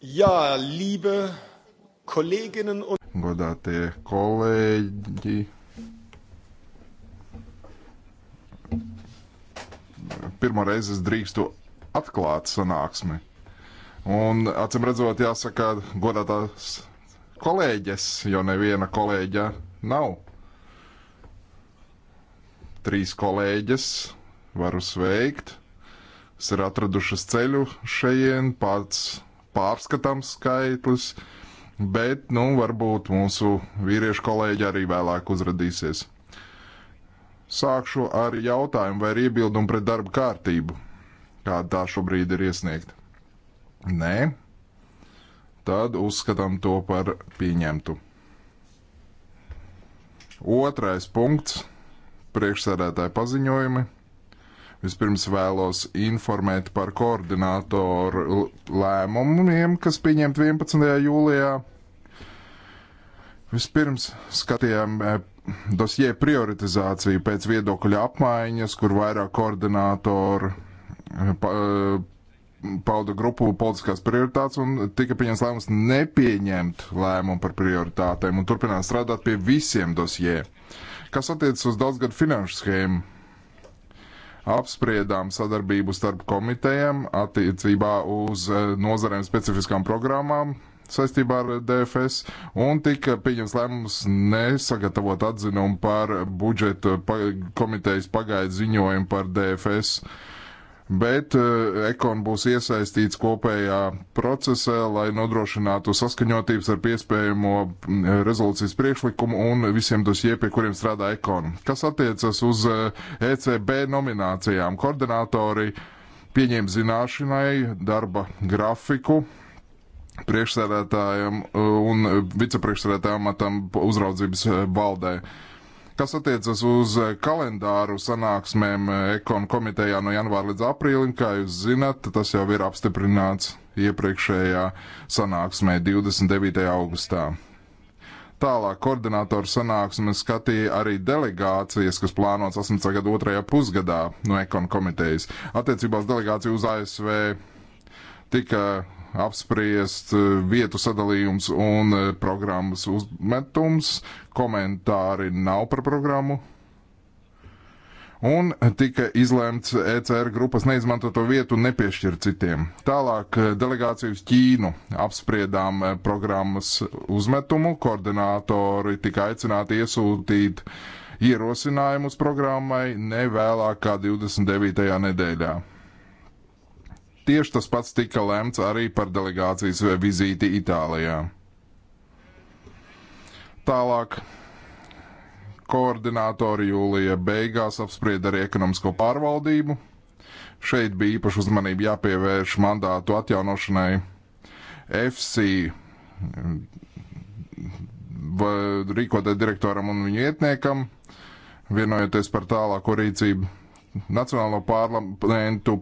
Jā, liebe kolēģinen un... Godātie kolēģi. Pirmo reizi es drīkstu atklāt sanāksmi. Un, acim redzot, jāsaka, godātās kolēģes, jo neviena kolēģa nav. Trīs kolēģes varu sveikt, kas ir atradušas ceļu šajien, pats pārskatāms skaitlis, bet, nu, varbūt mūsu vīriešu kolēģi arī vēlāk uzradīsies. Sākšu ar jautājumu vai iebildumu pret darba kārtību, kāda tā šobrīd ir iesniegta. Nē, tad uzskatām to par pieņemtu. Otrais punkts - priekšsēdētāja paziņojumi. Vispirms vēlos informēt par koordinātoru lēmumiem, kas pieņemt 11. jūlijā. Vispirms skatījām eh, dosie prioritizāciju pēc viedokļa apmaiņas, kur vairāk koordinātori eh, pa, eh, pauda grupu politiskās prioritātes un tika pieņems lēmums nepieņemt lēmumu par prioritātēm un turpināt strādāt pie visiem dosie. Kas attiecas uz daudzgadu finanšu schēmu, apspriedām sadarbību starp komitejām attiecībā uz eh, nozarēm specifiskām programmām saistībā ar DFS, un tika pieņems lēmums nesagatavot atzinumu par budžetu komitejas pagaidu ziņojumu par DFS. Uh, bet eh, ekon būs iesaistīts kopējā procesā, lai nodrošinātu saskaņotības ar piespējamo mm, rezolūcijas priekšlikumu un visiem dosie, pie kuriem strādā ekon. Kas attiecas uz ECB eh, e nominācijām, koordinātori pieņem zināšanai darba grafiku priekšsēdētājam eh, un vicepriekšsēdētājam atam uzraudzības valdē. Uh, Kas attiecas uz eh, kalendāru sanāksmēm eh, ekon komitejā no janvāra līdz aprīlim, kā jūs zinat, tas jau ir apstiprināts iepriekšējā sanāksmē 29. augustā. Tālāk koordinātoru sanāksme skatīja arī delegācijas, kas plānotas 18. gada otrajā pusgadā no ekon komitejas. Attiecībā uz delegāciju uz ASV tika apspriest eh, vietu sadalījums un eh, programmas uzmetums, komentāri nav par programmu. Un tika izlēmts ECR grupas neizmantoto vietu nepiešķirt citiem. Tālāk eh, delegāciju uz Ķīnu apspriedām programmas uzmetumu. Koordinātori tika aicināti iesūtīt ierosinājumus programmai ne vēlāk kā 29. nedēļā. Tieši tas pats tika lemts arī par delegācijas vizīti Itālijā. Tālāk koordinātori jūlija beigās apsprieda arī ekonomisko pārvaldību. Šeit bija īpaši uzmanība jāpievērš mandātu atjaunošanai FC rīkotē direktoram un viņu ietniekam, vienojoties par tālāko rīcību. Nacionālo parlamentu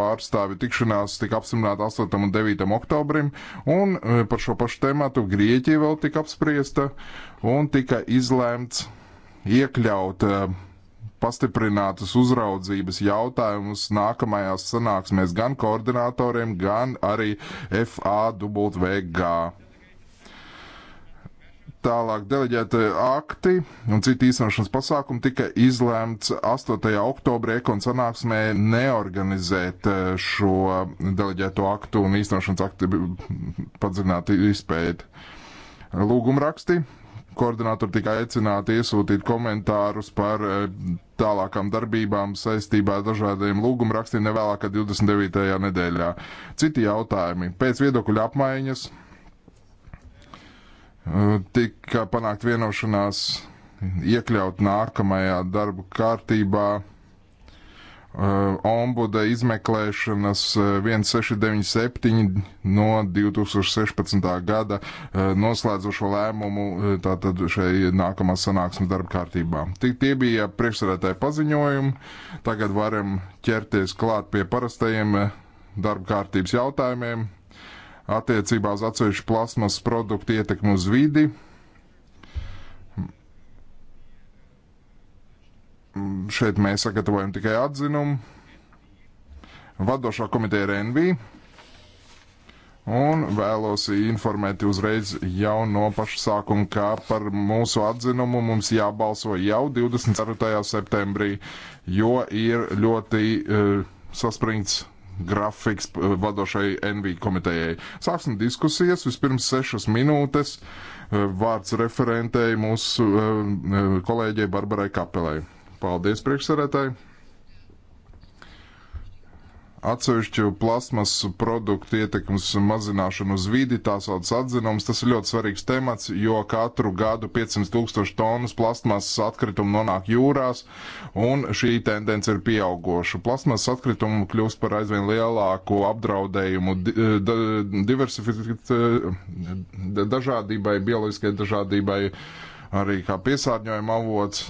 pārstāvi tikšanās tika apstiprināta 8. un 9. oktobrim, un e, par šo pašu tēmatu Grieķija vēl tika apspriesta, un tika izlēmts iekļaut e, pastiprinātas uzraudzības jautājumus nākamajās sanāksmēs gan koordinatoriem, gan arī FAWG. Tālāk deleģēta akti un citi īstenošanas pasākumi tika izlēmts 8. oktobra ekon sanāksmē neorganizēt e, šo deleģēto aktu un īstenošanas akti padzināti izpēti. Lūgumraksti. Koordinātori tika aicināti iesūtīt komentārus par e, tālākām darbībām saistībā ar dažādiem lūgumrakstiem nevēlāk kā 29. nedēļā. Citi jautājumi. Pēc viedokļu apmaiņas tika panākt vienošanās iekļaut nākamajā darba kārtībā eh, ombuda izmeklēšanas 1697 eh, no 2016. gada eh, noslēdzošo lēmumu tātad šai nākamā sanāksme darba kārtībā. Tik tie bija priekšsarētāji paziņojumi, tagad varam ķerties klāt pie parastajiem darba kārtības jautājumiem attiecībā uz atsevišķu plasmas produktu ietekmi uz vidi. Šeit mēs sagatavojam tikai atzinumu. Vadošā komiteja ir NV. Un vēlos informēt uzreiz jau no paša sākuma, ka par mūsu atzinumu mums jābalso jau 24. septembrī, jo ir ļoti uh, saspringts grafiks eh, vadošai NV komitejai. Sāksim diskusijas, vispirms sešas minūtes eh, vārds referentei mūsu eh, kolēģei Barbarai Kapelai. Paldies priekšsarētāji! atsevišķu plasmas produktu ietekmes mazināšanu uz vidi, tā sauc atzinums. Tas ir ļoti svarīgs temats, jo katru gadu 500 tūkstoši tonnas plasmasas atkritumu nonāk jūrās, un šī tendence ir pieaugoša. Plasmasas atkritumu kļūst par aizvien lielāku apdraudējumu eh, diversifikācijai, eh, dažādībai, bioloģiskai dažādībai, arī kā piesārņojuma avots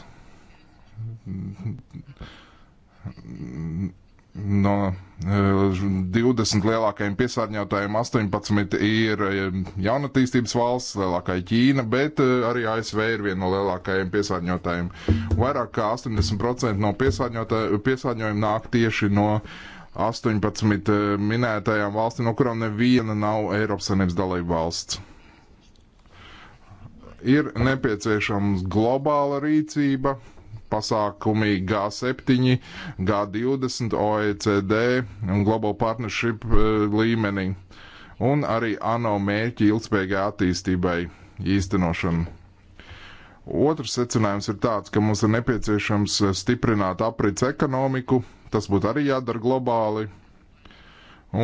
no 20 e, lielākajiem piesārņotājiem 18 ir e, jaunatīstības valsts, lielākā ir Ķīna, bet e, arī ASV ir viena no lielākajiem piesārņotājiem. Vairāk kā 80% no piesārņojuma nāk tieši no 18 minētajām valstīm, no kurām neviena nav Eiropas Savienības dalība valsts. Ir nepieciešams globāla rīcība, pasākumi G7, G20, OECD un Global Partnership eh, līmenī, un arī ANO mērķi ilgspējīgai attīstībai īstenošanu. Otrs secinājums ir tāds, ka mums ir nepieciešams eh, stiprināt aprits ekonomiku, tas būtu arī jādara globāli,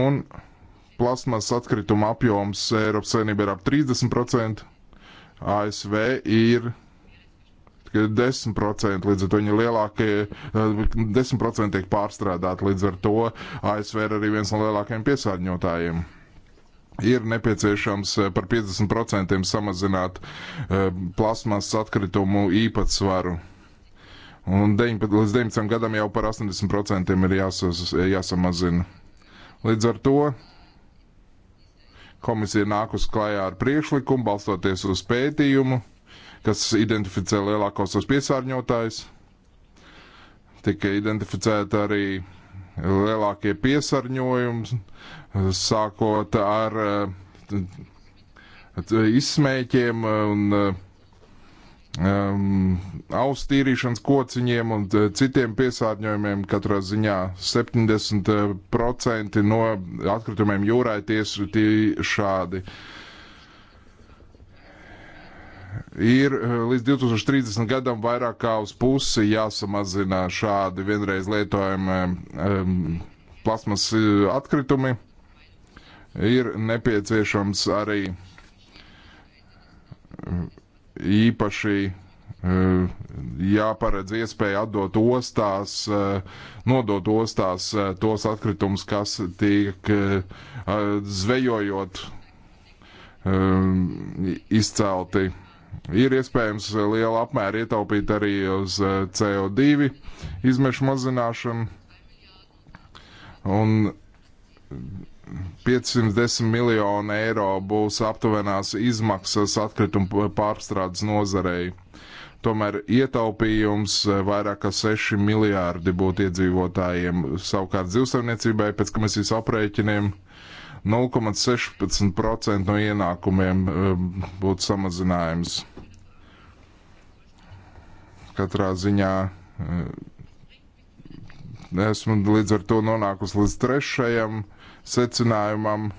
un plasmas atkrituma apjoms Eiropas Savienībā ir ap 30%, ASV ir 10%, līdz ar to viņa lielākie 10% eh, tiek pārstrādāti, līdz ar to ASV ir arī viens no lielākajiem piesārņotājiem. Ir nepieciešams eh, par 50% samazināt eh, plasmasas atkritumu īpatsvaru. Un 19, līdz 19 gadam jau par 80% ir jāsas, jāsamazina. Līdz ar to komisija nākus klajā ar priekšlikumu, balstoties uz pētījumu kas identificē lielākos tos piesārņotājus. Tika identificēta arī lielākie piesārņojumi, sākot ar eh, izsmēķiem un eh, um, austīrīšanas kociņiem un eh, citiem piesārņojumiem. Katrā ziņā 70% no atkritumiem jūrā ir tieši šādi. Uh, ir eh, līdz 2030 gadam vairāk kā uz pusi jāsamazina šādi vienreiz lietojami um, plasmas eh, atkritumi. Ir nepieciešams arī eh, īpaši jāparedz iespēja atdot ostās, nodot ostās tos atkritumus, kas tiek zvejojot izcelti Ir iespējams eh, liela apmēra ietaupīt arī uz eh, CO2 izmešu mazināšanu. Un 510 miljonu eiro būs aptuvenās izmaksas atkritumu pārstrādes nozarei. Tomēr ietaupījums eh, vairāk kā 6 miljārdi būtu iedzīvotājiem. Savukārt zivsaimniecībai pēc komisijas aprēķiniem 0,16% no ienākumiem būtu samazinājums katrā ziņā eh, esmu līdz ar to nonākusi līdz trešajam secinājumam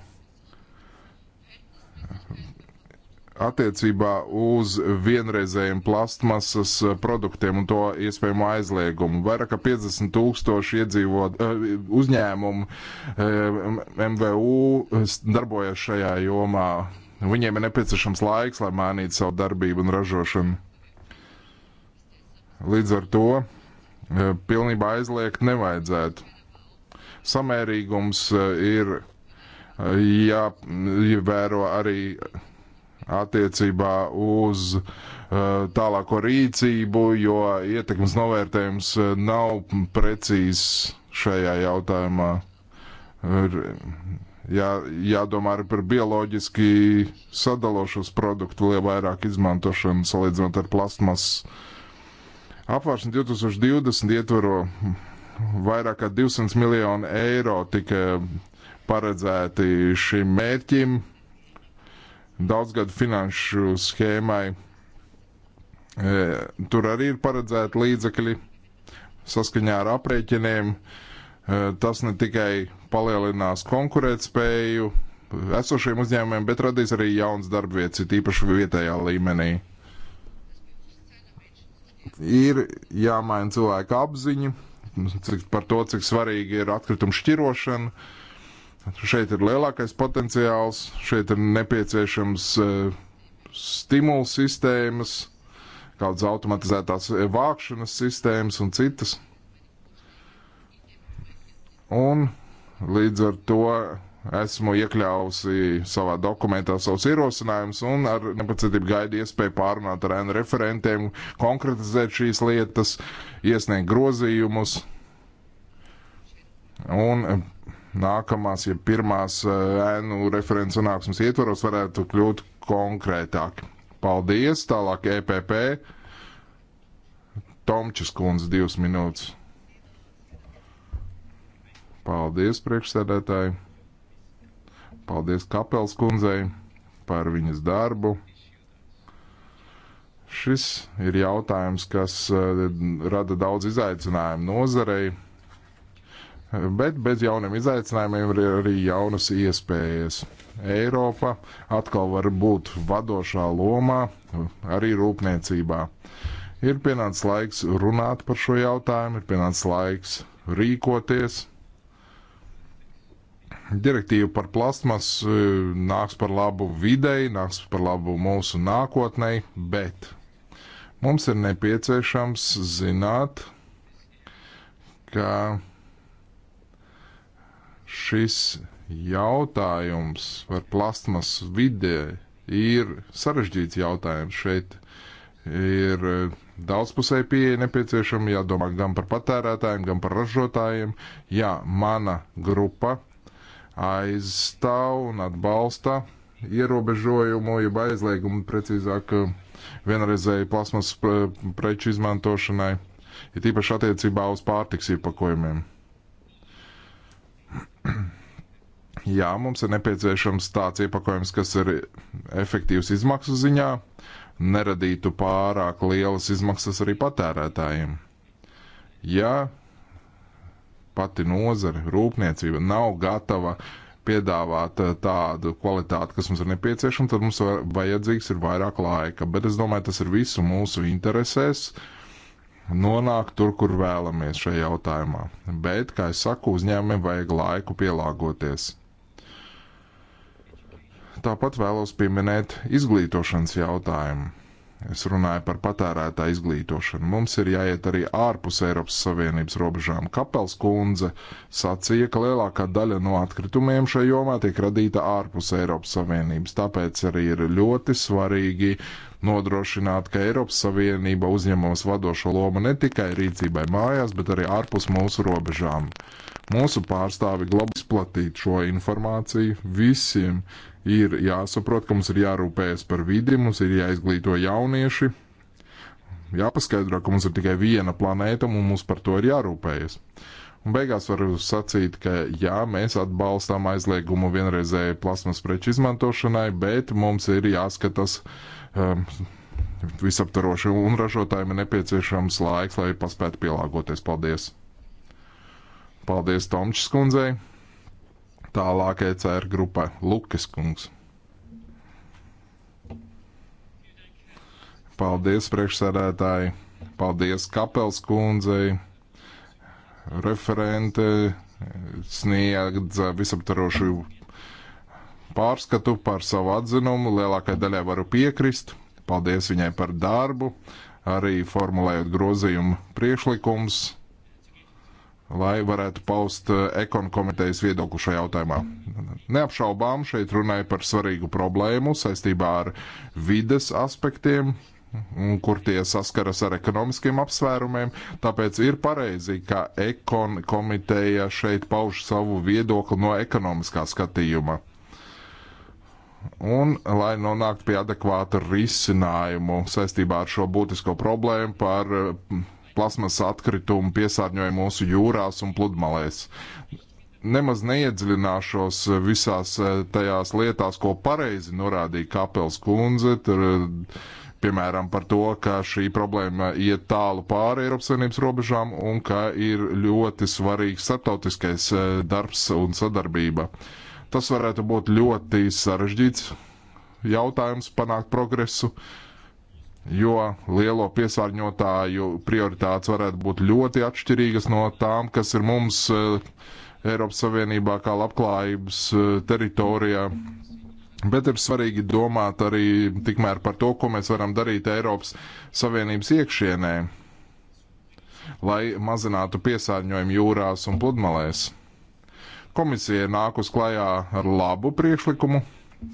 attiecībā uz vienreizējiem plastmasas produktiem un to iespējamo aizliegumu. Vairāk kā 50 tūkstoši iedzīvot eh, uzņēmumu eh, MVU darbojas šajā jomā. Viņiem ir nepieciešams laiks, lai mainītu savu darbību un ražošanu. Līdz ar to e, pilnībā aizliegt nevajadzētu. Samērīgums e, ir e, jāievēro arī attiecībā uz tālāko rīcību, jo ietekmes novērtējums nav precīzs šajā jautājumā. Ir jā, jādomā arī par bioloģiski sadalošos produktu lielu vairāk izmantošanu salīdzinot ar plasmasu Apvāršana 2020 ietvaro vairāk kā 200 miljonu eiro tika paredzēti šim mērķim, daudzgadu finanšu schēmai. E, tur arī ir paredzēti līdzekļi saskaņā ar aprēķiniem. E, tas ne tikai palielinās konkurētspēju esošiem uzņēmumiem, bet radīs arī jauns darbvietas, it īpaši vietējā līmenī ir jāmaina cilvēka apziņa cik, par to, cik svarīgi ir atkritumu šķirošana. Šeit ir lielākais potenciāls, šeit ir nepieciešams uh, stimulu sistēmas, kādas automatizētās e, vākšanas sistēmas un citas. Un līdz ar to esmu iekļāvusi savā dokumentā savus ierosinājumus un ar nepacietību gaidu iespēju pārunāt ar ēnu referentiem, konkretizēt šīs lietas, iesniegt grozījumus. Un eh, nākamās, ja pirmās eh, ēnu referents sanāksmes ietvaros varētu kļūt konkrētāki. Paldies, tālāk EPP. Tomčes kundze divas minūtes. Paldies, priekšsēdētāji. Paldies Kapels kundzei par viņas darbu. Šis ir jautājums, kas eh, rada daudz izaicinājumu nozarei, bet bez jauniem izaicinājumiem ir arī jaunas iespējas. Eiropa atkal var būt vadošā lomā arī rūpniecībā. Ir pienācis laiks runāt par šo jautājumu, ir pienācis laiks rīkoties direktīva par plasmas e, nāks par labu videi, nāks par labu mūsu nākotnei, bet mums ir nepieciešams zināt, ka šis jautājums par plasmas vidē ir sarežģīts jautājums šeit. Ir e, daudzpusēji pieeja nepieciešama, jādomā gan par patērētājiem, gan par ražotājiem. Jā, mana grupa aizstāv un atbalsta ierobežojumu, jeb aizliegumu precīzāk vienreizēju plasmas preču izmantošanai, ir tīpaši attiecībā uz pārtiks iepakojumiem. Jā, mums ir nepieciešams tāds iepakojums, kas ir efektīvs izmaksu ziņā, neradītu pārāk lielas izmaksas arī patērētājiem. Ja pati nozare, rūpniecība nav gatava piedāvāt eh, tādu kvalitāti, kas mums ir nepieciešama, tad mums vajadzīgs ir vairāk laika. Bet es domāju, tas ir visu mūsu interesēs nonākt tur, kur vēlamies šajā jautājumā. Bet, kā es saku, uzņēmumiem vajag laiku pielāgoties. Tāpat vēlos pieminēt izglītošanas jautājumu Es runāju par patērētāju izglītošanu. Mums ir jāiet arī ārpus Eiropas Savienības robežām. Kapels kundze sacīja, ka lielākā daļa no atkritumiem šajā jomā tiek radīta ārpus Eiropas Savienības. Tāpēc arī ir ļoti svarīgi nodrošināt, ka Eiropas Savienība uzņemos vadošo lomu ne tikai rīcībai mājās, bet arī ārpus mūsu robežām. Mūsu pārstāvi glabā izplatīt šo informāciju visiem, ir jāsaprot, ka mums ir jārūpējas par vidi, mums ir jāizglīto jaunieši, jāpaskaidro, ka mums ir tikai viena planēta un mums par to ir jārūpējas. Un beigās varu sacīt, ka jā, mēs atbalstām aizliegumu vienreizēju plasmas preču izmantošanai, bet mums ir jāskatās um, visaptaroši un ražotājiem ir nepieciešams laiks, lai paspētu pielāgoties. Paldies! Paldies Tomčs kundzei! tālāk ECR grupai Lukas kungs. Paldies priekšsēdētāji, paldies Kapels kundzei, referente sniedz visaptarošu pārskatu par savu atzinumu. Lielākai daļai varu piekrist. Paldies viņai par darbu, arī formulējot grozījumu priekšlikumus lai varētu paust eh, ekonomikas komitejas viedokli šajā jautājumā. Neapšaubām šeit runāja par svarīgu problēmu saistībā ar vides aspektiem, kur tie saskaras ar ekonomiskiem apsvērumiem. Tāpēc ir pareizi, ka ekonomikas komiteja šeit pauž savu viedokli no ekonomiskā skatījuma. Un, lai nonāktu pie adekvāta risinājumu saistībā ar šo būtisko problēmu par plasmas atkritumu piesārņoja mūsu jūrās un pludmalēs. Nemaz neiedziļināšos visās eh, tajās lietās, ko pareizi norādīja Kapels kundze, tur, eh, piemēram, par to, ka šī problēma iet tālu pāri Eiropas Savienības robežām un ka ir ļoti svarīgs starptautiskais eh, darbs un sadarbība. Tas varētu būt ļoti sarežģīts jautājums panākt progresu. Uh, jo lielo piesārņotāju prioritātes varētu būt ļoti atšķirīgas no tām, kas ir mums e, Eiropas Savienībā kā labklājības e, teritorijā. Bet ir svarīgi domāt arī tikmēr par to, ko mēs varam darīt Eiropas Savienības iekšienē, lai mazinātu piesārņojumu jūrās un pludmalēs. Komisija nāk uz klajā ar labu priekšlikumu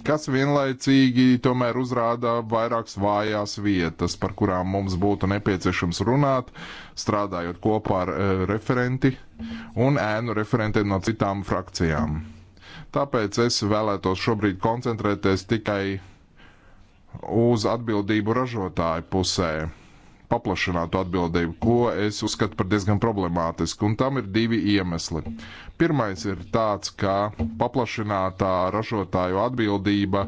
kas vienlaicīgi tomēr uzrāda vairākas vājās vietas, par kurām mums būtu nepieciešams runāt, strādājot kopā ar uh, referenti un ēnu referentiem no citām frakcijām. Tāpēc es vēlētos šobrīd koncentrēties tikai uz atbildību ražotāju pusē paplašinātu atbildību, ko es uzskatu par diezgan problemātisku, un tam ir divi iemesli. Pirmais ir tāds, ka paplašinātā ražotāju atbildība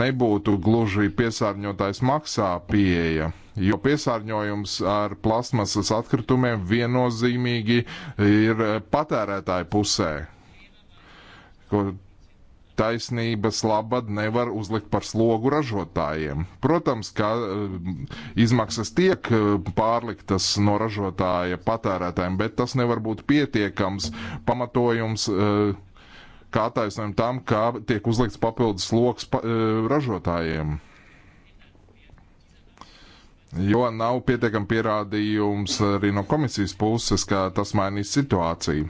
nebūtu gluži piesārņotājs maksā pieeja, jo piesārņojums ar plasmasas atkritumiem viennozīmīgi ir patērētāju pusē, ko taisnības labad nevar uzlikt par slogu ražotājiem. Protams, ka eh, izmaksas tiek eh, pārliktas no ražotāja patērētājiem, bet tas nevar būt pietiekams pamatojums eh, kā attaisnojumu tam, kā tiek uzlikts papildus sloks ražotājiem jo nav pietiekami pierādījums arī no komisijas puses, ka tas mainīs situāciju.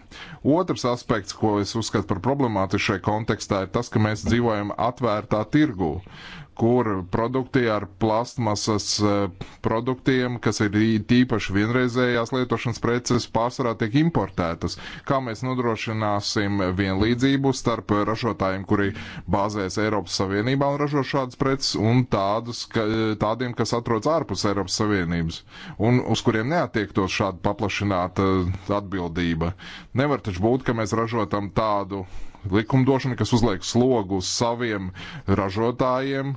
Otrs aspekts, ko es uzskatu par problemātisku šai kontekstā, ir tas, ka mēs dzīvojam atvērtā tirgū kur produkti ar plastmasas eh, produktiem, kas ir tīpaši vienreizējās lietošanas preces, pārsvarā tiek importētas. Kā mēs nodrošināsim vienlīdzību starp ražotājiem, kuri bāzēs Eiropas Savienībā un ražo šādas preces, un tādus, ka, tādiem, kas atrodas ārpus Eiropas Savienības, un uz kuriem neatiektos šāda paplašināta atbildība. Nevar taču būt, ka mēs ražotam tādu likumdošana, kas uzliek slogu uz saviem ražotājiem,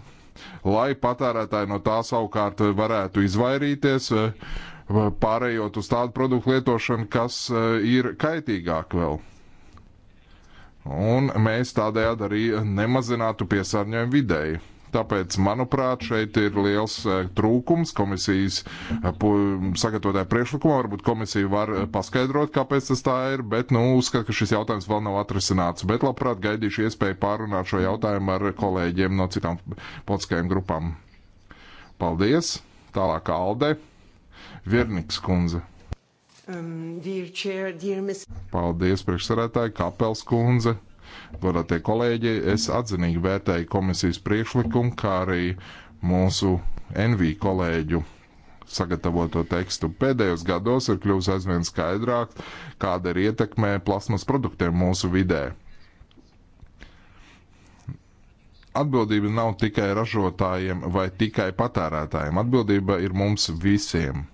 lai patērētāji no tā savukārt varētu izvairīties, eh, pārējot uz tādu produktu lietošanu, kas eh, ir kaitīgāk vēl. Un mēs tādējādi arī nemazinātu piesārņojumu vidēji. Tāpēc, manuprāt, šeit ir liels e, trūkums komisijas e, sagatavotāja priekšlikumā. Varbūt komisija var e, paskaidrot, kāpēc tas tā ir, bet nu, uzskatu, ka šis jautājums vēl nav atrisināts. Bet, labprāt, gaidīšu iespēju pārunāt šo jautājumu ar kolēģiem no citām politiskajām grupām. Paldies! Tālāk Alde Virniks kundze. Um, dear chair, dear Paldies, priekšsarētāji, Kapels kundze. Godātie kolēģi, es atzinīgi vērtēju komisijas priekšlikumu, kā arī mūsu NV kolēģu sagatavoto tekstu. Pēdējos gados ir kļuvis aizvien skaidrāk, kāda ir ietekme plasmas produktiem mūsu vidē. Atbildība nav tikai ražotājiem vai tikai patērētājiem. Atbildība ir mums visiem.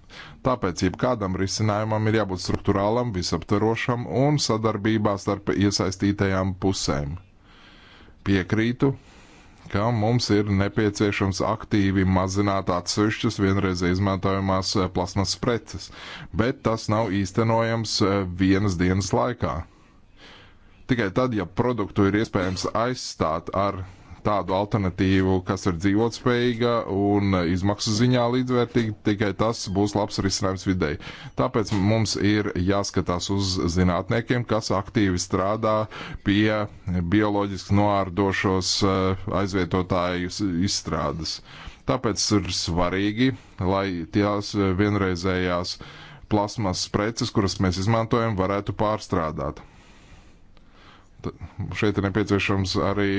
Tāpēc jebkādam risinājumam ir jābūt struktūrālam, visaptverošam un sadarbībā starp iesaistītajām pusēm. Piekrītu, ka mums ir nepieciešams aktīvi mazināt atsevišķas vienreiz izmantojamās eh, plasmas preces, bet tas nav īstenojams eh, vienas dienas laikā. Tikai tad, ja produktu ir iespējams aizstāt ar tādu alternatīvu, kas ir dzīvotspējīga un izmaksu ziņā līdzvērtīga, tikai tas būs labs risinājums videi. Tāpēc mums ir jāskatās uz zinātniekiem, kas aktīvi strādā pie bioloģiski noārdošos eh, aizvietotāju izstrādes. Tāpēc ir svarīgi, lai tās vienreizējās plasmas preces, kuras mēs izmantojam, varētu pārstrādāt. T šeit ir nepieciešams arī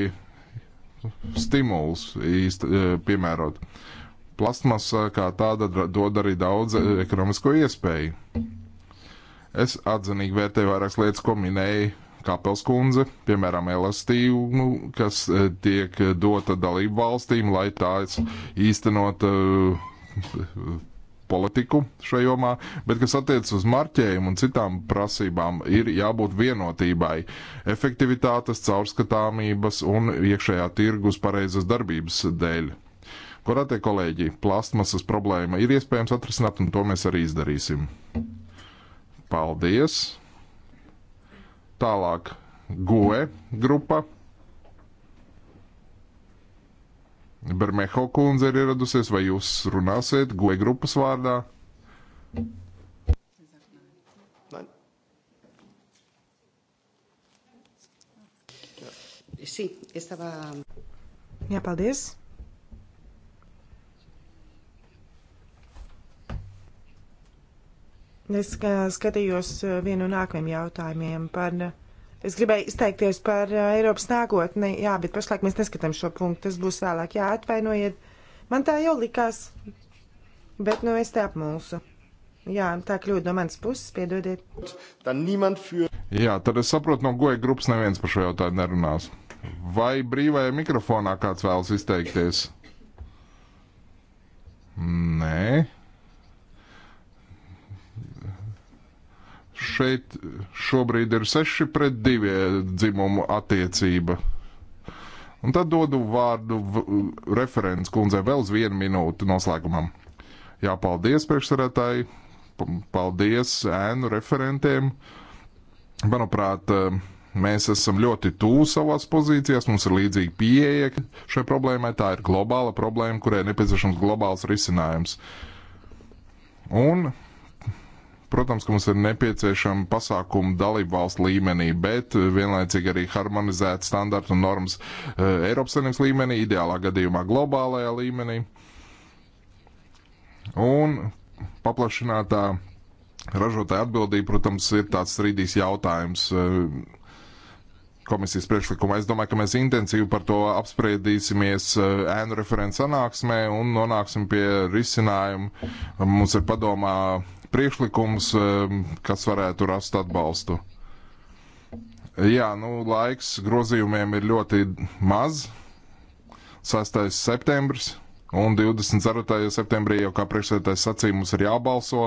stimulus īst, e, piemērot. Plastmasa kā tāda dod arī daudz e, ekonomisko iespēju. Es atzinīgi vērtēju vairākas lietas, ko minēja Kapelskundze, piemēram, elastību, kas e, tiek dota dalību valstīm, lai tās īstenot politiku šajā jomā, bet kas attiecas uz marķējumu un citām prasībām, ir jābūt vienotībai, efektivitātes, caurskatāmības un iekšējā tirgus pareizas darbības dēļ. Korate kolēģi, plastmasas problēma ir iespējams atrisināt, un to mēs arī izdarīsim. Paldies! Tālāk, GUE grupa Bermeho kundze ir ieradusies, vai jūs runāsiet goja grupas vārdā? Jā, paldies. Es eh, skatījos eh, vienu no nākamajiem jautājumiem par Es gribēju izteikties par Eiropas nākotni, jā, bet pašlaik mēs neskatām šo punktu, tas būs vēlāk, jā, atvainojiet. Man tā jau likās, bet nu es te apmulsu. Jā, tā kļūda no manas puses, piedodiet. Jā, tad es saprotu, no goja grupas neviens par šo jautājumu nerunās. Vai brīvajā mikrofonā kāds vēlas izteikties? Nē, šeit šobrīd ir 6 pret 2 eh, dzimumu attiecība. Un tad dodu vārdu referents kundzei vēl uz vienu minūti noslēgumam. Jā, paldies priekšsarētāji, paldies ēnu referentiem. Manuprāt, eh, mēs esam ļoti tuvu savās pozīcijās, mums ir līdzīga pieeja šai problēmai. Tā ir globāla problēma, kurai nepieciešams globāls risinājums. Un Protams, ka mums ir nepieciešama pasākuma dalību valstu līmenī, bet eh, vienlaicīgi arī harmonizēt standartu un normas eh, Eiropas Savienības līmenī, ideālā gadījumā globālajā līmenī. Un paplašinātā ražotāja atbildība, protams, ir tāds strīdīgs jautājums eh, komisijas priekšlikumā. Es domāju, ka mēs intensīvi par to apspriedīsimies ēnu referents sanāksmē un nonāksim pie risinājuma. Mums ir padomā priekšlikums, ehm, kas varētu rast atbalstu. Jā, nu, laiks grozījumiem ir ļoti maz. 6. septembris un 24. septembrī jau kā priekšsēdētājs sacīja, mums ir jābalso.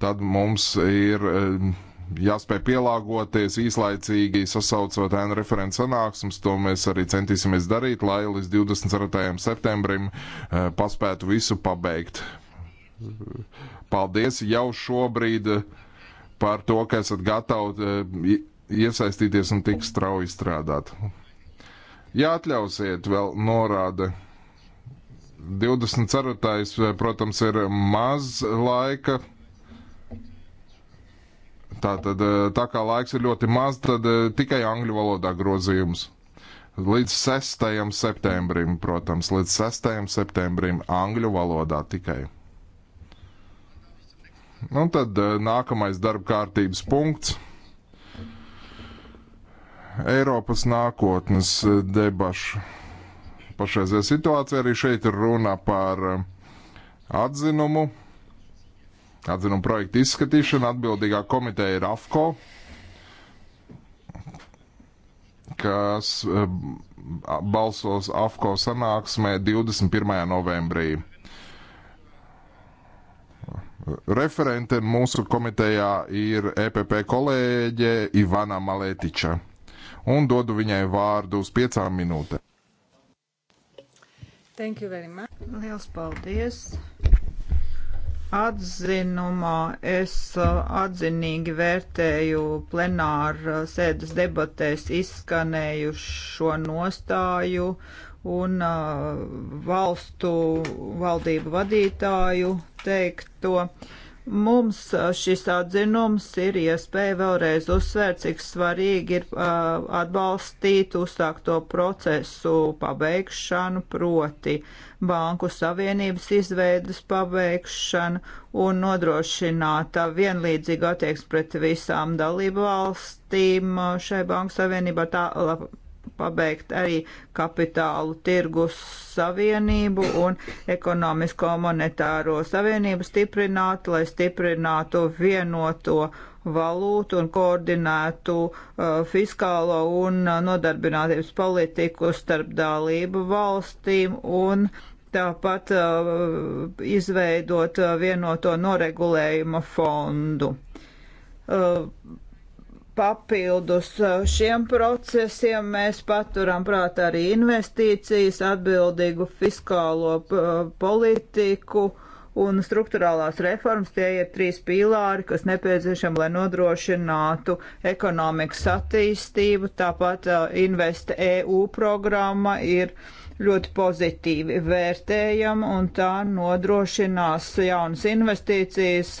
Tad mums ir ehm, jāspēj pielāgoties īslaicīgi sasaucot ēnu referents sanāksmes, to mēs arī centīsimies darīt, lai līdz 24. septembrim ehm, paspētu visu pabeigt. Paldies jau šobrīd eh, par to, ka esat gatavi eh, iesaistīties un tik strauji strādāt. Ja atļausiet, vēl norāda. 24. Eh, protams, ir maz laika. Tātad, tā kā laiks ir ļoti maz, tad tikai angļu valodā grozījums. Līdz 6. septembrim, protams, līdz 6. septembrim angļu valodā tikai. Nu, tad eh, nākamais darba kārtības punkts. Eiropas nākotnes eh, debašu pašreizējā situācija arī šeit ir runa par eh, atzinumu. Atzinumu projektu izskatīšana atbildīgā komiteja ir AFCO, kas balsos AFCO sanāksmē 21. novembrī. Referente mūsu komitejā ir EPP kolēģe Ivana Maletiča. Un dodu viņai vārdu uz piecām minūtēm. Thank you very much. Liels paldies. Atzinumā es uh, atzinīgi vērtēju plenāru sēdes debatēs izskanējušo nostāju un uh, valstu valdību vadītāju teikto. Mums šis atzinums ir iespēja vēlreiz uzsvērt, cik svarīgi ir uh, atbalstīt uzsākto procesu pabeigšanu, proti Banku Savienības izveidas pabeigšanu un nodrošināt vienlīdzīgu attieksmi pret visām dalību valstīm šai Banku Savienībā tā, pabeigt arī kapitālu tirgus savienību un ekonomisko monetāro savienību stiprināt, lai stiprinātu vienoto valūtu un koordinētu uh, fiskālo un nodarbinātības politiku starp dalību valstīm un tāpat uh, izveidot uh, vienoto noregulējuma fondu. Uh, Papildus eh, šiem procesiem mēs paturam prātā arī investīcijas, atbildīgu fiskālo eh, politiku un struktūrālās reformas. Tie ir trīs pīlāri, kas nepieciešami, lai nodrošinātu ekonomikas attīstību. Tāpat eh, Invest EU programma ir ļoti pozitīvi vērtējam, un tā nodrošinās jaunas investīcijas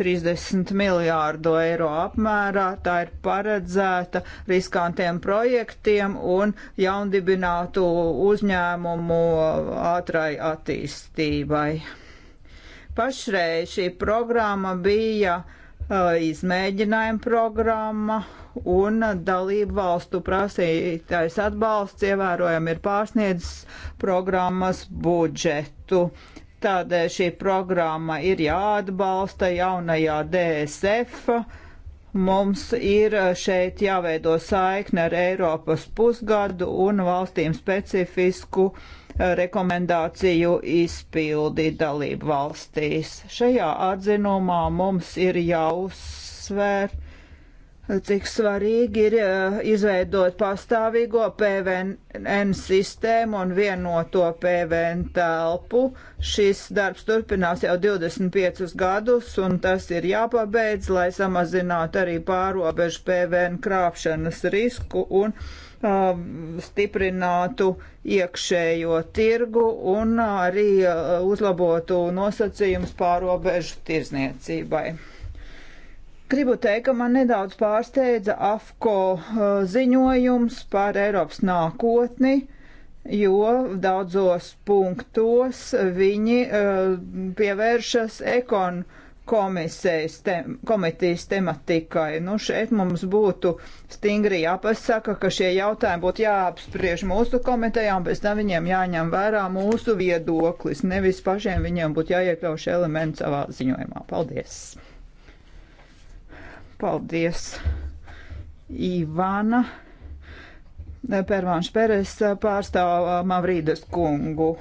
30 miljārdu eiro apmērā. Tā ir paredzēta riskantiem projektiem un jaundibinātu uzņēmumu ātrai attīstībai. Pašreiz šī programma bija uh, izmēģinājuma programma un dalību valstu prasītais atbalsts ievērojami ir pārsniedzis programmas budžetu. Tādēļ šī programma ir jāatbalsta jaunajā DSF. Mums ir šeit jāveido saikne ar Eiropas pusgadu un valstīm specifisku uh, rekomendāciju izpildi dalību valstīs. Šajā atzinumā mums ir jāuzsver, cik svarīgi ir e, izveidot pastāvīgo PVN sistēmu un vienoto PVN telpu. Šis darbs turpinās jau 25 gadus, un tas ir jāpabeidz, lai samazinātu arī pārobežu PVN krāpšanas risku un risku Um, stiprinātu iekšējo tirgu un arī uh, uzlabotu nosacījumus pārobežu tirzniecībai. Gribu teikt, ka man nedaudz pārsteidza AFCO uh, ziņojums par Eiropas nākotni, jo daudzos punktos viņi uh, pievēršas ekonomikai komisijas, te, komitejas tematikai. Nu, šeit mums būtu stingri jāpasaka, ka šie jautājumi būtu jāapspriež mūsu komitejā un pēc tam viņiem jāņem vērā mūsu viedoklis. Nevis pašiem viņiem būtu jāiekļauš elementi savā ziņojumā. Paldies! Paldies, Ivana! Pērvāns Peres pārstāv Mavrīdas kungu.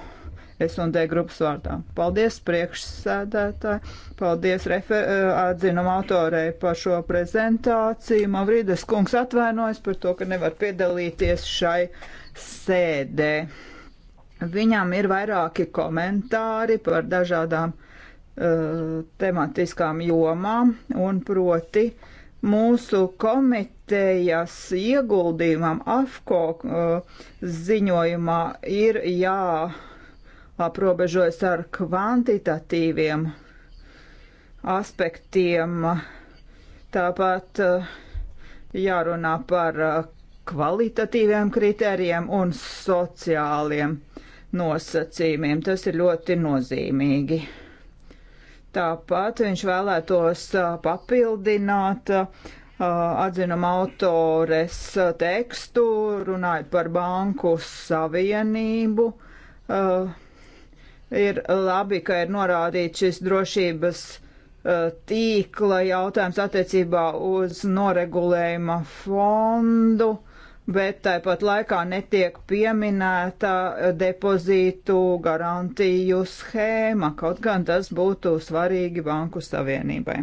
S&D grupas vārdā. Paldies priekšsēdētāji, paldies atzinuma autorei par šo prezentāciju. Mavrīdas kungs atvainojas par to, ka nevar piedalīties šai sēdē. Viņam ir vairāki komentāri par dažādām uh, tematiskām jomām un proti mūsu komitejas ieguldījumam AFCO uh, ziņojumā ir jā. Uh, aprobežojas ar kvantitatīviem aspektiem. Tāpat eh, jārunā par eh, kvalitatīviem kritērijiem un sociāliem nosacījumiem. Tas ir ļoti nozīmīgi. Tāpat viņš vēlētos eh, papildināt atzinuma autores tekstu, runājot par banku savienību. Uh, Ir labi, ka ir norādīts šis drošības uh, tīkla jautājums attiecībā uz noregulējuma fondu, bet tāpat laikā netiek pieminēta depozītu garantiju schēma, kaut gan tas būtu svarīgi Banku Savienībai.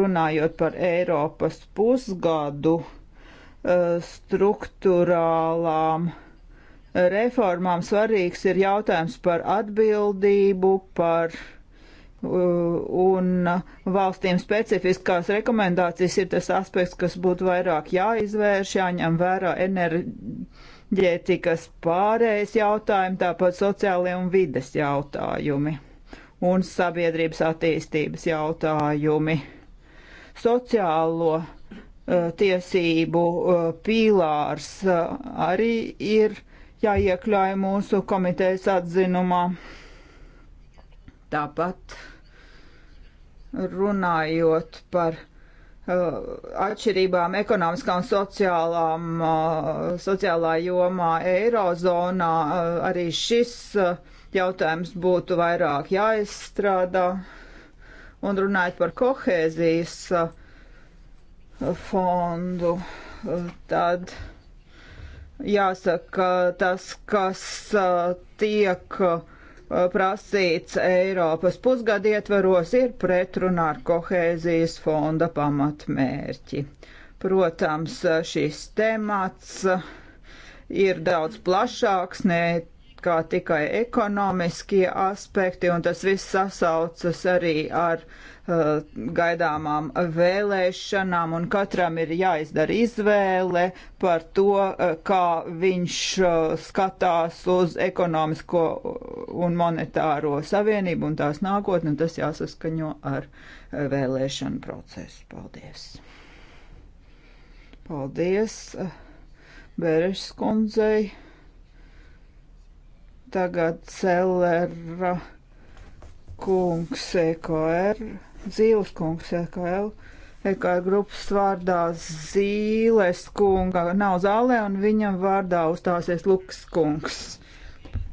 Runājot par Eiropas pusgadu uh, struktūrālām uh, reformām svarīgs ir jautājums par atbildību, par un valstīm specifiskās rekomendācijas ir tas aspekts, kas būtu vairāk jāizvērš, jāņem vērā enerģētikas pārējais jautājumi, tāpat sociālie un vides jautājumi un sabiedrības attīstības jautājumi. Sociālo uh, tiesību uh, pīlārs uh, arī ir jāiekļauj mūsu komitejas atzinumā. Tāpat runājot par uh, atšķirībām ekonomiskā un sociālām, uh, sociālā jomā Eirozonā, uh, arī šis uh, jautājums būtu vairāk jāizstrādā. Un runājot par kohēzijas uh, fondu, uh, tad uh, Jāsaka, tas, kas uh, tiek uh, prasīts Eiropas pusgadu ietveros, ir pretrunā ar kohēzijas fonda pamatmērķi. Protams, šis temats ir daudz plašāks, ne kā tikai ekonomiskie aspekti, un tas viss sasaucas arī ar Eh, gaidāmām vēlēšanām, un katram ir jāizdara izvēle par to, eh, kā viņš eh, skatās uz ekonomisko un monetāro savienību un tās nākotni, un tas jāsaskaņo ar vēlēšanu procesu. Paldies! Paldies Bērešs kundzei! Tagad Celera kungs EKR Zīles kungs, EKL. EKL grupas vārdā Zīles kunga nav zālē un viņam vārdā uzstāsies Lukas kungs.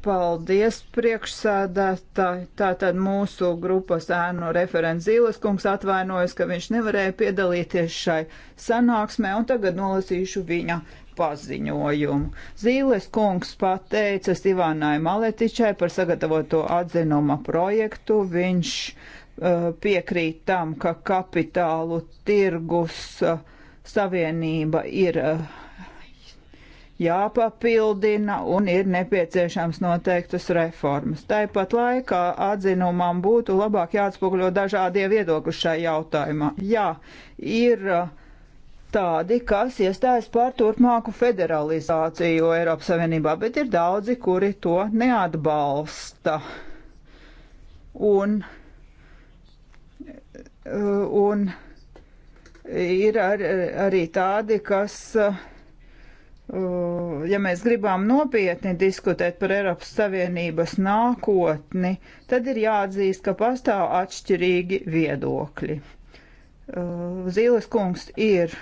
Paldies, priekšsēdētāji. Tātad mūsu grupas ēnu referents Zīles kungs atvainojas, ka viņš nevarēja piedalīties šai sanāksmē, un tagad nolasīšu viņa paziņojumu. Zīles kungs pateicas Ivanai Maletičai par sagatavoto atzinuma projektu. Viņš Eh, piekrīt tam, ka kapitālu tirgus eh, savienība ir eh, jāpapildina un ir nepieciešams noteiktas reformas. Tāpat laikā atzinumam būtu labāk jāatspoguļo dažādie viedokļi šajā jautājumā. Jā, ir tādi, kas iestājas par turpmāku federalizāciju Eiropas Savienībā, bet ir daudzi, kuri to neatbalsta. Un Eh, un ir ar, arī tādi, kas, eh, ja mēs gribam nopietni diskutēt par Eiropas Savienības nākotni, tad ir jāatzīst, ka pastāv atšķirīgi viedokļi. Eh, Zīles kungs ir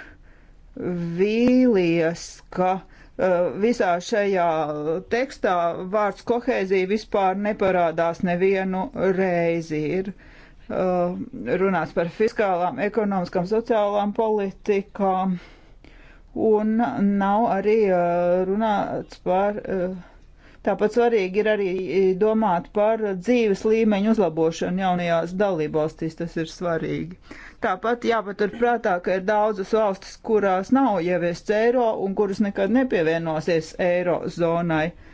vīlies, ka visā šajā tekstā vārds kohēzija vispār neparādās nevienu reizi. Ir uh, Uh, runās par fiskālām, ekonomiskām, sociālām politikām, un nav arī uh, runāts par, uh, tāpat svarīgi ir arī domāt par dzīves līmeņu uzlabošanu jaunajās dalībvalstīs, tas ir svarīgi. Tāpat jāpatur prātā, ka ir daudzas valstis, kurās nav ieviests eiro un kuras nekad nepievienosies eiro zonai. Uh,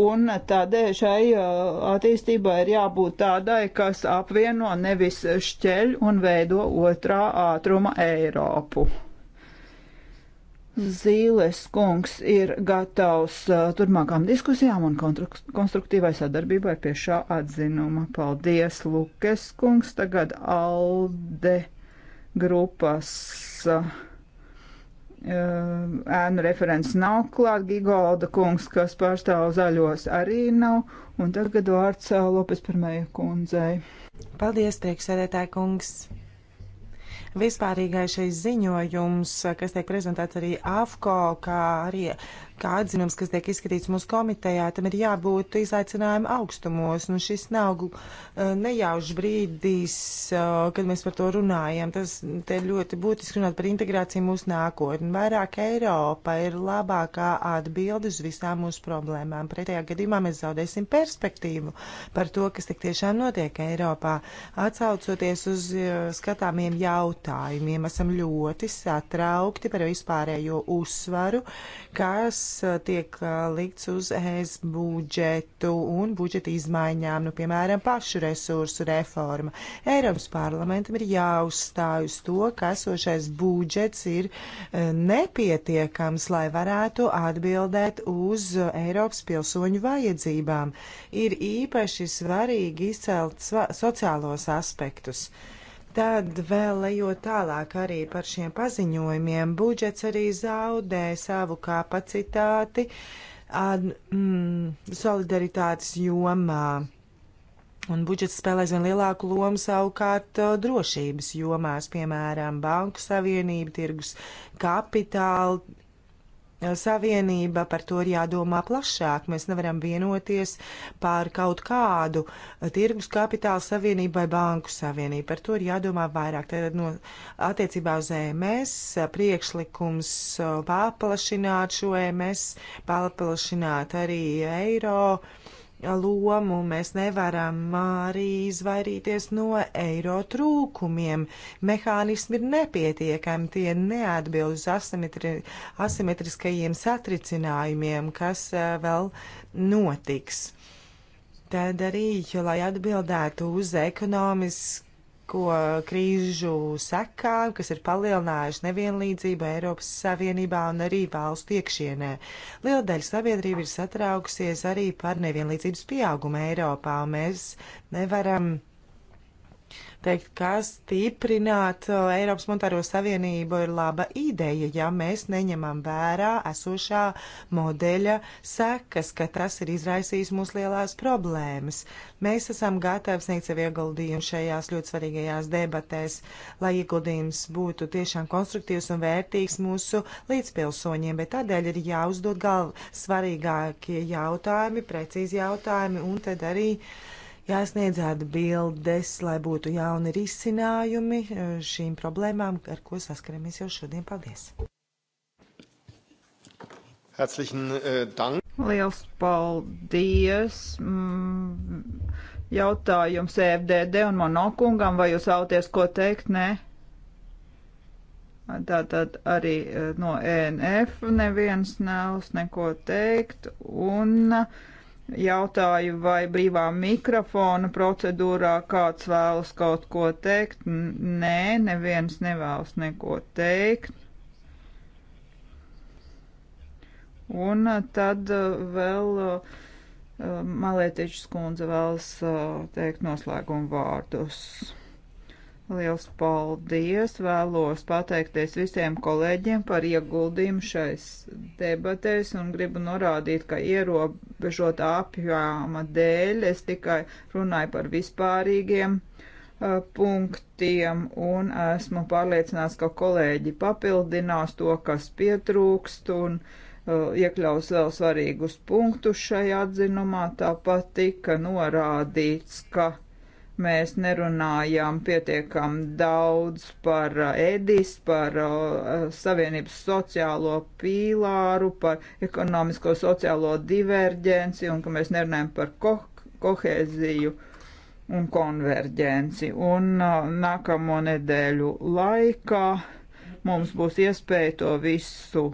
Un tādēļ šai uh, attīstībai ir jābūt tādai, kas apvieno nevis šķeļ un veido otrā ātruma Eiropu. Zīles kungs ir gatavs uh, turpmākām diskusijām un konstruktīvai sadarbībai pie šā atzinuma. Paldies, Lukes kungs, tagad Alde grupas. Uh, Ehm, ēnu referents nav klāt, Gigolda kungs, kas pārstāv zaļos, arī nav, un tagad vārds Lopes pirmajai kundzei. Paldies, priekšsēdētāji kungs! Vispārīgais šis ziņojums, kas tiek prezentēts arī AFCO, kā arī kā atzinums, kas tiek izskatīts mūsu komitejā, tam ir jābūt izaicinājuma augstumos. Nu, šis nav uh, nejaušs brīdis, uh, kad mēs par to runājam. Tas te ļoti būtiski runāt par integrāciju mūsu nākotni. Vairāk Eiropa ir labākā atbildes uz visām mūsu problēmām. Pretējā gadījumā mēs zaudēsim perspektīvu par to, kas tik tiešām notiek Eiropā. Atsaucoties uz uh, skatāmiem jautājumiem, esam ļoti satraukti par vispārējo uzsvaru, kas Uh, tiek uh, likts uz ES budžetu un budžeta izmaiņām, nu, piemēram, pašu resursu reforma. Eiropas parlamentam ir jāuzstāj uz to, ka esošais budžets ir uh, nepietiekams, lai varētu atbildēt uz Eiropas pilsoņu vajadzībām. Ir īpaši svarīgi izcelt sociālos aspektus. Uh, Tad vēl ejot tālāk arī par šiem paziņojumiem, budžets arī zaudē savu kapacitāti ad, mm, solidaritātes jomā. Un budžets spēlē zin lielāku lomu savukārt uh, drošības jomās, piemēram, banku savienība, tirgus kapitāla Savienība par to ir jādomā plašāk. Mēs nevaram vienoties pār kaut kādu tirgus kapitāla savienību vai banku savienību. Par to ir jādomā vairāk. Tad no attiecībā uz EMS priekšlikums paplašināt šo EMS, paplašināt arī eiro. Uh, lomu. Mēs nevaram arī izvairīties no eiro trūkumiem. Mehānismi ir nepietiekami, tie neatbilst asimetri, asimetriskajiem satricinājumiem, kas eh, vēl notiks. Tad arī, jo, lai atbildētu uz ekonomisku ekonomisko krīžu sekām, kas ir palielinājuši nevienlīdzību Eiropas Savienībā un arī valstu iekšienē. Liela daļa sabiedrība ir satraukusies arī par nevienlīdzības pieaugumu Eiropā, un mēs nevaram teikt, ka stiprināt uh, Eiropas monetāro savienību ir laba ideja, ja mēs neņemam vērā esošā modeļa sekas, ka tas ir izraisījis mūs lielās problēmas. Mēs esam gatavi sniegt savu ieguldījumu šajās ļoti svarīgajās debatēs, lai ieguldījums būtu tiešām konstruktīvs un vērtīgs mūsu līdzpilsoņiem, bet tādēļ ir jāuzdod galv svarīgākie jautājumi, precīzi jautājumi un tad arī uh, jāsniedz atbildes, lai būtu jauni risinājumi eh, šīm problēmām, ar ko saskaramies jau šodien. Paldies! Herzlichen eh, Dank! Liels paldies! Mm, jautājums EFDD un monokungam, vai jūs vēlaties ko teikt? Nē. Tātad arī eh, no ENF neviens nav neko teikt. Un uh, jautāju, vai brīvā mikrofona procedūrā kāds vēlas kaut ko teikt. Nē, neviens nevēlas neko teikt. Un uh, tad uh, vēl uh, Malietiečs kundze vēlas teikt noslēgumu vārdus. Liels paldies! Vēlos pateikties visiem kolēģiem par ieguldījumu šais debatēs un gribu norādīt, ka ierobežotā apjāma dēļ es tikai runāju par vispārīgiem uh, punktiem un esmu pārliecināts, ka kolēģi papildinās to, kas pietrūkst un uh, iekļaus vēl svarīgus punktus šajā atzinumā. Tāpat tika norādīts, ka Mēs nerunājām pietiekam daudz par uh, EDIS, par uh, uh, Savienības sociālo pīlāru, par ekonomisko sociālo diverģenci un ka mēs nerunājam par ko kohēziju un konverģenci. Un nākamo nedēļu laikā mums būs iespēja to visu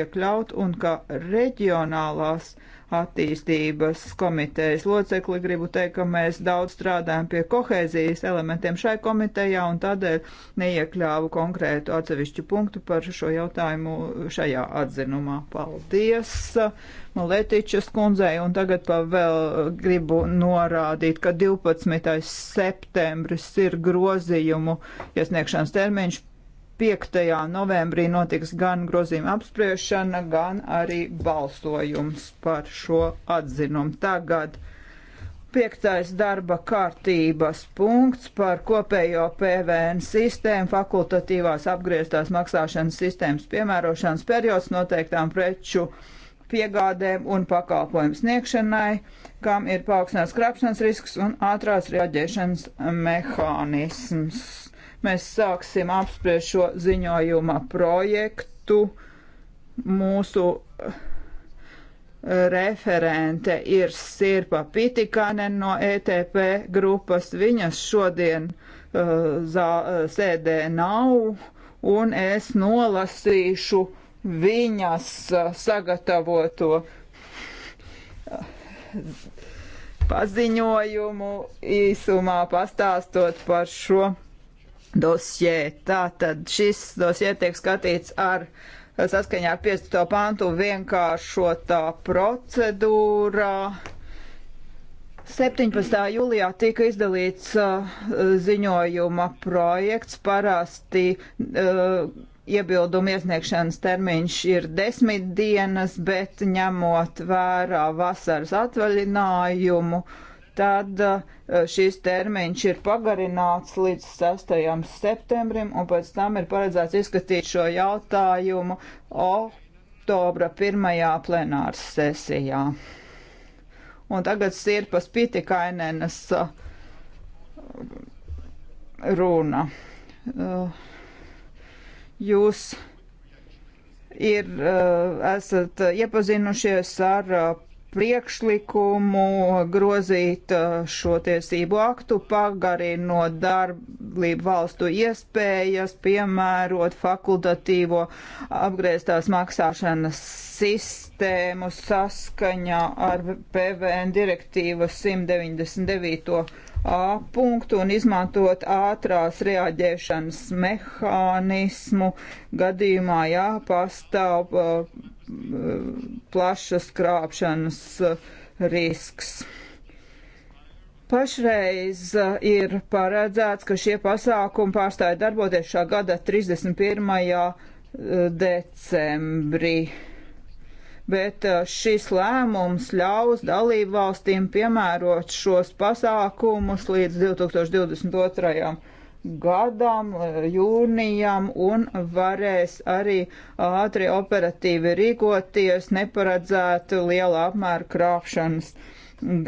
iekļaut un ka reģionālās uh, attīstības komitejas locekli. Gribu teikt, ka mēs daudz strādājam pie kohēzijas elementiem šai komitejā un tādēļ neiekļāvu konkrētu atsevišķu punktu par šo jautājumu šajā atzinumā. Paldies Maletičas kundzei un tagad vēl gribu norādīt, ka 12. septembris ir grozījumu iesniegšanas termiņš 5. novembrī notiks gan grozījuma apspriešana, gan arī balsojums par šo atzinumu. Tagad piektais darba kārtības punkts par kopējo PVN sistēmu, fakultatīvās apgrieztās maksāšanas sistēmas piemērošanas periods noteiktām preču piegādēm un pakalpojumu sniegšanai, kam ir paaugstināts krāpšanas risks un ātrās reaģēšanas mehānisms. Mēs sāksim apspriest šo ziņojuma projektu. Mūsu eh, referente ir Sirpa Pitikanen no ETP grupas. Viņas šodien uh, eh, zā, eh, sēdē nav, un es nolasīšu viņas sagatavoto paziņojumu īsumā pastāstot par šo dosjē. Tātad šis dosjē tiek skatīts ar saskaņā ar 15. pantu vienkāršotā procedūrā. 17. jūlijā tika izdalīts uh, ziņojuma projekts. Parasti uh, iebildumu iesniegšanas termiņš ir desmit dienas, bet ņemot vērā vasaras atvaļinājumu tad eh, šis termiņš ir pagarināts līdz 6. septembrim, un pēc tam ir paredzēts izskatīt šo jautājumu oktobra pirmajā plenāras sesijā. Un tagad sirpas pitikainenes eh, runa. Eh, jūs ir, esat iepazinušies ar priekšlikumu grozīt uh, šo tiesību aktu, pagarinot darbību valstu iespējas, piemērot fakultatīvo apgrieztās maksāšanas sistēmu saskaņā ar PVN direktīvas 199. A punktu un izmantot ātrās reaģēšanas mehānismu gadījumā, jā, pastāv uh, plašas krāpšanas eh, risks. Pašreiz eh, ir paredzēts, ka šie pasākumi pārstāja darboties šā gada 31. Eh, decembrī bet šis lēmums ļaus dalību valstīm piemērot šos pasākumus līdz 2022 gadam, eh, jūnijam un varēs arī ātri operatīvi rīkoties neparedzētu liela apmēra krāpšanas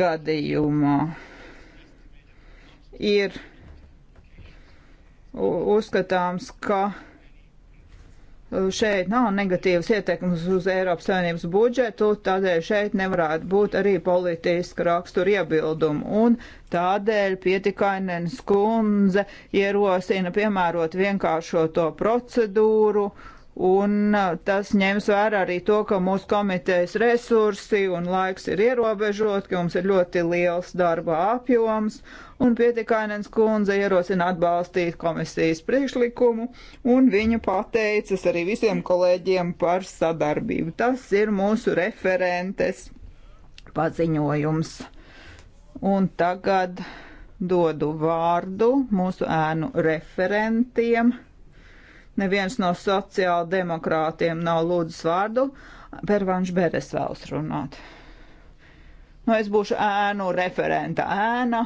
gadījumā. Ir uzskatāms, ka šeit nav negatīvas ietekmes uz Eiropas Savienības budžetu, tādēļ šeit nevarētu būt arī politiska rakstura iebildumu. Un tādēļ pietikainens kundze ierosina piemērot vienkāršo to procedūru Un uh, tas ņems vērā arī to, ka mūsu komitejas resursi un laiks ir ierobežot, ka mums ir ļoti liels darba apjoms, un pietikainens kundze ierosina atbalstīt komisijas priekšlikumu, un viņa pateicas arī visiem kolēģiem par sadarbību. Tas ir mūsu referentes paziņojums. Un tagad dodu vārdu mūsu ēnu referentiem. Neviens no sociāla demokrātiem nav lūdzis vārdu. Pervanš Beres vēlas runāt. Nu, es būšu ēnu referenta ēna.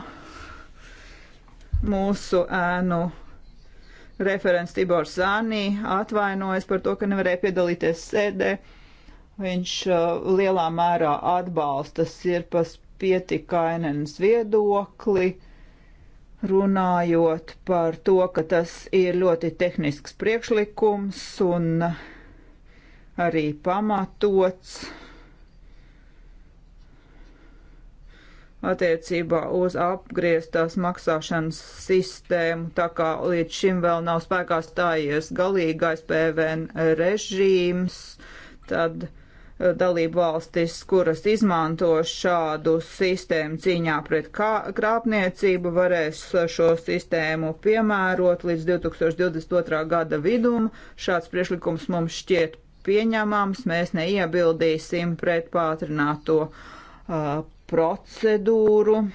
Mūsu ēnu referents Tibors Zanī atvainojas par to, ka nevarēja piedalīties sēdē. Viņš uh, lielā mērā atbalsta Sirpas pietikainenes viedokli runājot par to, ka tas ir ļoti tehnisks priekšlikums un arī pamatots attiecībā uz apgrieztās maksāšanas sistēmu, tā kā līdz šim vēl nav spēkā stājies galīgais PVN režīms, tad dalību valstis, kuras izmanto šādu sistēmu cīņā pret krāpniecību, varēs šo sistēmu piemērot līdz 2022. gada vidum. Šāds priešlikums mums šķiet pieņemams, mēs neiebildīsim pret pātrināto uh, procedūru uh,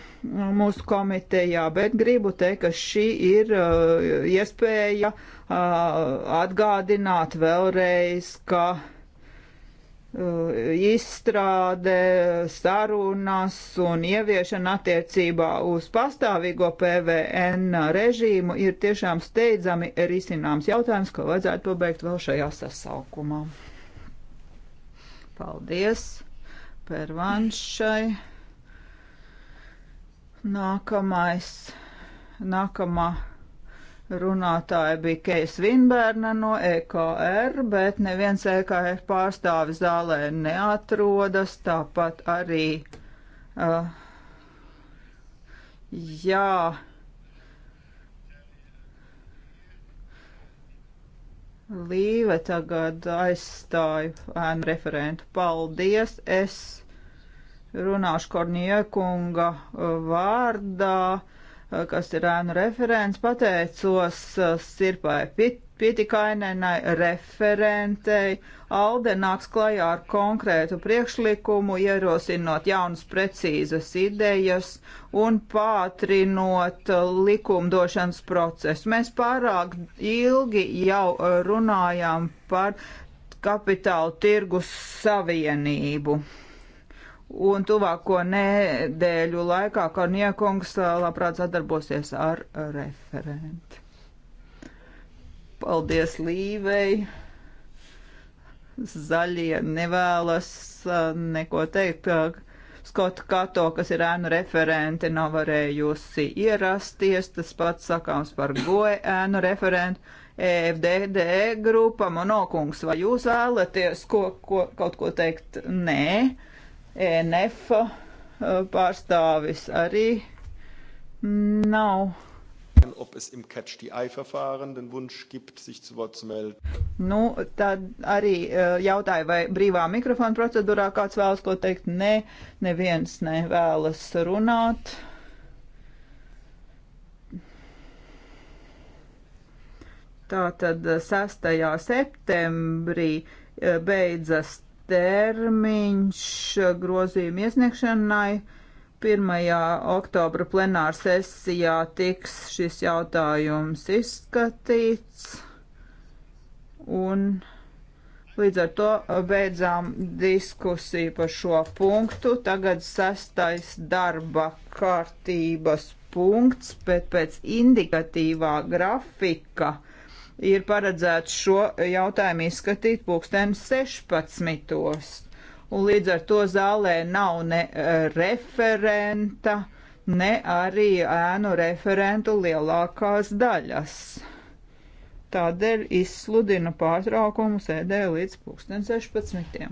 mūsu komitejā, bet gribu teikt, ka šī ir uh, iespēja uh, atgādināt vēlreiz, ka Uh, izstrāde, sarunas un ieviešana attiecībā uz pastāvīgo PVN režīmu ir tiešām steidzami risināms jautājums, ko vajadzētu pabeigt vēl šajā sasaukumā. Paldies Pervanšai. Nākamais, nākamā runātāja bija Keis Vinbērna no EKR, bet neviens EKR pārstāvis zālē neatrodas, tāpat arī, uh, jā, Līve tagad aizstāju ēnu referentu. Paldies! Es runāšu Korniekunga uh, vārdā. Uh, Eh, kas ir ēnu referents. Pateicos eh, Sirpai Pietikainenai, referentei. Alde nāks klajā ar konkrētu priekšlikumu, ierosinot jaunas precīzas idejas un pātrinot eh, likumdošanas procesu. Mēs pārāk ilgi jau runājām par kapitāla tirgus savienību. Un tuvāko nedēļu laikā Karniekungs labprāt sadarbosies ar referenti. Paldies Līvei. Zaļie nevēlas neko teikt. Skota Kato, kas ir ēnu referente, nav varējusi ierasties. Tas pats sakāms par goe ēnu referentu. EFDD e grupa, monokungs, vai jūs vēlaties ko, ko, kaut ko teikt? Nē. ENF e, pārstāvis arī nav. Ob es im Catch the Eye-Verfahren den Wunsch gibt, sich zu Wort zu melden. Nu, tad arī e, jautāju, vai brīvā mikrofona procedūrā kāds vēlas ko teikt. Nē, ne, neviens nevēlas runāt. Tātad 6. septembrī e, beidzas termiņš grozījuma iesniegšanai. 1. oktobra plenāra sesijā tiks šis jautājums izskatīts. Un līdz ar to beidzām diskusiju par šo punktu. Tagad sastais darba kārtības punkts, bet pēc indikatīvā grafika ir paredzēts šo jautājumu izskatīt pulksten 16. Un līdz ar to zālē nav ne eh, referenta, ne arī ēnu referentu lielākās daļas. Tādēļ izsludinu pārtraukumu sēdē līdz pulksten 16.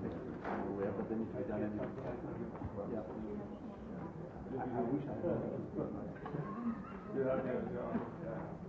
aware, but then if I done anything, yeah. I, I wish I had. yeah, yeah, yeah. yeah.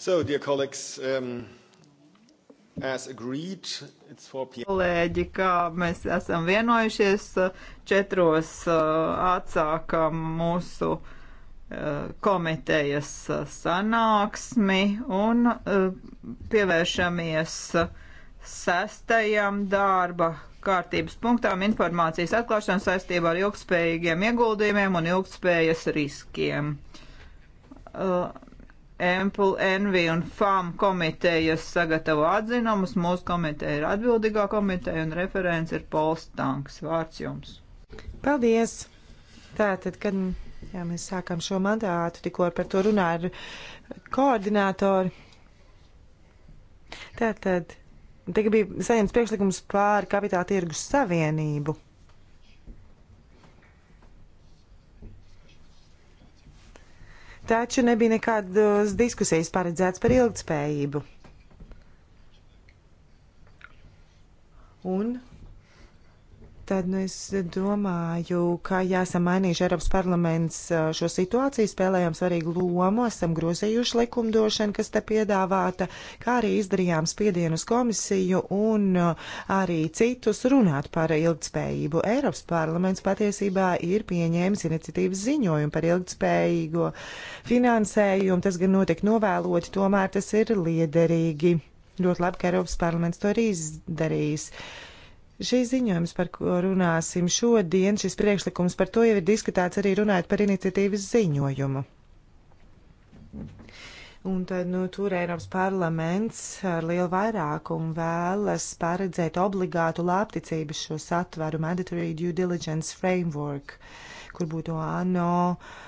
So, dear colleagues, um, as agreed, it's 4 p.m. Kolēģi, kā mēs esam vienojušies, četros uh, atsākam mūsu uh, komitejas uh, sanāksmi un pievēršamies sestajam darba kārtības punktām informācijas atklāšana saistībā ar ilgspējīgiem ieguldījumiem un ilgspējas riskiem. Uh, Empul, Envi un FAM komitejas sagatavo atzinumus. Mūsu komiteja ir atbildīgā komiteja un referents ir Pols Tanks. Vārds jums. Paldies! Tātad, kad jā, mēs sākām šo mandātu, tikko par to runāju ar koordinātoru. Tātad, tagad bija saņemts priekšlikums pār kapitāla tirgus savienību. taču nebija nekādas diskusijas paredzēts par ilgtspējību. Un Tad nu, es domāju, ka jāsam mainījuši Eiropas parlaments šo situāciju, spēlējām svarīgu lomu, esam grozējuši likumdošanu, kas te piedāvāta, kā arī izdarījām spiedienu uz komisiju un arī citus runāt par ilgtspējību. Eiropas parlaments patiesībā ir pieņēmis iniciatīvas ziņojumu par ilgtspējīgo finansējumu. Tas gan notiek novēloti, tomēr tas ir liederīgi. Ļoti labi, ka Eiropas parlaments to ir izdarījis. Uh, Šīs ziņojums, par ko runāsim šodien, šis priekšlikums par to jau ir diskutēts arī runājot par iniciatīvas ziņojumu. Un tad, nu, tur Eiropas parlaments ar lielu vairākumu vēlas paredzēt obligātu lāpticības šo satvaru Mandatory Due Diligence Framework, kur būtu ANO. Uh,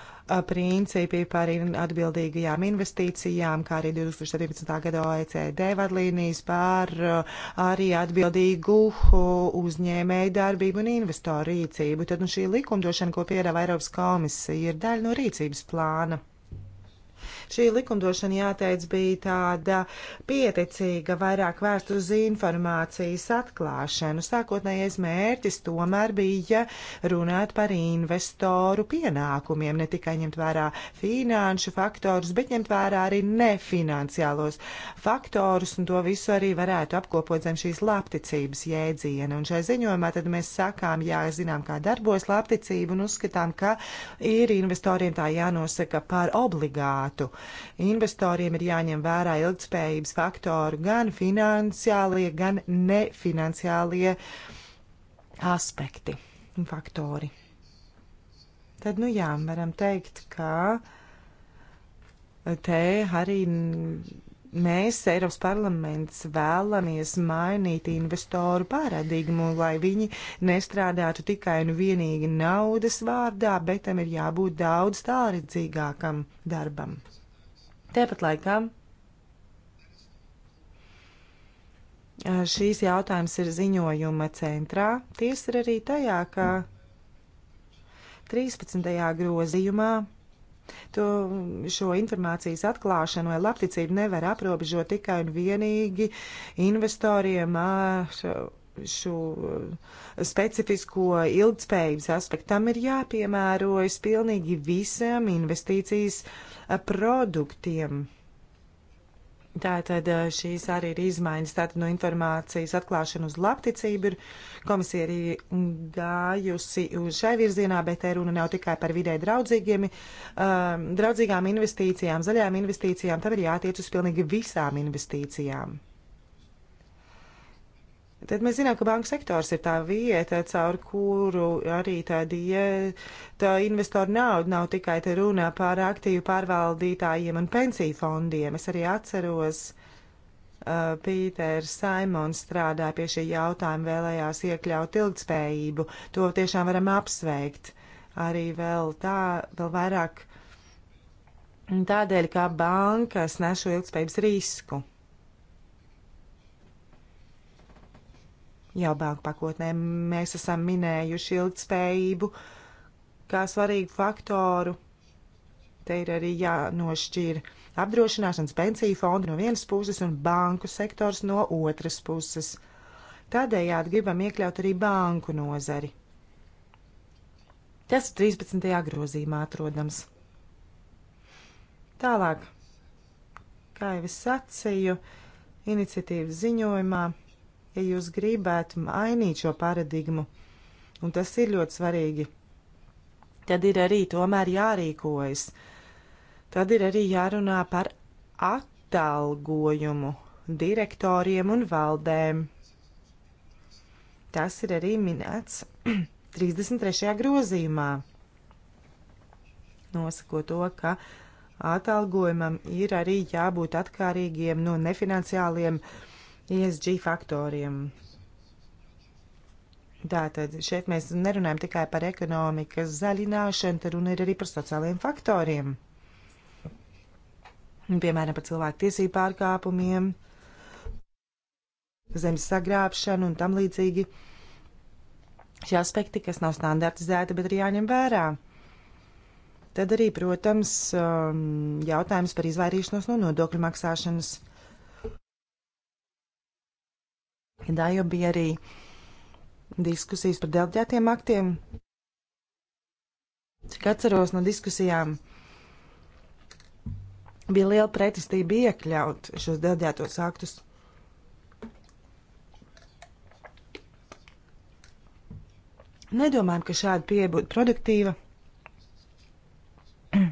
principi par atbildīgajām investīcijām, kā arī 2017. gada OECD vadlīnijas par uh, arī atbildīgu uh, uzņēmēju darbību un investoru rīcību. Tad nu, šī likumdošana, ko piedāvā Eiropas komisija, ir daļa no rīcības plāna Šī likumdošana, jāteic, bija tāda pieticīga, vairāk vērst uz informācijas atklāšanu. Sākotnējais mērķis tomēr bija runāt par investoru pienākumiem, ne tikai ņemt vērā finanšu faktorus, bet ņemt vērā arī nefinanciālos faktorus, un to visu arī varētu apkopot zem šīs labticības jēdziena. Un šai ziņojumā tad mēs sakām, jā, zinām, kā darbojas labticība, un uzskatām, ka ir investoriem tā jānosaka par obligātu Investoriem ir jāņem vērā ilgspējības faktoru gan finansiālie, gan nefinanciālie aspekti un faktori. Tad, nu jā, varam teikt, ka te arī mēs, Eiropas parlaments, vēlamies mainīt investoru paradigmu, lai viņi nestrādātu tikai un vienīgi naudas vārdā, bet tam ir jābūt daudz tālredzīgākam darbam. Tāpat laikā šīs jautājums ir ziņojuma centrā. Tiesa ir arī tajā, ka 13. grozījumā to, šo informācijas atklāšanu vai labticību nevar aprobežot tikai un vienīgi investoriem ar šo eh, specifisko ilgspējības aspektam ir jāpiemērojas pilnīgi visiem investīcijas eh, produktiem. Tātad eh, šīs arī ir izmaiņas. Tātad no informācijas atklāšana uz labticību ir komisija arī gājusi uz šai virzienā, bet te runa nav tikai par vidē draudzīgiem, um, draudzīgām investīcijām, zaļām investīcijām. Tam ir jātiec uz pilnīgi visām investīcijām. Tad mēs zinām, ka banku sektors ir tā vieta, caur kuru arī tādi ja, tā investoru nauda nav tikai te runā par aktīvu pārvaldītājiem un pensiju fondiem. Es arī atceros, uh, Pīters Saimons strādāja pie šī jautājuma, vēlējās iekļaut ilgtspējību. To tiešām varam apsveikt. Arī vēl tā, vēl vairāk tādēļ, kā bankas nes šo ilgtspējības risku. Jau banku pakotnē mēs esam minējuši ilgtspējību kā svarīgu faktoru. Te ir arī jānošķir apdrošināšanas pensiju fondu no vienas puses un banku sektors no otras puses. Tādējādi gribam iekļaut arī banku nozari. Tas ir 13. grozījumā atrodams. Tālāk, kā jau es sacīju, iniciatīvas ziņojumā ja jūs gribētu mainīt šo paradigmu, un tas ir ļoti svarīgi, tad ir arī tomēr jārīkojas. Tad ir arī jārunā par atalgojumu direktoriem un valdēm. Tas ir arī minēts 33. grozījumā. Nosako to, ka atalgojumam ir arī jābūt atkarīgiem no nefinanciāliem uh, ESG faktoriem. Tātad šeit mēs nerunājam tikai par ekonomikas zaļināšanu, tad runa ir arī par sociālajiem faktoriem. Piemēram, par cilvēku tiesību pārkāpumiem, zemes sagrābšanu un tam līdzīgi. Šie aspekti, kas nav standartizēti, bet arī jāņem vērā. Tad arī, protams, um, jautājums par izvairīšanos no nodokļu maksāšanas. Tā jau bija arī diskusijas par delģētiem aktiem. Cik atceros no diskusijām, bija liela pretestība iekļaut šos delģētos aktus. Nedomājam, ka šāda pieeja būtu produktīva.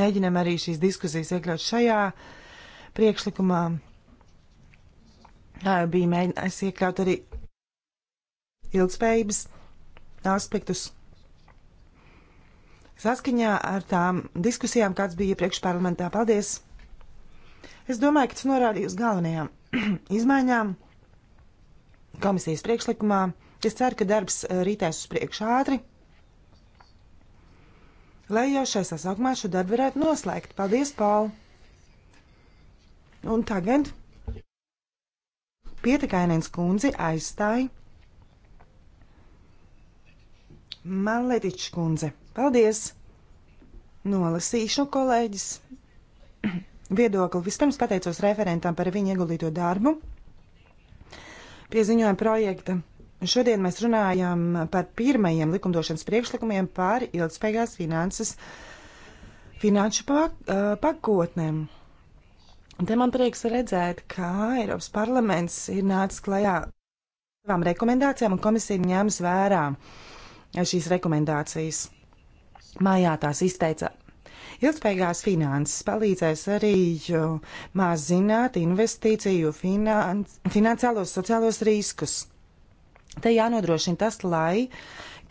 Mēģinam arī šīs diskusijas iekļaut šajā priekšlikumā bija mēģinājis iekļaut arī ilgspējības aspektus. Saskaņā ar tām diskusijām, kāds bija iepriekš parlamentā, paldies! Es domāju, ka tas norādīja uz galvenajām izmaiņām komisijas priekšlikumā. Es ceru, ka darbs eh, rītēs uz priekšu ātri, lai jau šai sasaukumā šo darbu varētu noslēgt. Paldies, Paul! Un tagad Pietikainēns kundzi aizstāja Maletiča kundze. Paldies! Nolasīšu kolēģis viedokli. Vispirms pateicos referentam par viņu ieguldīto darbu pie ziņojuma projekta. Šodien mēs runājam par pirmajiem likumdošanas priekšlikumiem par ilgspējīgās finanses finanšu eh, pakotnēm. Te man prieks redzēt, kā Eiropas parlaments ir nācis klajā savām rekomendācijām un komisija ņēmas vērā šīs rekomendācijas. Mājā tās izteica. Ilgspējīgās finanses palīdzēs arī mazināt investīciju finans, finansiālos sociālos riskus. Te jānodrošina tas, lai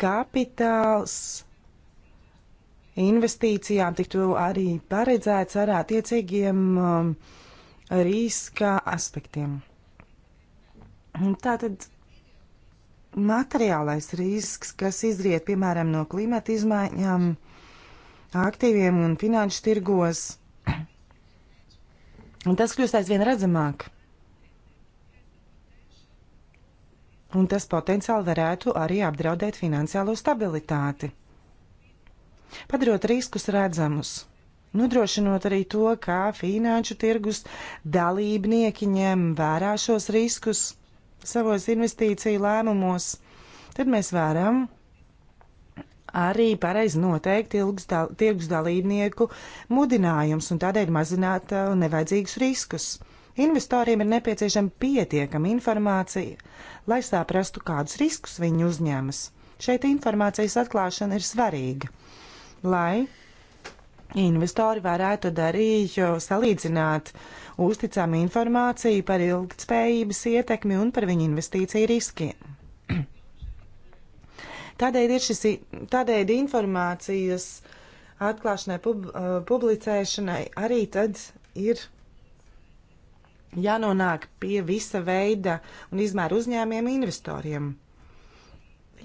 kapitāls investīcijām tiktu arī paredzēts ar attiecīgiem uh, riska aspektiem. Tātad materiālais risks, kas izriet piemēram no klimata izmaiņām, aktīviem un finanšu tirgos, tas kļūst aizvien redzamāk. Un tas potenciāli varētu arī apdraudēt finansiālo stabilitāti, padarot riskus redzamus nodrošinot arī to, kā finanšu tirgus dalībnieki ņem vērā šos riskus savos investīciju lēmumos, tad mēs varam arī pareizi noteikt dal tirgus dalībnieku mudinājums un tādēļ mazināt uh, nevajadzīgus riskus. Investoriem ir nepieciešama pietiekama informācija, lai saprastu, kādus riskus viņi uzņemas. Šeit informācijas atklāšana ir svarīga, lai investori varētu arī salīdzināt uzticamu informāciju par ilgtspējības ietekmi un par viņu investīciju riskiem. Tādēļ ir šis tādēļ informācijas atklāšanai, pub, uh, publicēšanai arī tad ir jānonāk pie visa veida un izmēra uzņēmiem investoriem.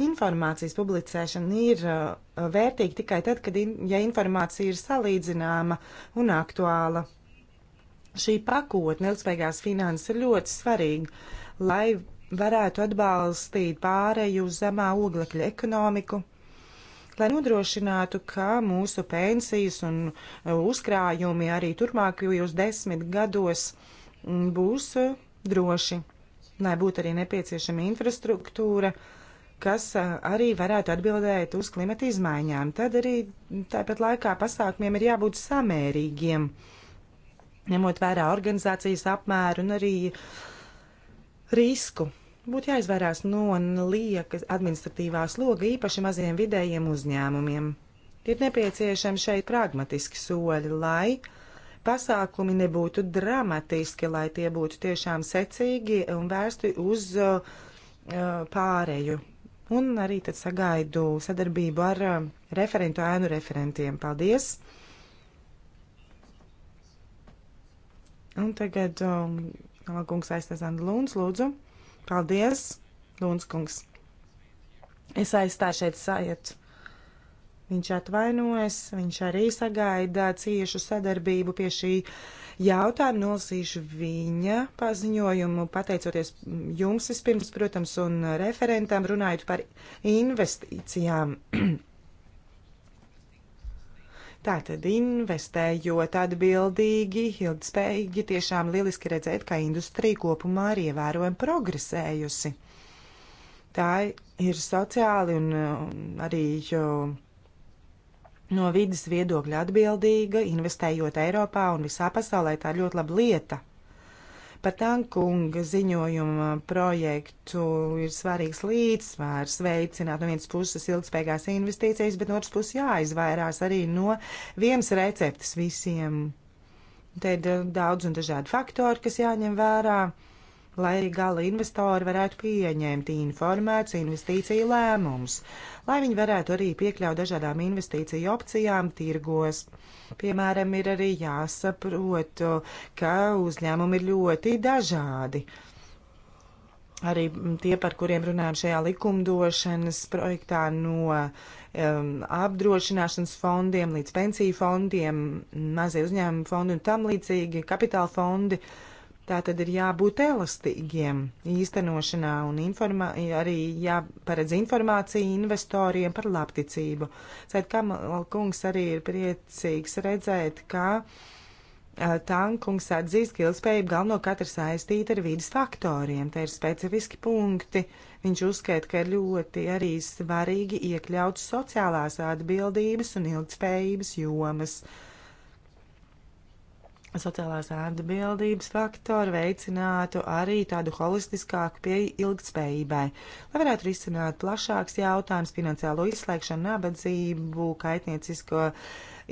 Informācijas publicēšana ir uh, vērtīga tikai tad, kad in, ja informācija ir salīdzināma un aktuāla. Šī pakotne ilgspējīgās finanses ir ļoti svarīga, lai varētu atbalstīt pāreju uz zemā oglekļa ekonomiku, lai nodrošinātu, ka mūsu pensijas un uh, uzkrājumi arī turpmākajos desmit gados mm, būs uh, droši, lai būtu arī nepieciešama infrastruktūra, uh, kas arī varētu atbildēt uz klimata izmaiņām. Tad arī tāpat laikā pasākumiem ir jābūt samērīgiem, ņemot vērā organizācijas apmēru un arī risku. Būtu jāizvairās no liekas administratīvā sloga īpaši maziem vidējiem uzņēmumiem. Ir nepieciešami šeit pragmatiski soļi, lai pasākumi nebūtu dramatiski, lai tie būtu tiešām secīgi un vērsti uz uh, pārēju un arī tad sagaidu sadarbību ar uh, referentu ēnu referentiem. Paldies! Un tagad um, kungs aizstās Anna Lūns, lūdzu. Paldies, Lūns kungs. Es aizstāju šeit sajūtu. Viņš atvainojas, viņš arī sagaida ciešu sadarbību pie šī jautājumu, nolasīšu viņa paziņojumu, pateicoties jums vispirms, protams, un referentam runājot par investīcijām. Tātad investējot atbildīgi, ilgspējīgi, tiešām lieliski redzēt, ka industrija kopumā ir ievērojami progresējusi. Tā ir sociāli un arī jau no vidas viedokļa atbildīga, investējot Eiropā un visā pasaulē. Tā ir ļoti laba lieta. Par tankunga ziņojuma projektu ir svarīgs līdzsvārs veicināt no vienas puses ilgspējīgās investīcijas, bet no otras puses jāizvairās arī no vienas receptes visiem. Te ir daudz un dažādi faktori, kas jāņem vērā lai gala investori varētu pieņemt informētus investīciju lēmumus, lai viņi varētu arī piekļaut dažādām investīciju opcijām tirgos. Piemēram, ir arī jāsaprot, ka uzņēmumi ir ļoti dažādi. Arī tie, par kuriem runājam šajā likumdošanas projektā, no um, apdrošināšanas fondiem līdz pensiju fondiem, mazie uzņēmumu fondi un tam līdzīgi kapitāla fondi. Uh, Tā tad ir jābūt elastīgiem īstenošanā un informā, arī jāparedz informācija investoriem par labticību. Cēt Kamalkungs arī ir priecīgs redzēt, ka tankungs atzīst, ka ilgspējība galvenokārt ir saistīta ar vīdes faktoriem. Te ir specifiski punkti. Viņš uzskait, ka ir ļoti arī svarīgi iekļaut sociālās atbildības un ilgspējības jomas. Uh, sociālās atbildības faktori veicinātu arī tādu holistiskāku pieeju ilgtspējībai, lai varētu risināt plašāks jautājums finansiālo izslēgšanu, nabadzību, kaitniecisko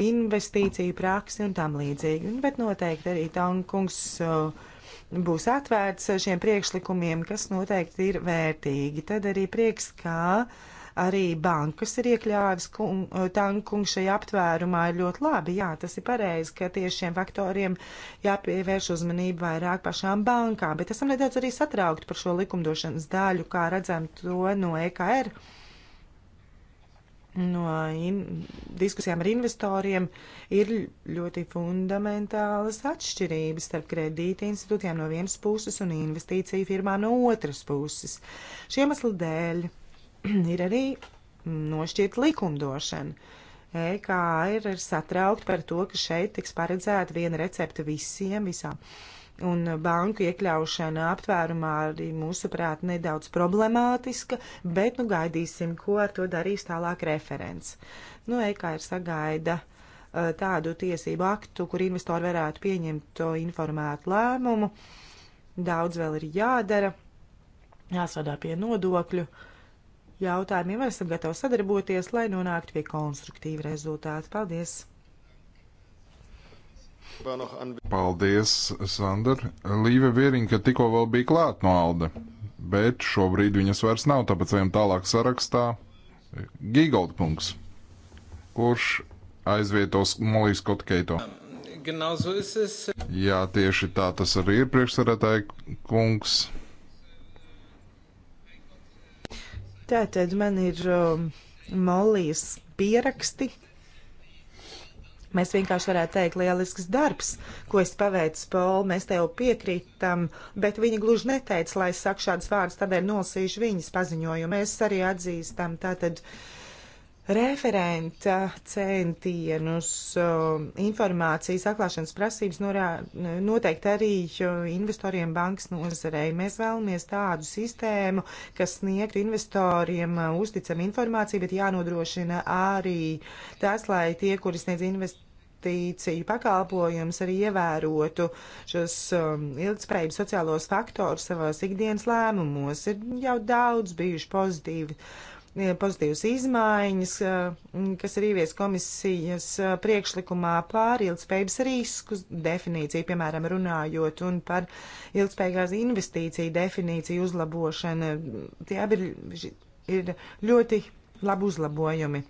investīciju praksi un tam līdzīgi. Bet noteikti arī Tonkungs uh, būs atvērts šiem priekšlikumiem, kas noteikti ir vērtīgi. Tad arī prieks, kā ka arī bankas ir iekļāvis tankungs eh, šajā aptvērumā ir ļoti labi. Jā, tas ir pareizi, ka tieši šiem faktoriem jāpievērš uzmanība vairāk pašām bankām, bet esam nedaudz arī satraukti par šo likumdošanas daļu, kā redzam to no EKR. No in, diskusijām ar investoriem ir ļoti fundamentālas atšķirības starp kredīti institūtiem no vienas puses un investīciju firmām no otras puses. Šiem aslu dēļ ir arī nošķirt likumdošana. E EKA ir, ir satraukta par to, ka šeit tiks paredzēta viena recepte visiem, visām. Un banku iekļaušana aptvērumā arī mūsuprāt nedaudz problemātiska, bet nu gaidīsim, ko ar to darīs tālāk referents. Nu, EKA ir sagaida e, tādu tiesību aktu, kur investori varētu pieņemt to informētu lēmumu. Daudz vēl ir jādara, jāsādā pie nodokļu. Uh, jautājumiem esam gatavi sadarboties, lai nonāktu pie konstruktīva rezultāta. Paldies! Paldies, Sandra. Līve Vierinka tikko vēl bija klāt no Alde, bet šobrīd viņas vairs nav, tāpēc ejam tālāk sarakstā. Gigoldpunkts, kurš aizvietos Molijas Kotkeito. Genau so ist es. Jā, tieši tā tas arī ir priekšsarētāji kungs. Tātad man ir um, Mollijas pieraksti. Mēs vienkārši varētu teikt, lielisks darbs, ko es paveicu, Paul, mēs tev piekrītam, bet viņa gluži neteica, lai es saku šādas vārdas, tādēļ nolasīšu viņas paziņojumu. Mēs arī atzīstam, tātad uh, referenta centienus informācijas atklāšanas prasības norā, noteikti arī investoriem bankas nozarei. Mēs vēlamies tādu sistēmu, kas sniegtu investoriem uzticam informāciju, bet jānodrošina arī tas, lai tie, kuri sniedz investīciju, investīciju pakalpojums arī ievērotu šos um, ilgspējības sociālos faktorus savās ikdienas lēmumos. Ir jau daudz bijuši pozitīvi pozitīvas izmaiņas, eh, kas ir ievies komisijas eh, priekšlikumā pār ilgspējības riskus definīciju, piemēram, runājot un par ilgspējīgās investīciju definīciju uzlabošanu. Tie abi ir, ir ļoti labi uzlabojumi.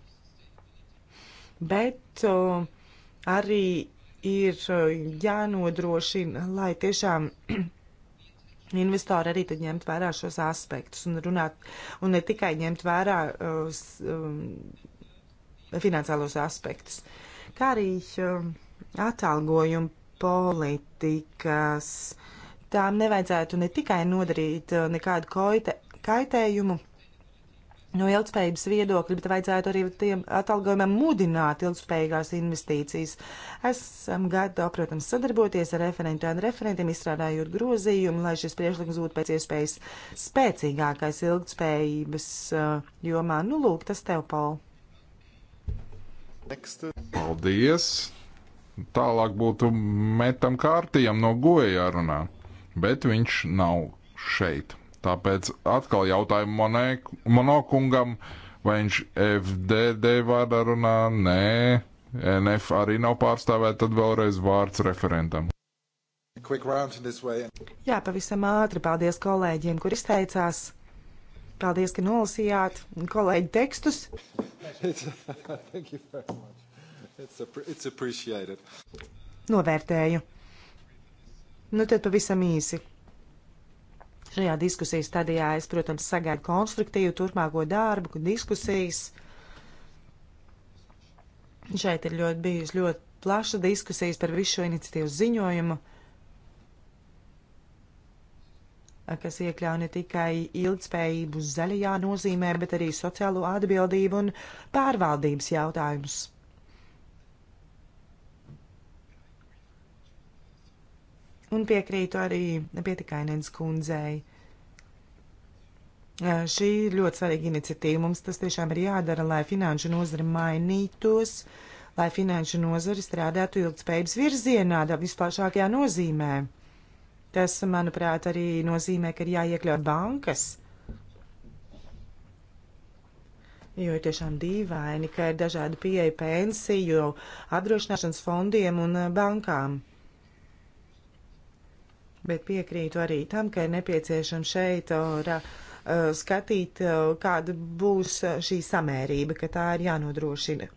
Bet eh, arī ir jānodrošina, lai tiešām investori arī tad ņemt vērā šos aspektus un runāt, un ne tikai ņemt vērā uh, um, finansiālos aspektus, kā arī uh, atalgojuma politikas. Tām nevajadzētu ne tikai nodarīt uh, nekādu koite, kaitējumu No ilgspējības viedokļa, bet vajadzētu arī tiem atalgojumam mudināt ilgspējīgās investīcijas. Esam gatavi, protams, sadarboties ar referentu un referentiem, izstrādājot grozījumu, lai šis priekšlikums būtu pēc iespējas spēcīgākais ilgspējības uh, jomā. Nu, lūk, tas tev, Paul. Paldies! Tālāk būtu metam kārtījam no goja jārunā, bet viņš nav šeit. Tāpēc atkal jautājumu monokungam, vai viņš FDD vārdā runā, nē, NF arī nav pārstāvēt, tad vēlreiz vārds referentam. Jā, pavisam ātri paldies kolēģiem, kur izteicās. Paldies, ka nolasījāt kolēģi tekstus. It's, it's Novērtēju. Nu tad pavisam īsi. Šajā diskusijas stadijā es, protams, sagaidu konstruktīvu turpmāko darbu, diskusijas. Šeit ir ļoti bijusi ļoti plaša diskusijas par visu šo iniciatīvu ziņojumu, kas iekļauj ne tikai ilgspējību zaļajā nozīmē, bet arī sociālo atbildību un pārvaldības jautājumus. Un piekrītu arī Pietikainens kundzei. Šī ir ļoti svarīga iniciatīva. Mums tas tiešām ir jādara, lai finanšu nozara mainītos, lai finanšu nozara strādātu ilgspējības virzienā, visplašākajā nozīmē. Tas, manuprāt, arī nozīmē, ka ir jāiekļaut bankas. Jo ir tiešām dīvaini, ka ir dažādi pieeja pensiju, apdrošināšanas fondiem un bankām bet piekrītu arī tam, ka ir nepieciešams šeit uh, ra, uh, skatīt, uh, kāda būs šī samērība, ka tā ir jānodrošina.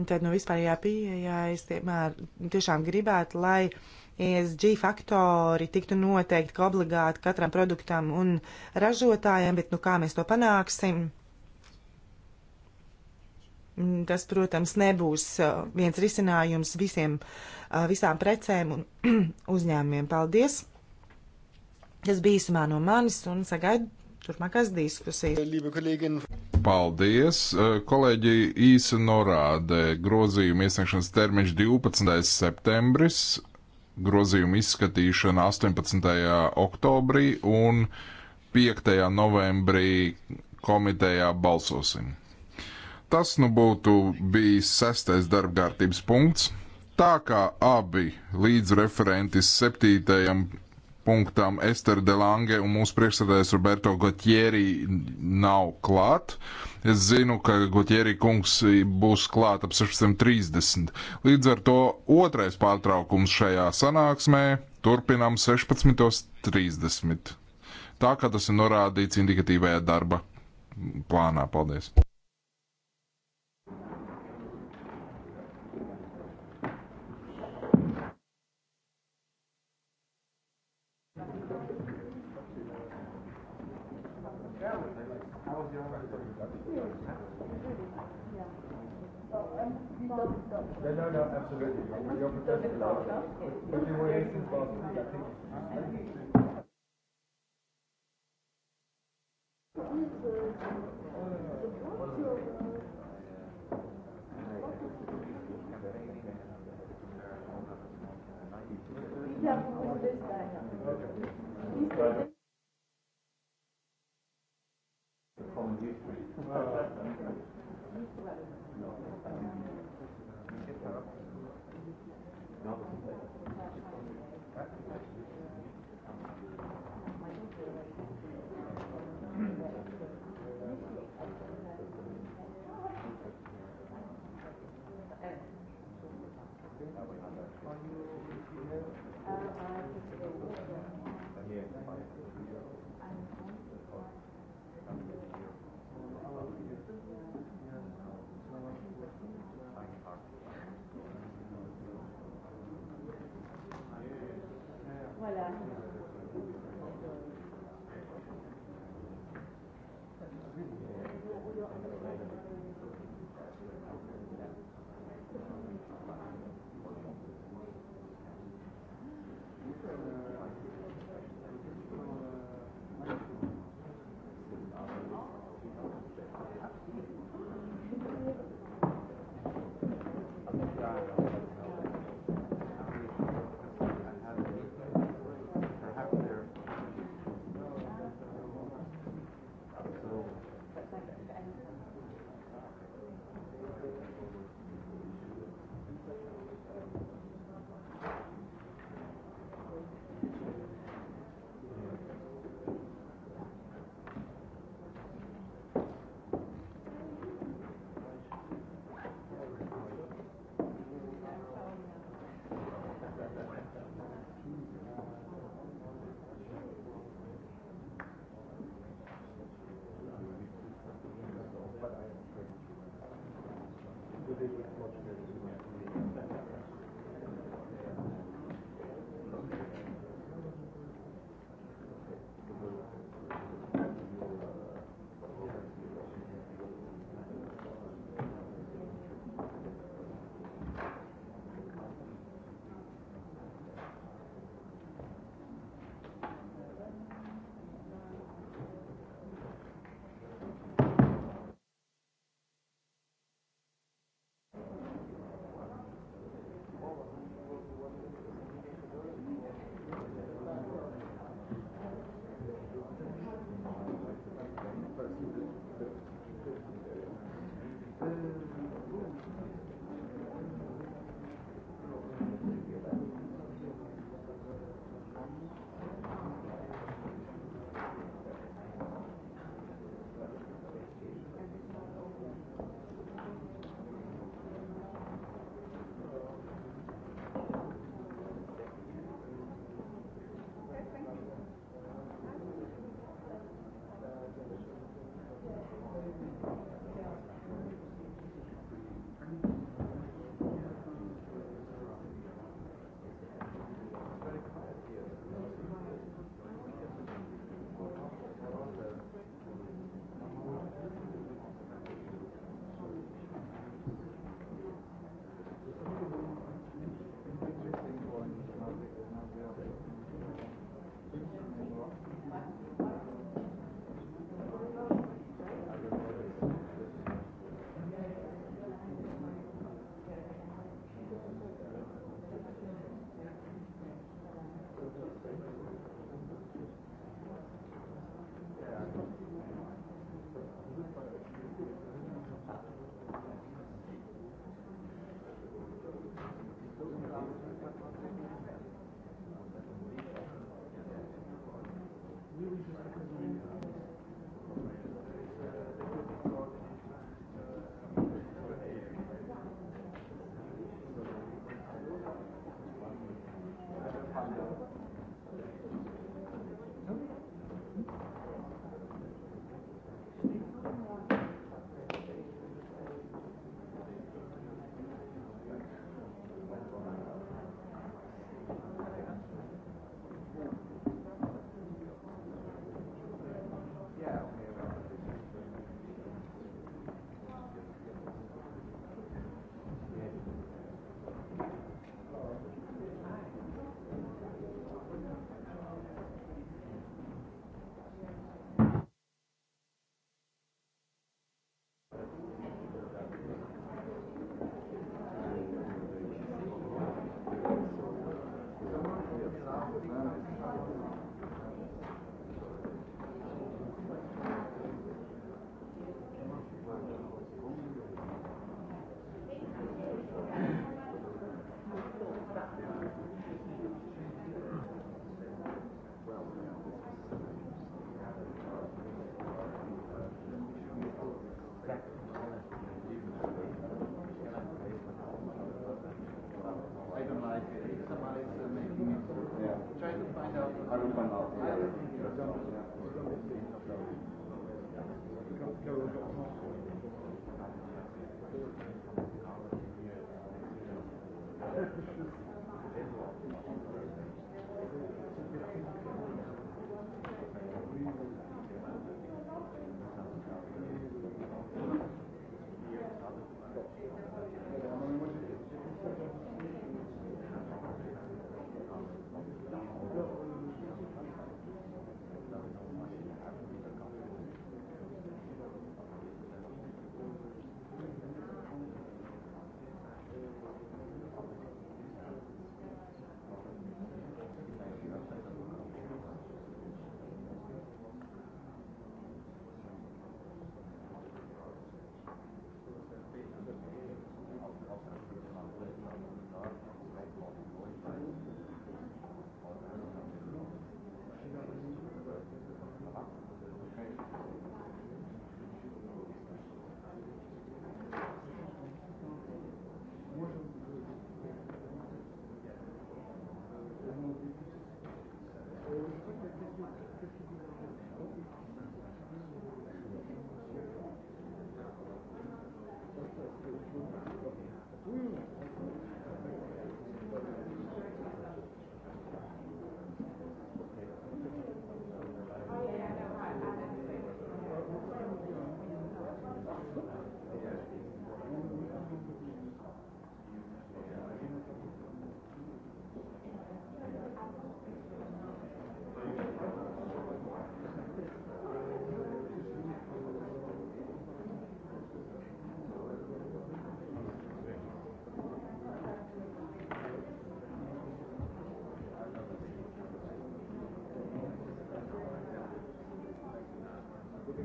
Un tad, nu, vispārējā pieejā es tiemēr, tiešām gribētu, lai ESG faktori tiktu noteikti, ka obligāti katram produktam un ražotājiem, bet, nu, kā mēs to panāksim? Tas, protams, nebūs uh, viens risinājums visiem, uh, visām precēm un uzņēmumiem. Paldies! Tas bija īsumā no manis un sagaidu turpmākās diskusijas. Paldies! Uh, kolēģi īsi norāda grozījuma iesniegšanas termiņš 12. septembris, grozījuma izskatīšana 18. oktobrī un 5. novembrī komitejā balsosim. Tas nu būtu bijis sestais darbkārtības punkts. Tā kā abi līdzreferenti septītajam punktām Ester Delange un mūsu priekšsēdājs Roberto Gotjeri nav klāt. Es zinu, ka Gotjeri kungs būs klāt ap 16.30. Līdz ar to otrais pārtraukums šajā sanāksmē turpinām 16.30. Tā kā tas ir norādīts indikatīvajā darba plānā. Paldies! No, no, no, absolutely. You're professional. But you were in since Boston, I think. Thank you.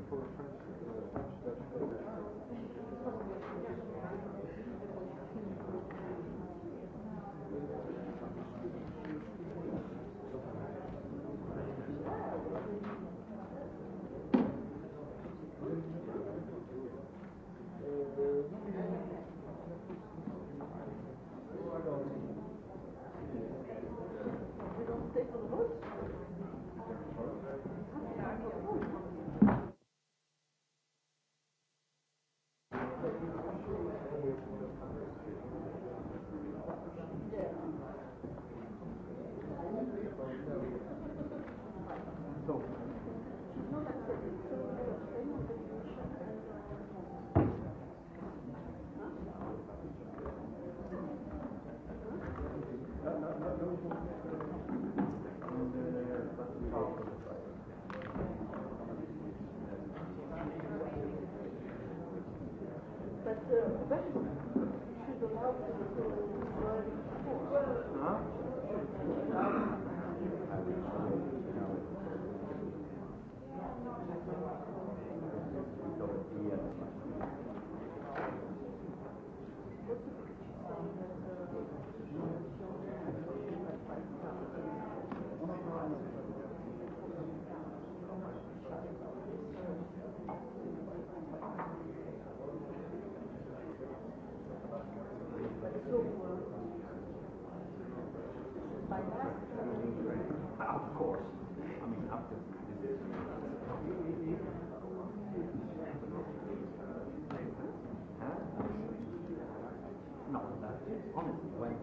for Honestly,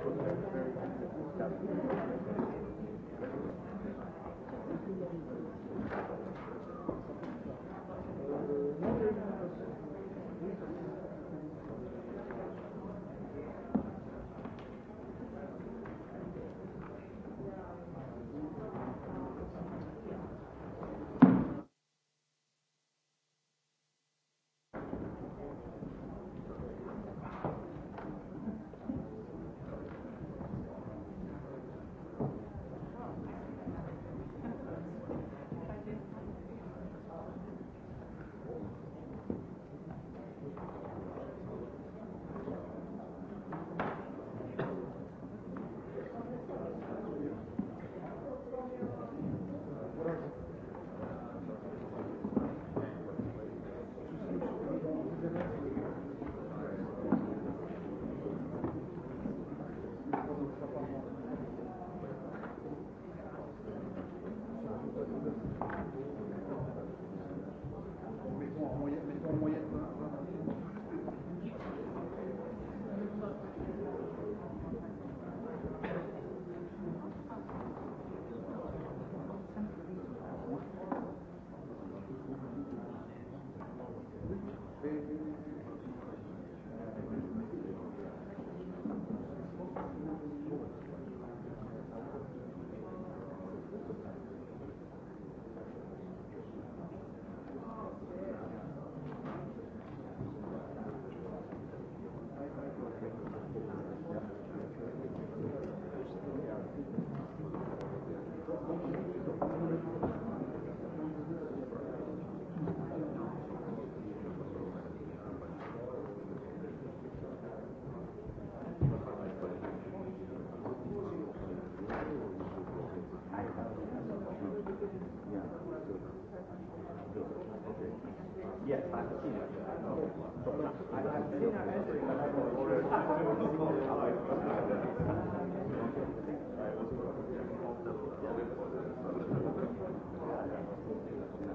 Thank you.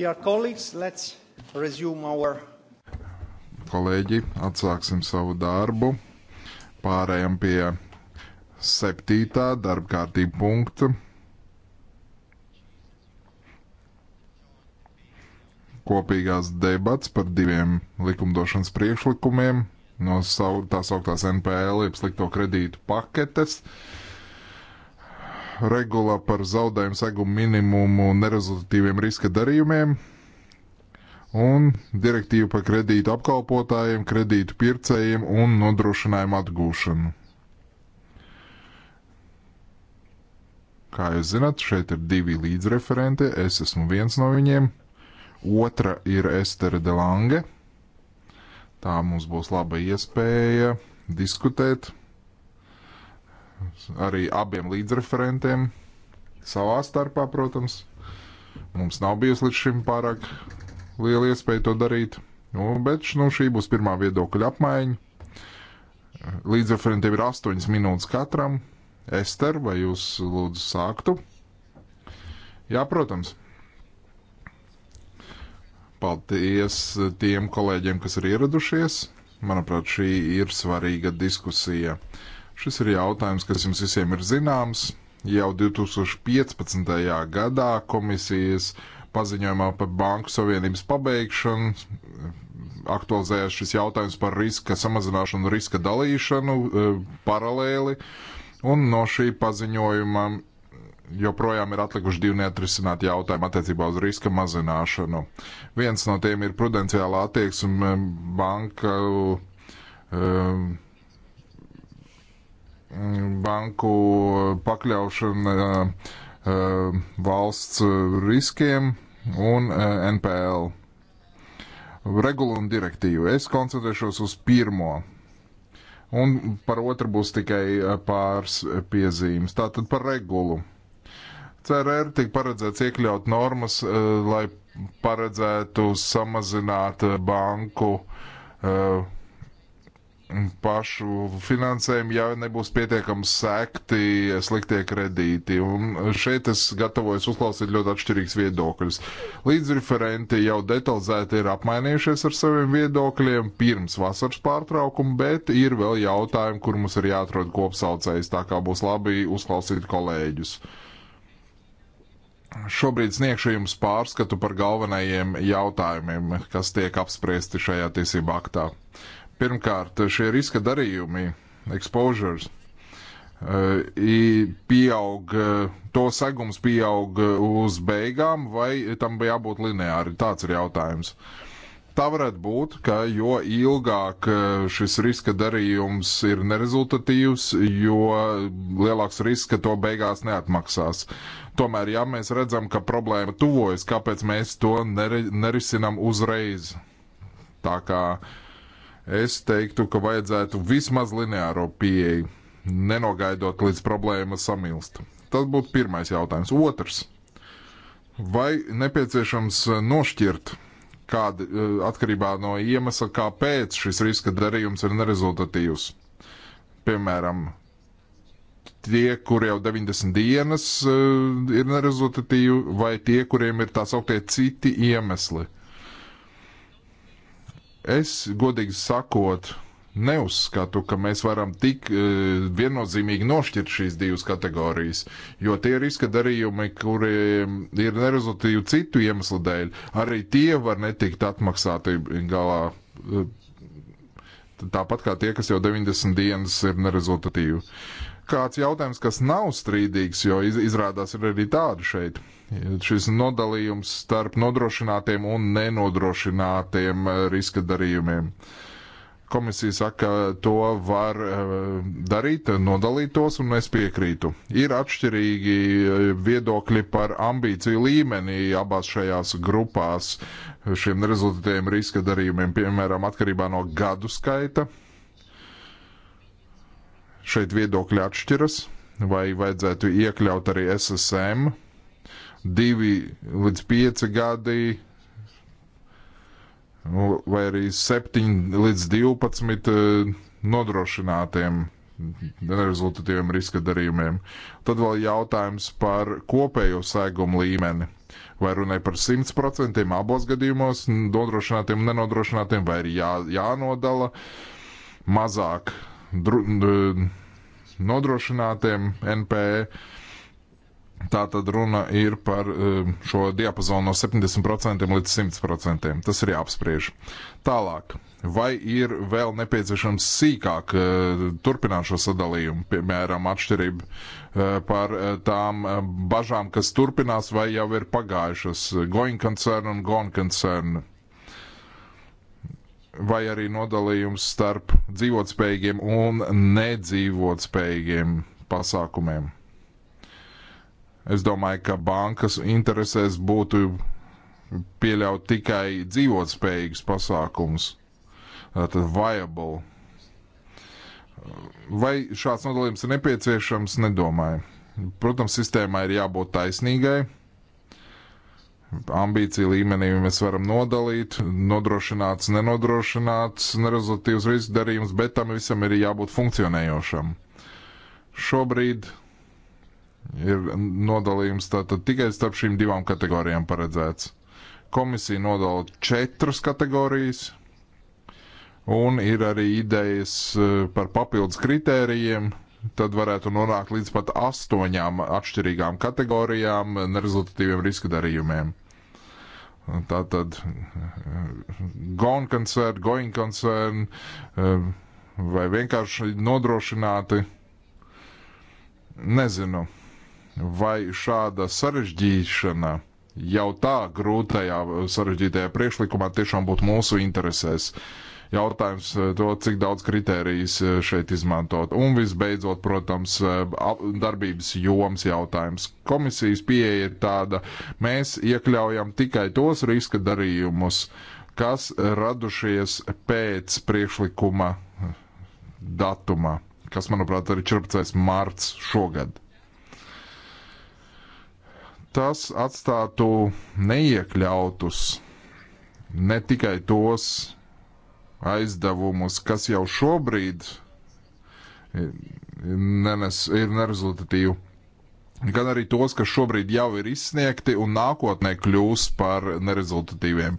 Dear colleagues, let's resume our. Kolēģi, atsāksim savu darbu. Pārējām pie septītā darba kārtība punkta. Kopīgās debats par diviem likumdošanas priekšlikumiem no savu, tā sauktās NPL, jeb slikto kredītu paketes. Uh, regula par zaudējumu segumu minimumu un nerezultatīviem riska darījumiem un direktīva par kredītu apkalpotājiem, kredītu pircējiem un nodrošinājumu atgūšanu. Kā jūs zināt, šeit ir divi līdzreferenti, es esmu viens no viņiem, otra ir Estere Delange. Tā mums būs laba iespēja diskutēt arī abiem līdzreferentiem savā starpā, protams. Mums nav bijusi līdz šim pārāk liela iespēja to darīt, nu, bet nu, šī būs pirmā viedokļa apmaiņa. Līdzreferentiem ir astoņas minūtes katram. Ester, vai jūs lūdzu sāktu? Jā, protams. Paldies tiem kolēģiem, kas ir ieradušies. Manuprāt, šī ir svarīga diskusija. Uh, Šis ir jautājums, kas jums visiem ir zināms. Jau 2015. gadā komisijas paziņojumā par Banku Savienības pabeigšanu aktualizējās šis jautājums par riska samazināšanu un riska dalīšanu e, paralēli. Un no šī paziņojuma joprojām ir atlikuši divi neatrisināti jautājumi attiecībā uz riska mazināšanu. Viens no tiem ir prudenciāla attieksme banku. E, banku pakļaušana eh, eh, valsts eh, riskiem un NPL regulu un direktīvu. Es koncentrēšos uz pirmo. Un par otru būs tikai pāris piezīmes. Tātad par regulu. CRR tika paredzēts iekļaut normas, lai paredzētu samazināt banku uh, pašu finansējumu, ja nebūs pietiekami sekti sliktie kredīti. Un šeit es gatavojos uzklausīt ļoti atšķirīgs viedokļus. Līdzreferenti jau detalizēti ir apmainījušies ar saviem viedokļiem pirms vasaras pārtraukuma, bet ir vēl jautājumi, kur mums ir jāatrod kopsaucējs, tā kā būs labi uzklausīt kolēģus. Šobrīd sniegšu jums pārskatu par galvenajiem jautājumiem, kas tiek apspriesti šajā tiesību aktā. Uh, Pirmkārt, šie riska darījumi, exposures, eh, pieaug, eh, to segums pieaug eh, uz beigām, vai tam bija jābūt lineāri? Tāds ir jautājums. Tā varētu būt, ka jo ilgāk šis riska darījums ir nerezultatīvs, jo lielāks risks, ka to beigās neatmaksās. Tomēr, ja mēs redzam, ka problēma tuvojas, kāpēc mēs to nerisinām uzreiz? Tā kā uh, Es teiktu, ka vajadzētu vismaz lineāro pieeju, nenogaidot līdz problēma samilst. Tas būtu pirmais jautājums. Otrs. Vai nepieciešams nošķirt kāda e, atkarībā no iemesla, kāpēc šis riska darījums ir nerezultatīvs? Piemēram, tie, kur jau 90 dienas e, ir nerezultatīvi, vai tie, kuriem ir tā sauktie citi iemesli. Es, godīgi sakot, neuzskatu, ka mēs varam tik uh, viennozīmīgi nošķirt šīs divas kategorijas, jo tie riska darījumi, kuriem ir nerezultīvi citu iemeslu dēļ, arī tie var netikt atmaksāti galā. Uh, tāpat kā tie, kas jau 90 dienas ir nerezultatīvi. Kāds jautājums, kas nav strīdīgs, jo iz, izrādās ir arī tādu šeit šis nodalījums starp nodrošinātiem un nenodrošinātiem riska darījumiem. Komisija saka, ka to var eh, darīt, nodalīt tos, un es piekrītu. Ir atšķirīgi eh, viedokļi par ambīciju līmenī abās šajās grupās šiem rezultatiem riska darījumiem, piemēram, atkarībā no gadu skaita. Šeit viedokļi atšķiras, vai vajadzētu iekļaut arī SSM divi līdz pieci gadi, nu, vai arī septiņi līdz divpadsmit eh, nodrošinātiem nerezultatīviem riska darījumiem. Tad vēl jautājums par kopējo segumu līmeni. Vai runai par 100% abos gadījumos, nodrošinātiem, nenodrošinātiem, vai ir jā, jānodala mazāk dru, eh, nodrošinātiem NPE. Uh, Tā tad runa ir par eh, šo diapazonu no 70% līdz 100%. Tas ir jāapspriež. Tālāk, vai ir vēl nepieciešams sīkāk eh, turpināt šo sadalījumu, piemēram, atšķirību eh, par tām bažām, kas turpinās vai jau ir pagājušas - going concern un gone concern. Vai arī nodalījums starp dzīvotspējīgiem un nedzīvotspējīgiem pasākumiem. Es domāju, ka bankas interesēs būtu pieļaut tikai dzīvotspējīgus pasākumus. Tātad viable. Vai šāds nodalījums ir nepieciešams? Nedomāju. Protams, sistēmai ir jābūt taisnīgai. Ambīciju līmenī mēs varam nodalīt, nodrošināts, nenodrošināts, nerezultīvs risks darījums, bet tam visam ir jābūt funkcionējošam. Šobrīd ir nodalījums tātad tikai starp šīm divām kategorijām paredzēts. Komisija nodala četras kategorijas, un ir arī idejas e, par papildus kritērijiem. Tad varētu nonākt līdz pat astoņām atšķirīgām kategorijām, nerezultatīviem riska darījumiem. Tātad e, gone concern, going concern, e, vai vienkārši nodrošināti. Nezinu vai šāda sarežģīšana jau tā grūtajā, sarežģītajā priekšlikumā tiešām būtu mūsu interesēs. Jautājums eh, to, cik daudz kritērijas eh, šeit izmantot. Un visbeidzot, protams, eh, darbības joms jautājums. Komisijas pieeja ir tāda, mēs iekļaujam tikai tos riska darījumus, kas radušies pēc priekšlikuma datuma, kas, manuprāt, arī 14. marts šogad tas atstātu neiekļautus ne tikai tos aizdevumus, kas jau šobrīd eh, nenes, ir nerezultatīvi gan arī tos, kas šobrīd jau ir izsniegti un nākotnē kļūs par nerezultatīviem.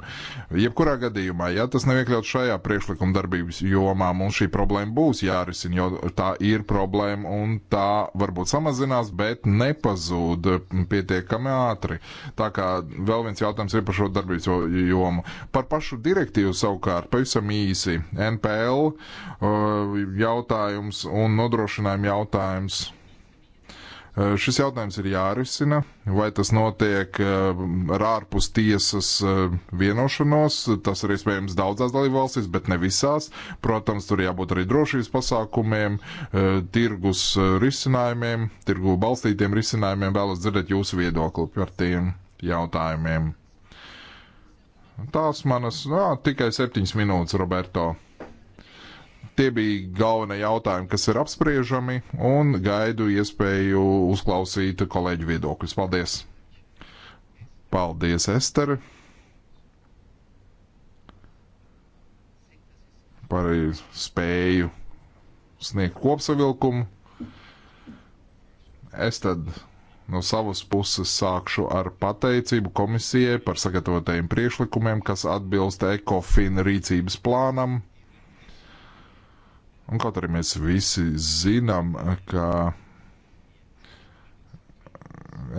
Jebkurā gadījumā, ja tas nav iekļauts šajā priekšlikuma darbības jomā, mums šī problēma būs jārisina, jo tā ir problēma un tā varbūt samazinās, bet nepazūd pietiekami ātri. Tā kā vēl viens jautājums ir par šo darbības jomu. Par pašu direktīvu savukārt pavisam īsi. NPL uh, jautājums un nodrošinājumu jautājums. Eh, šis jautājums ir jārisina, vai tas notiek eh, ar ārpus tiesas eh, vienošanos. Tas ir iespējams daudzās dalībvalstīs, bet ne visās. Protams, tur jābūt arī drošības pasākumiem, tirgus risinājumiem, tirgu balstītiem risinājumiem. Vēlos dzirdēt jūsu viedokli par tiem jautājumiem. Tās manas, nā, nu tikai septiņas minūtes, Roberto. Tie bija galvenie jautājumi, kas ir apspriežami, un gaidu iespēju uzklausīt kolēģu viedokļus. Paldies! Paldies, Estere! Par spēju sniegt kopsavilkumu. Es tad no savas puses sākšu ar pateicību komisijai par sagatavotajiem priekšlikumiem, kas atbilst ECOFIN rīcības plānam Un kaut arī mēs visi zinām, ka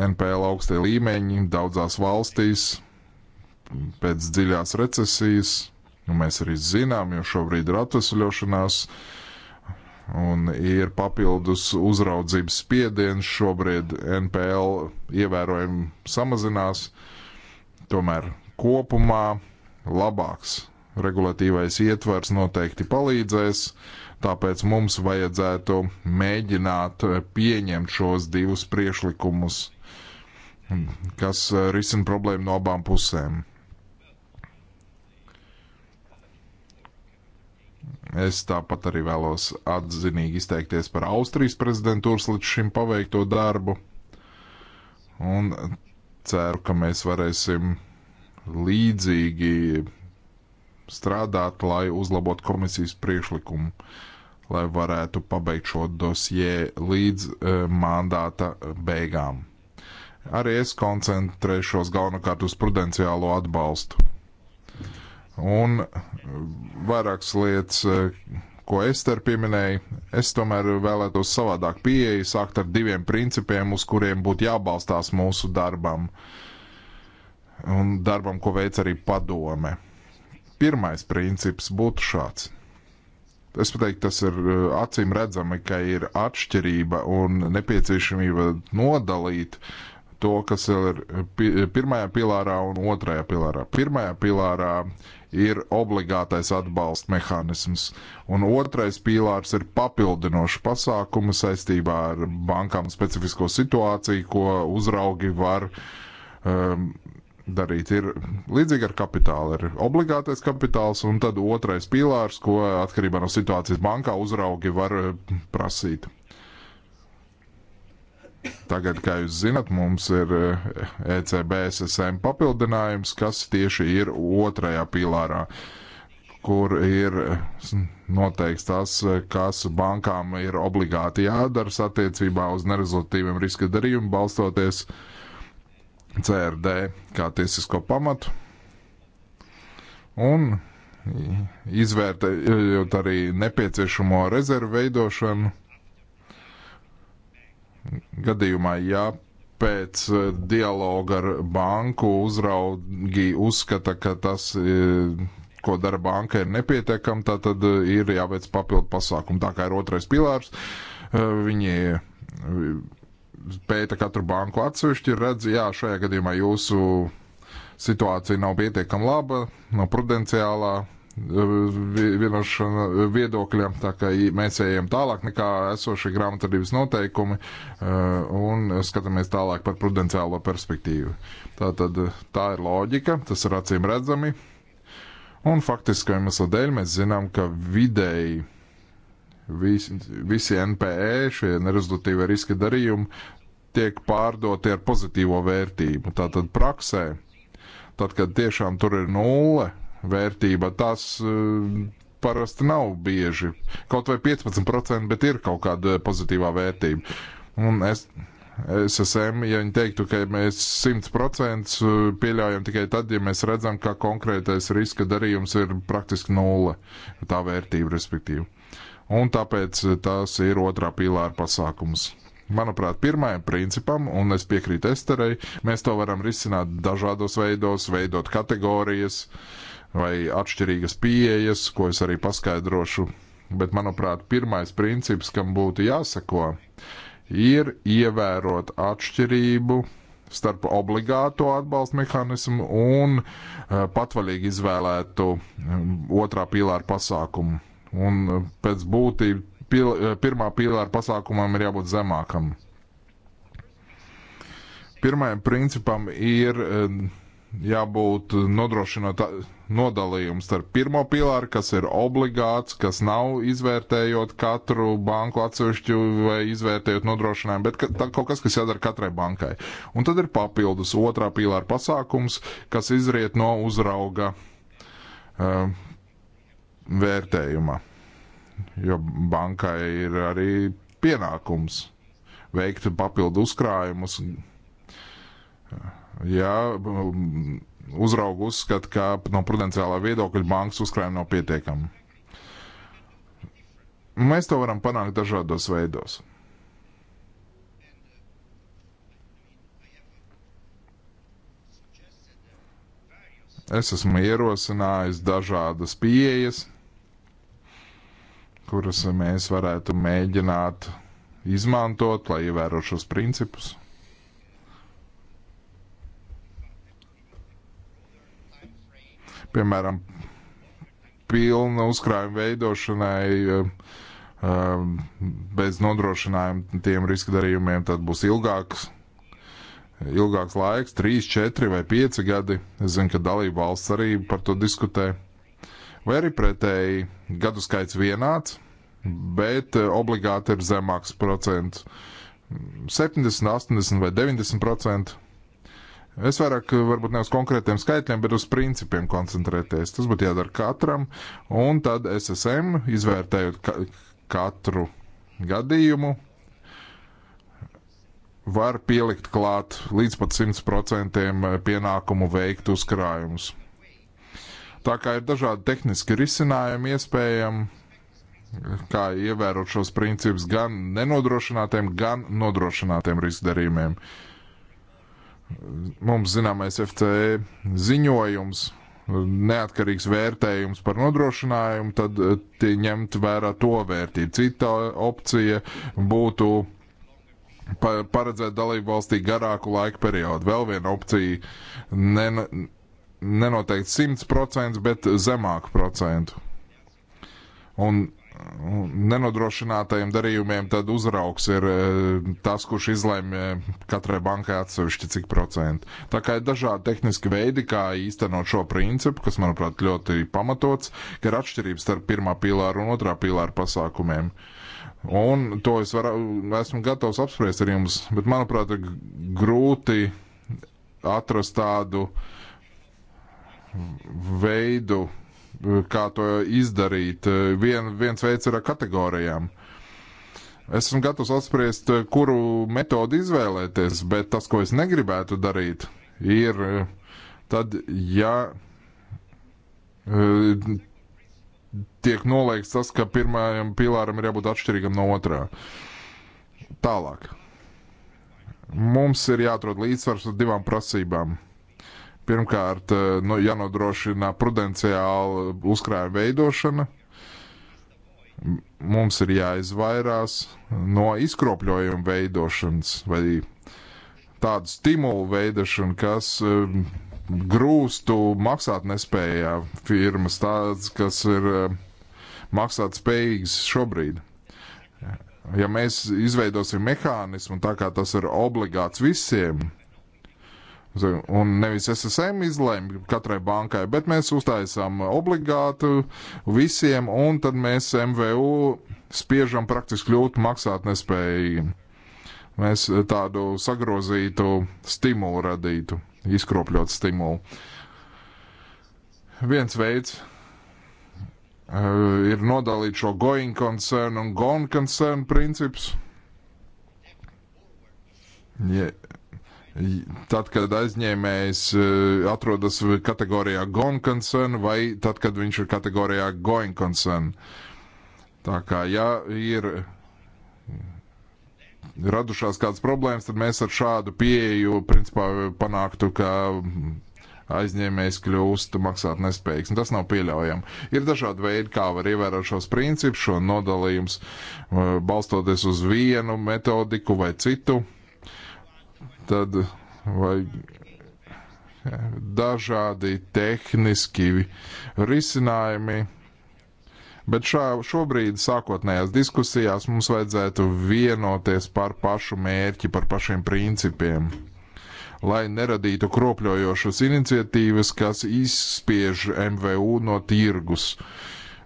NPL augstie līmeņi daudzās valstīs pēc dziļās recesijas, un nu, mēs arī zinām, jo šobrīd ir atvesļošanās, un ir papildus uzraudzības spiediens, šobrīd NPL ievērojami samazinās, tomēr kopumā labāks regulatīvais ietvers noteikti palīdzēs. Uh, Tāpēc mums vajadzētu mēģināt pieņemt šos divus priešlikumus, kas risina problēmu no abām pusēm. Es tāpat arī vēlos atzinīgi izteikties par Austrijas prezidentūras līdz šim paveikto darbu. Un ceru, ka mēs varēsim līdzīgi strādāt, lai uzlabotu komisijas priekšlikumu. Uh, lai varētu pabeigt šo dosie līdz uh, mandāta eh, beigām. Arī es koncentrēšos galvenokārt uz prudenciālo atbalstu. Un eh, vairākas lietas, ko Ester pieminēja, es tomēr vēlētos savādāk pieeju, sākt ar diviem principiem, uz kuriem būtu jābalstās mūsu darbam un darbam, ko veic arī padome. Pirmais princips būtu šāds Es pateiktu, tas ir eh, acīm redzami, ka ir atšķirība un nepieciešamība nodalīt to, kas ir eh, pirmajā pilārā un otrajā pilārā. Pirmajā pilārā ir obligātais atbalsta mehānisms, un otrais pīlārs ir papildinošs pasākums saistībā ar bankām specifisko situāciju, ko uzraugi var um, darīt. Ir līdzīgi ar kapitālu, ir obligātais kapitāls un tad otrais pīlārs, ko atkarībā no situācijas bankā uzraugi var eh, prasīt. Tagad, kā jūs zinat, mums ir ECB eh, e SSM papildinājums, kas tieši ir otrajā pīlārā, kur ir eh, noteikts tas, kas bankām ir obligāti jādara attiecībā uz nerezultīviem riska darījumu balstoties uh, CRD kā tiesisko pamatu un izvērtējot arī nepieciešamo rezervu veidošanu gadījumā, ja pēc dialoga ar banku uzraugi uzskata, ka tas, e, ko dara banka, ir nepietiekami, tad, tad e, ir jāveic papildu pasākumu. Tā kā ir otrais pilārs, e, viņi pēta katru banku atsevišķi, redz, jā, šajā gadījumā jūsu situācija nav pietiekama laba, no prudenciālā eh, vienošana eh, viedokļa, tā kā mēs ejam tālāk nekā esošie grāmatvedības noteikumi eh, un skatāmies tālāk par prudenciālo perspektīvu. Tā tad tā ir loģika, tas ir acīm redzami. Un faktiskā iemesla dēļ mēs zinām, ka vidēji Vis, visi NPE, šie nerezultīvie riska darījumi, tiek pārdoti ar pozitīvo vērtību. Tātad praksē, tad, kad tiešām tur ir nulle vērtība, tas eh, parasti nav bieži. Kaut vai 15%, bet ir kaut kāda pozitīvā vērtība. Un es, SSM, ja viņi teiktu, ka mēs 100% eh, pieļaujam tikai tad, ja mēs redzam, ka konkrētais riska darījums ir praktiski nulle, tā vērtība respektīvi un tāpēc eh, tas ir otrā pīlāra pasākums. Manuprāt, pirmajam principam, un es piekrītu Esterei, mēs to varam risināt dažādos veidos, veidot kategorijas vai atšķirīgas pieejas, ko es arī paskaidrošu. Bet, manuprāt, pirmais princips, kam būtu jāsako, ir ievērot atšķirību starp obligāto atbalstu mehānismu un uh, patvaļīgi izvēlētu um, otrā pīlāra pasākumu. Un pēc būtības pil, pirmā pīlāra pasākumam ir jābūt zemākam. Pirmajam principam ir eh, jābūt nodrošinot nodalījums starp pirmo pilāru, kas ir obligāts, kas nav izvērtējot katru banku atsevišķu vai izvērtējot nodrošinājumu, bet ka, tā, kaut kas, kas jādara katrai bankai. Un tad ir papildus otrā pilāra pasākums, kas izriet no uzrauga uh, vērtējuma, jo bankai ir arī pienākums veikt papildu uzkrājumus. Ja uzraugu uzskata, ka no prudenciālā viedokļa bankas uzkrājumi nav pietiekami. Mēs to varam panākt dažādos veidos. Es esmu ierosinājis dažādas pieejas kurus mēs varētu mēģināt izmantot, lai ievērotu šos principus. Piemēram, pilna uzkrājuma veidošanai eh, eh, bez nodrošinājuma tiem riska darījumiem tad būs ilgāks, ilgāks laiks, 3, 4 vai 5 gadi. Es zinu, ka dalība valsts arī par to diskutē. Vai arī pretēji gadu skaits vienāds, bet eh, obligāti ir zemāks procents - 70, 80 vai 90 procentu. Es vairāk eh, varbūt ne uz konkrētiem skaitļiem, bet uz principiem koncentrēties. Tas būtu jādara katram, un tad SSM izvērtējot ka katru gadījumu var pielikt klāt līdz pat 100% eh, pienākumu veikt uzkrājumus. Tā kā ir dažādi tehniski risinājumi iespējami, kā ievērot šos principus gan nenodrošinātiem, gan nodrošinātiem riskdarījumiem. Mums zināmais FCE ziņojums, neatkarīgs vērtējums par nodrošinājumu, tad eh, ņemt vērā to vērtību. Cita opcija būtu paredzēt dalību valstī garāku laika periodu. Vēl viena opcija ne, nenoteikti 100%, bet zemāku procentu. Un nenodrošinātajiem darījumiem tad uzraugs ir e, tas, kurš izlēma e, katrai bankai atsevišķi cik procentu. Tā kā ir dažādi tehniski veidi, kā īstenot šo principu, kas, manuprāt, ļoti pamatots, ka ir atšķirības starp pirmā pīlāra un otrā pīlāra pasākumiem. Un to es varu, esmu gatavs apspriest ar jums, bet, manuprāt, ir grūti atrast tādu uh, veidu, kā to izdarīt. Vien, viens veids ir ar kategorijām. Esmu gatavs apspriest, kuru metodi izvēlēties, bet tas, ko es negribētu darīt, ir tad, ja tiek noliegts tas, ka pirmajam pilāram ir jābūt atšķirīgam no otrā. Tālāk. Mums ir jāatrod līdzsvars ar divām prasībām Pirmkārt, eh, no, jānodrošina prudenciāla uzkrājuma veidošana. Mums ir jāizvairās no izkropļojuma veidošanas vai tādu stimulu veidošanu, kas eh, grūstu maksāt nespējā firmas, tāds, kas ir eh, maksāt spējīgs šobrīd. Ja mēs izveidosim mehānismu tā, kā tas ir obligāts visiem, Un nevis SSM izlēma katrai bankai, bet mēs uztaisām obligātu visiem, un tad mēs MVU spiežam praktiski kļūt maksāt nespējīgi. Mēs tādu sagrozītu stimulu radītu, izkropļot stimulu. Viens veids eh, ir nodalīt šo going concern un gone concern principus. Ja, Tad, kad aizņēmējs eh, atrodas kategorijā gone concern vai tad, kad viņš ir kategorijā going concern. Tā kā, ja ir radušās kādas problēmas, tad mēs ar šādu pieeju principā panāktu, ka aizņēmējs kļūst maksāt nespējīgs. Un tas nav pieļaujami. Ir dažādi veidi, kā var ievērot šos principus, šo nodalījumus, eh, balstoties uz vienu metodiku vai citu tad vai dažādi tehniski risinājumi. Bet šā, šobrīd, sākotnējās diskusijās, mums vajadzētu vienoties par pašu mērķi, par pašiem principiem, lai neradītu kropļojošas iniciatīvas, kas izspiež MVU no tirgus. Uh,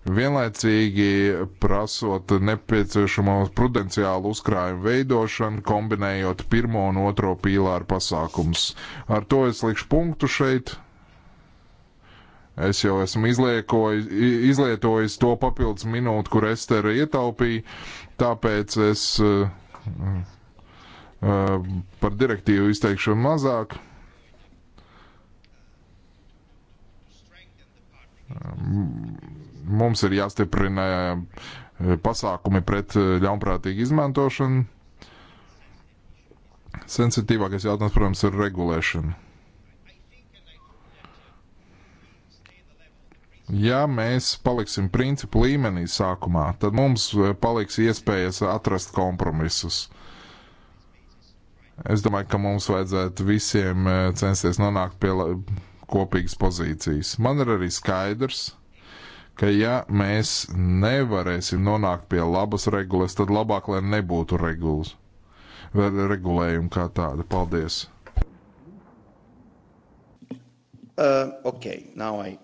vienlaicīgi prasot nepieciešamo prudenciālu uzkrājumu veidošanu, kombinējot pirmo un otro pīlāru pasākums. Ar to es likšu punktu šeit. Es jau esmu izlietojis to papildus minūti, kur Estera ietaupīja, tāpēc es uh, uh, par direktīvu izteikšu mazāk. Um, mums ir jāstiprina eh, pasākumi pret eh, ļaunprātīgu izmantošanu. Sensitīvākais jautājums, protams, ir regulēšana. Ja mēs paliksim principu līmenī sākumā, tad mums eh, paliks iespējas atrast kompromisus. Es domāju, ka mums vajadzētu visiem censties nonākt pie kopīgas pozīcijas. Man ir arī skaidrs, ka ka ja mēs nevarēsim nonākt pie labas regulas, tad labāk, lai nebūtu regulas. Vai regulējumi kā tāda. Paldies! Uh, okay, now I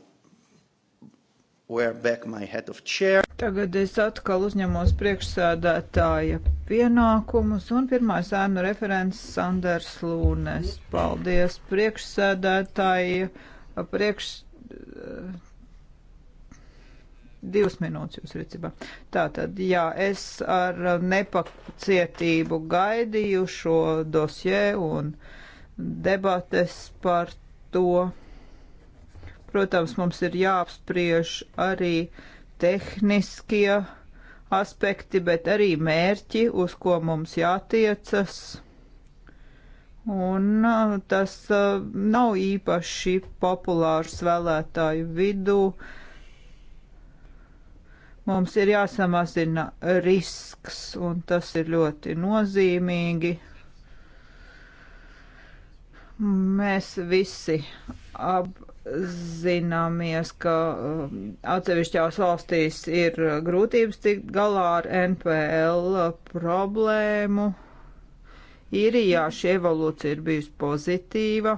wear back my hat of chair. Tagad es atkal uzņemos priekšsēdētāja pienākumus un pirmais ēnu referents Sanders Lūnes. Paldies priekšsēdētāji, priekš divas minūtes jūs rīcībā. Tātad, jā, es ar nepacietību gaidīju šo dosjē un debates par to. Protams, mums ir jāapspriež arī tehniskie aspekti, bet arī mērķi, uz ko mums jātiecas. Un tas nav īpaši populārs vēlētāju vidū. Uh, Mums ir jāsamazina risks, un tas ir ļoti nozīmīgi. Mēs visi apzināmies, ka um, atsevišķās valstīs ir grūtības tikt galā ar NPL problēmu. Īrijā šī evolūcija ir bijusi pozitīva.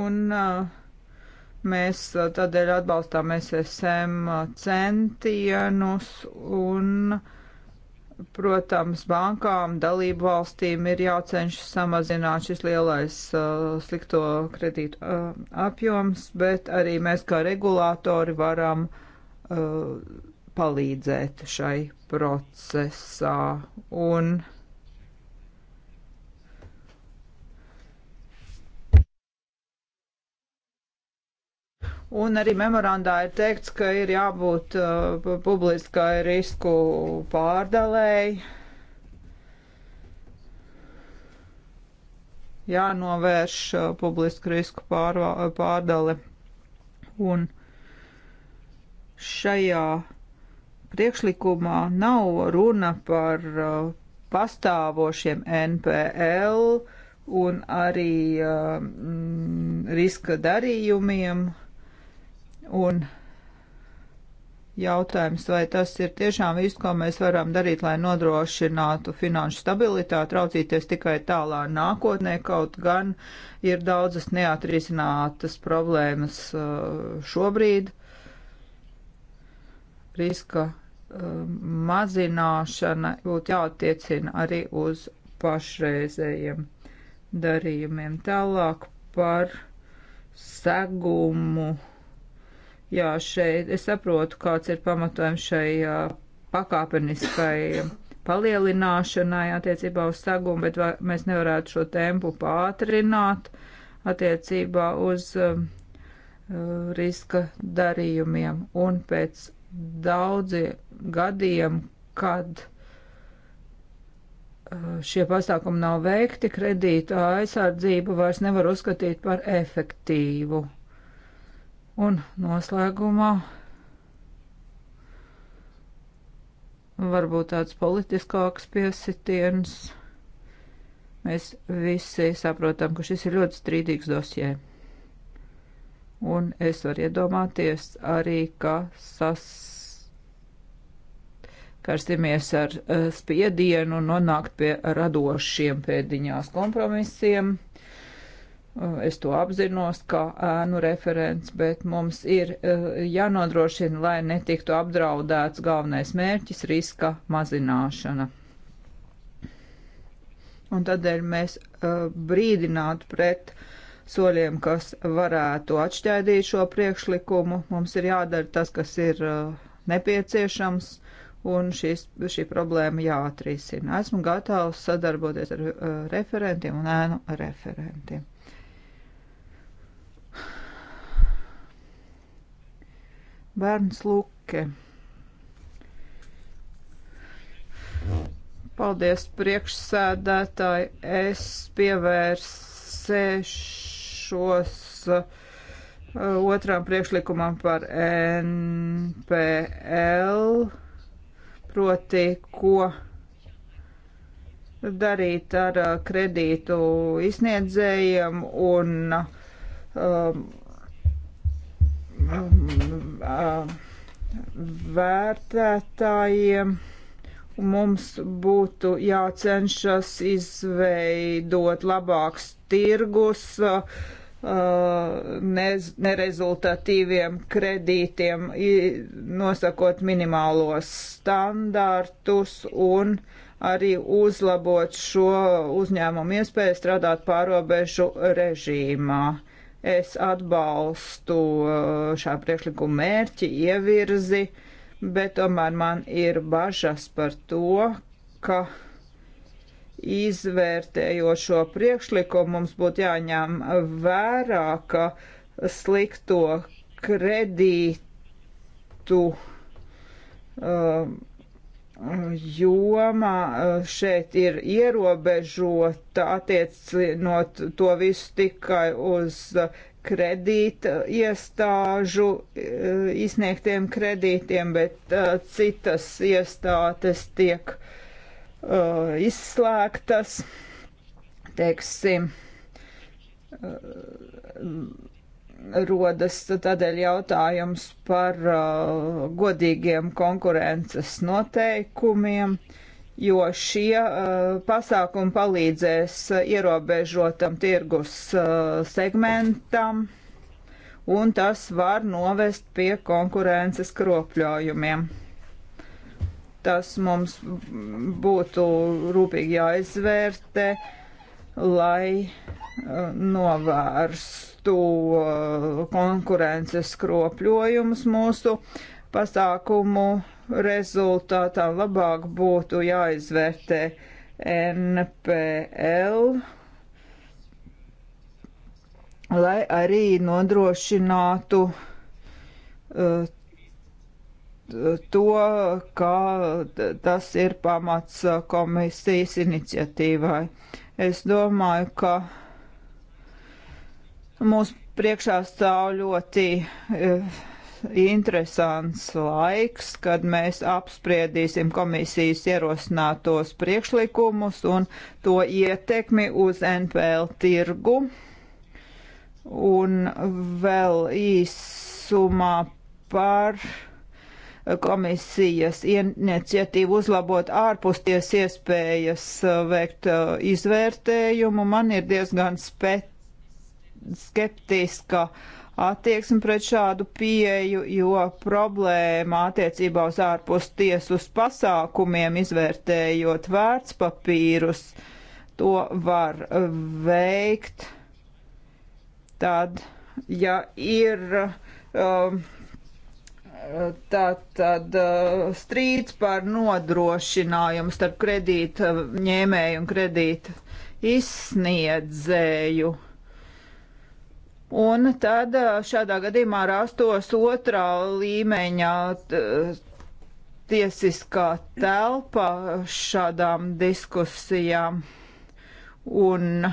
Un uh, Mēs tādēļ atbalstām SSM centienus un, protams, bankām, dalību valstīm ir jācenšas samazināt šis lielais uh, slikto kredītu uh, apjoms, bet arī mēs kā regulātori varam uh, palīdzēt šai procesā. Un, uh, Un arī memorandā ir teikts, ka ir jābūt uh, publiskai risku pārdalēji. Jānovērš uh, publisku risku pārvā, pārdali. Un šajā priekšlikumā nav runa par uh, pastāvošiem NPL un arī uh, riska darījumiem. Uh, Un jautājums, vai tas ir tiešām viss, ko mēs varam darīt, lai nodrošinātu finanšu stabilitāti, raucīties tikai tālā nākotnē, kaut gan ir daudzas neatrisinātas problēmas uh, šobrīd. Riska um, mazināšana būtu jāattiecina arī uz pašreizējiem darījumiem. Tālāk par segumu Jā, šeit es saprotu, kāds ir pamatojums šai pakāpeniskai palielināšanai attiecībā uz segumu, bet vai, mēs nevarētu šo tempu pātrināt attiecībā uz uh, riska darījumiem un pēc daudziem gadiem, kad uh, šie pasākumi nav veikti, kredīta aizsardzību vairs nevar uzskatīt par efektīvu. Un noslēgumā varbūt tāds politiskāks piesitiens. Mēs visi saprotam, ka šis ir ļoti strīdīgs dosjē. Un es varu iedomāties arī, ka saskarsimies ar eh, spiedienu un nonākt pie radošiem pēdiņās kompromisiem Eh, es to apzinos kā ēnu referents, bet mums ir eh, jānodrošina, lai netiktu apdraudēts galvenais mērķis - riska mazināšana. Un tādēļ mēs eh, brīdinātu pret soļiem, kas varētu atšķēdīt šo priekšlikumu. Mums ir jādara tas, kas ir nepieciešams un šis, šī problēma jāatrisina. Esmu gatavs sadarboties ar uh, referentiem un ēnu referentiem. Bērns Luke. Paldies, priekšsēdētāji. Es pievērsēšos uh, otrām priekšlikumam par NPL, proti, ko darīt ar uh, kredītu izniedzējiem un um, vērtētājiem. Mums būtu jācenšas izveidot labāks tirgus uh, ne, nerezultatīviem kredītiem, nosakot minimālos standartus un arī uzlabot šo uzņēmumu iespēju strādāt pārobežu režīmā Es atbalstu uh, šā priekšlikuma mērķi, ievirzi, bet tomēr man ir bažas par to, ka izvērtējot šo priekšlikumu, mums būtu jāņem vērā, ka slikto kredītu um, jomā eh, šeit ir ierobežota attiecinot to visu tikai uz eh, kredīta eh, iestāžu izsniegtiem kredītiem, bet citas iestādes tiek izslēgtas, teiksim, rodas tādēļ jautājums par uh, godīgiem konkurences noteikumiem, jo šie uh, pasākumi palīdzēs uh, ierobežotam tirgus uh, segmentam, un tas var novest pie konkurences kropļojumiem. Tas mums būtu rūpīgi jāizvērtē, lai uh, novērstu uh, konkurences kropļojumus mūsu pasākumu rezultātā. Labāk būtu jāizvērtē NPL, lai arī nodrošinātu uh, to, ka tas ir pamats uh, komisijas iniciatīvai. Es domāju, ka Mūsu priekšā stāv ļoti eh, interesants laiks, kad mēs apspriedīsim komisijas ierosinātos priekšlikumus un to ietekmi uz NPL tirgu. Un vēl īsumā par komisijas iniciatīvu uzlabot ārpusties iespējas veikt eh, izvērtējumu. Man ir diezgan spēt skeptiska attieksme pret šādu pieeju, jo problēma attiecībā uz ārpus tiesus pasākumiem, izvērtējot vērtspapīrus, to var veikt tad, ja ir um, tā tad uh, strīds par nodrošinājumu starp kredīta ņēmēju un kredīta izsniedzēju Un tad šādā gadījumā rastos otrā līmeņa tiesiskā telpa šādām diskusijām. Un,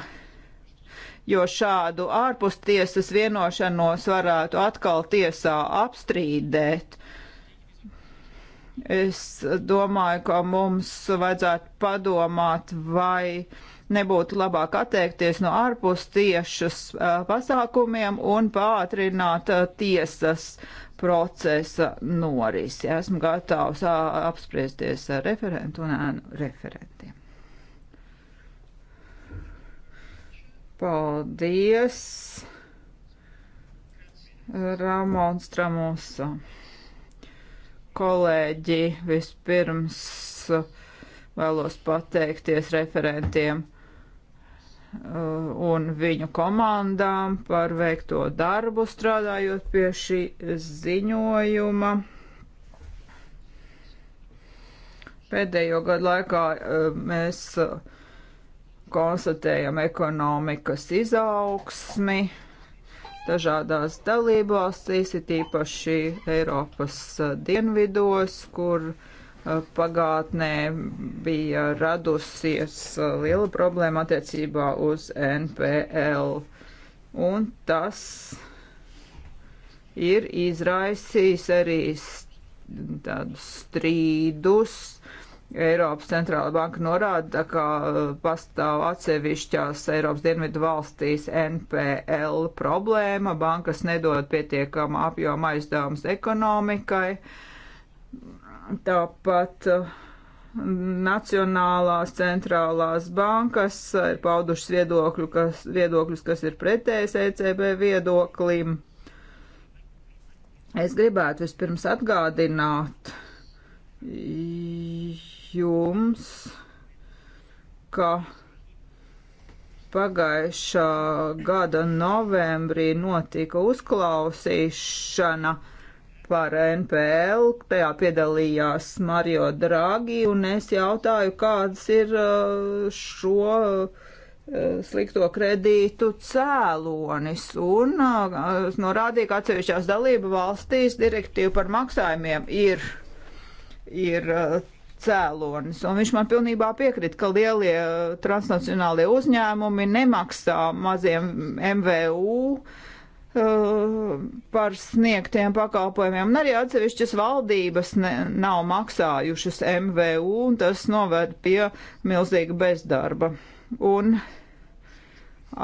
jo šādu ārpus tiesas vienošanos varētu atkal tiesā apstrīdēt. Es domāju, ka mums vajadzētu padomāt, vai uh, nebūtu labāk atteikties no ārpus tiešas pasākumiem un pātrināt tiesas procesa norisi. Esmu gatavs apspriesties ar referentu un ēnu referentiem. Paldies, Ramons Tramusa. Kolēģi, vispirms vēlos pateikties referentiem Uh, un viņu komandām par veikto darbu strādājot pie šī ziņojuma. Pēdējo gadu laikā uh, mēs uh, konstatējam ekonomikas izaugsmi dažādās dalībvalstīs, it īpaši Eiropas dienvidos, kur uh, Eh, pagātnē bija radusies eh, liela problēma attiecībā uz NPL. Un tas ir izraisījis arī tādus strīdus. Eiropas centrāla banka norāda, ka eh, pastāv atsevišķās Eiropas dienvidu valstīs NPL problēma, bankas nedod pietiekama apjoma aizdevums ekonomikai. Uh, Tāpat uh, Nacionālās centrālās bankas ir paudušas viedokļu, kas, viedokļus, kas ir pretējs ECB viedoklim. Es gribētu vispirms atgādināt jums, ka pagājušā gada novembrī notika uzklausīšana par NPL, tajā piedalījās Mario Draghi, un es jautāju, kādas ir uh, šo uh, slikto kredītu cēlonis, un uh, es norādīju, ka atsevišķās dalība valstīs direktīva par maksājumiem ir, ir cēlonis. Un viņš man pilnībā piekrita, ka lielie transnacionālie uzņēmumi nemaksā maziem MVU Eh, par sniegtiem pakalpojumiem, un arī atsevišķas valdības ne, nav maksājušas MVU, un tas noved pie milzīga bezdarba. Un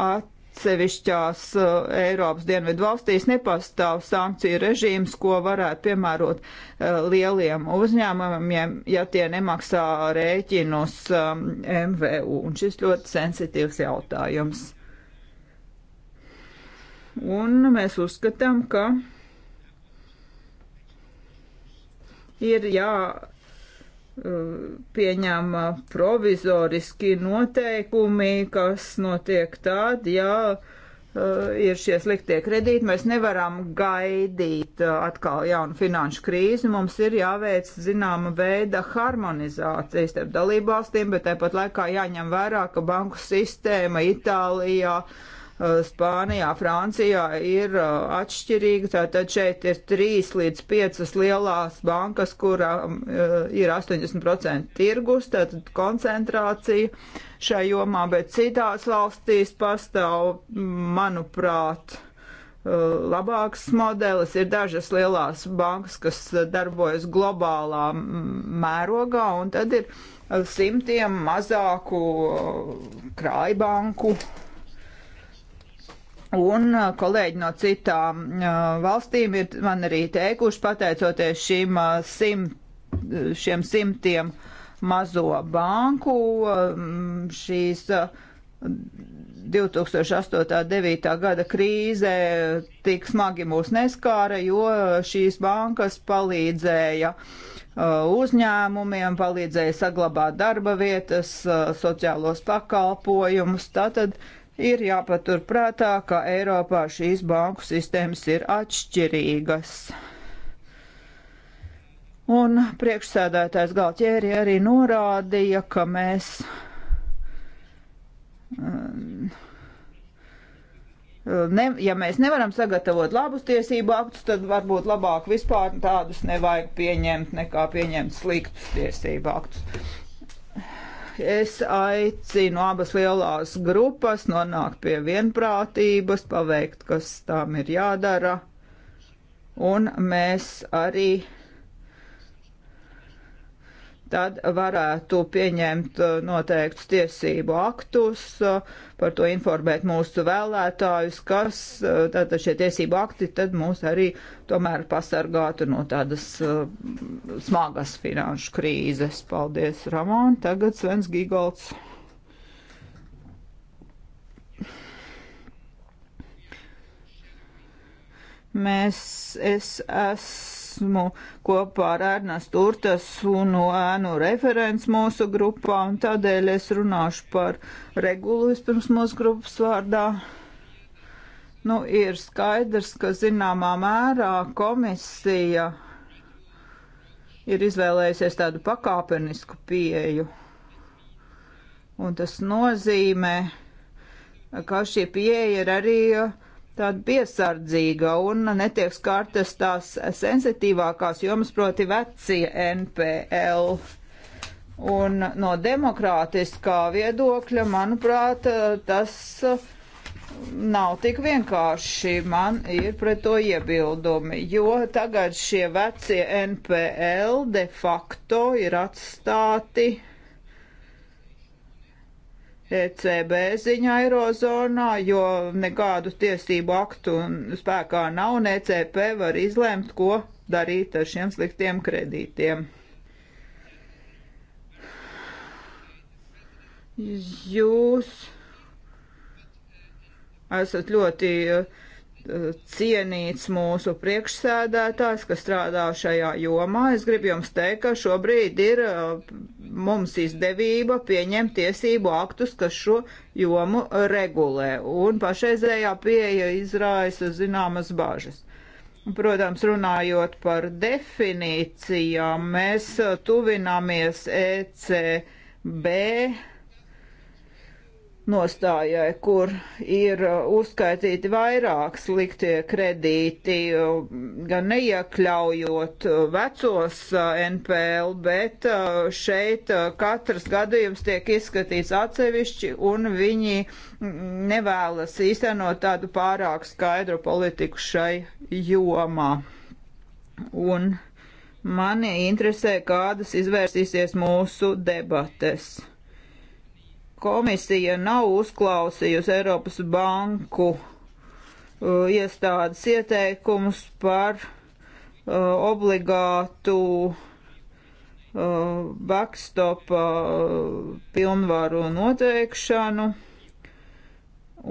atsevišķās uh, Eiropas dienvidu valstīs nepastāv sankciju režīms, ko varētu piemērot uh, lieliem uzņēmumiem, ja tie nemaksā rēķinus um, MVU, un šis ļoti sensitīvs jautājums. Un mēs uzskatām, ka ir jā uh, pieņem uh, provizoriski noteikumi, kas notiek tad, ja uh, ir šie sliktie kredīti. Mēs nevaram gaidīt atkal jaunu finanšu krīzi. Mums ir jāveic zināma veida harmonizācija starp dalībvalstīm, bet tāpat laikā jāņem vērā, ka banku sistēma Itālijā, uh, Eh, Spānijā, Francijā ir eh, atšķirīga. Tātad šeit ir trīs līdz piecas lielās bankas, kurām eh, ir 80% tirgus, tātad koncentrācija šai jomā, bet citās valstīs pastāv, manuprāt, labāks modelis. Ir dažas lielās bankas, kas darbojas globālā mērogā, un tad ir simtiem mazāku krājbanku Un uh, kolēģi no citām uh, valstīm ir man arī teikuši, pateicoties šīm, uh, simt, šiem simtiem mazo banku, uh, šīs uh, 2008.9. gada krīze tik smagi mūs neskāra, jo šīs bankas palīdzēja uh, uzņēmumiem, palīdzēja saglabāt darba vietas, uh, sociālos pakalpojumus. Tātad uh, Ir jāpatur prātā, ka Eiropā šīs banku sistēmas ir atšķirīgas. Un priekšsēdētājs Galtjēri arī norādīja, ka mēs um, ne, ja mēs nevaram sagatavot labus tiesību aktus, tad varbūt labāk vispār tādus nevajag pieņemt, nekā pieņemt sliktus tiesību aktus. Es aicinu abas lielās grupas nonākt pie vienprātības, paveikt, kas tām ir jādara, un mēs arī tad varētu pieņemt uh, noteiktus tiesību aktus, uh, par to informēt mūsu vēlētājus, kas uh, tātad šie tiesību akti tad mūs arī tomēr pasargātu no tādas uh, smagas finanšu krīzes. Paldies, Ramon. Tagad Svens Gigolds. Mēs, es esmu esmu kopā ar Ernestu Urtas un ēnu referents mūsu grupā, un tādēļ es runāšu par regulu vispirms mūsu grupas vārdā. Nu, ir skaidrs, ka zināmā mērā komisija ir izvēlējusies tādu pakāpenisku pieeju, un tas nozīmē, ka šī pieeja ir arī uh, tāda piesardzīga un netiek skartas tās sensitīvākās jomas, proti vecie NPL. Un no demokrātiskā viedokļa, manuprāt, tas nav tik vienkārši. Man ir pret to iebildumi, jo tagad šie vecie NPL de facto ir atstāti ECB ziņā Eirozonā, jo nekādu tiesību aktu spēkā nav, un ECB var izlēmt, ko darīt ar šiem sliktiem kredītiem. Jūs esat ļoti uh, cienīts mūsu priekšsēdētājs, kas strādā šajā jomā. Es gribu jums teikt, ka šobrīd ir uh, mums izdevība pieņemt tiesību aktus, kas šo jomu regulē, un pašreizējā pieeja izraisa zināmas bažas. Protams, runājot par definīcijām, mēs uh, tuvināmies ECB nostājai, kur ir uh, uzskaitīti vairāk sliktie kredīti, uh, gan neiekļaujot uh, vecos NPL, bet šeit katrs gadījums tiek izskatīts atsevišķi un viņi mm, nevēlas īstenot tādu pārāk skaidru politiku šai jomā. Un mani interesē, kādas izvērsīsies mūsu debates komisija nav uzklausījusi Eiropas banku uh, iestādes ieteikumus par uh, obligātu uh, backstopa uh, pilnvaru noteikšanu.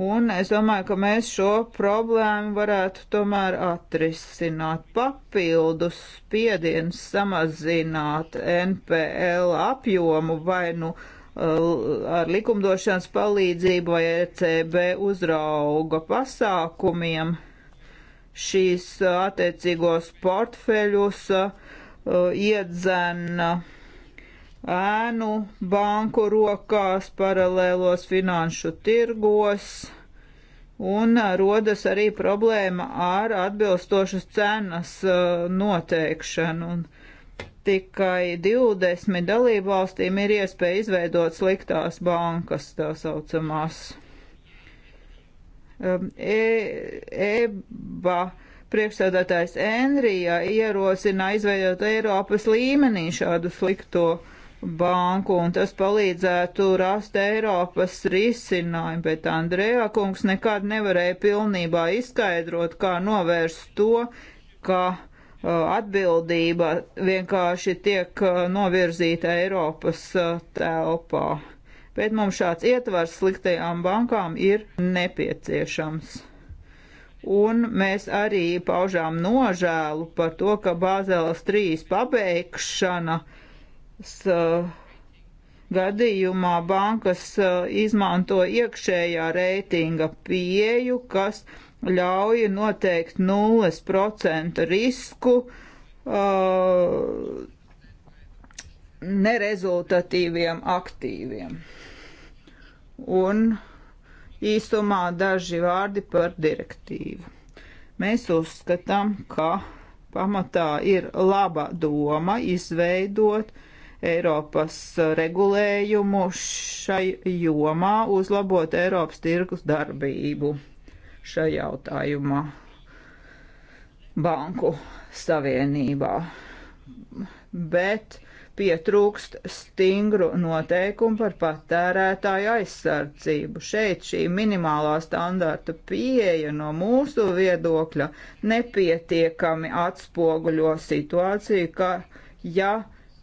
Un es domāju, ka mēs šo problēmu varētu tomēr atrisināt. Papildus spiediens samazināt NPL apjomu vai nu no ar likumdošanas palīdzību vai ECB uzrauga pasākumiem šīs uh, attiecīgos portfeļus uh, iedzena ēnu banku rokās, paralēlos finanšu tirgos, un uh, rodas arī problēma ar atbilstošas cenas noteikšanu. Un tikai 20 dalībvalstīm ir iespēja izveidot sliktās bankas, tā saucamās. Um, e, EBA priekšsēdētājs Enrija ierosina izveidot Eiropas līmenī šādu slikto banku, un tas palīdzētu rast Eiropas risinājumu, bet Andrejā kungs nekad nevarēja pilnībā izskaidrot, kā novērst to, ka Eh, atbildība vienkārši tiek eh, novirzīta Eiropas eh, telpā. Bet mums šāds ietvars sliktajām bankām ir nepieciešams. Un mēs arī paužām nožēlu par to, ka Bāzeles 3 pabeigšana gadījumā bankas izmanto iekšējā reitinga pieju, kas uh, ļauj noteikt 0% risku uh, nerezultatīviem aktīviem. Un īsumā daži vārdi par direktīvu. Mēs uzskatām, ka pamatā ir laba doma izveidot Eiropas regulējumu šai jomā, uzlabot Eiropas tirgus darbību šajā jautājumā Banku Savienībā. Bet pietrūkst stingru noteikumu par patērētāju aizsardzību. Šeit šī minimālā standarta pieeja no mūsu viedokļa nepietiekami atspoguļo situāciju, ka ja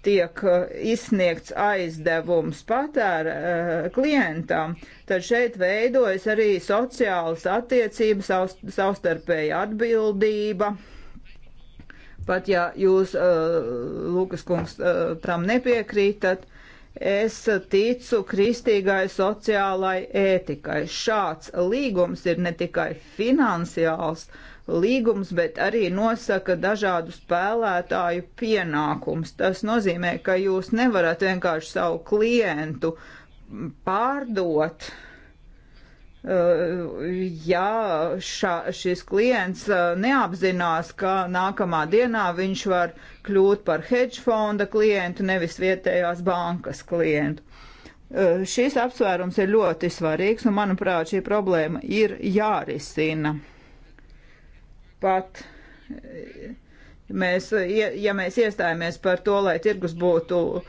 tiek eh, izsniegts aizdevums patēra eh, klientam, tad šeit veidojas arī sociālas attiecības, savstarpēja atbildība. Pat ja jūs, eh, Lūkas kungs, tam nepiekrītat, es ticu kristīgai sociālai ētikai. Šāds līgums ir ne tikai finansiāls, uh, līgums, bet arī nosaka dažādu spēlētāju pienākums. Tas nozīmē, ka jūs nevarat vienkārši savu klientu pārdot, uh, ja šā, šis klients uh, neapzinās, ka nākamā dienā viņš var kļūt par hedge fonda klientu, nevis vietējās bankas klientu. Uh, šis apsvērums ir ļoti svarīgs, un manuprāt, šī problēma ir jārisina. Tāpat, e, mēs, e, ja mēs iestājāmies par to, lai tirgus būtu e,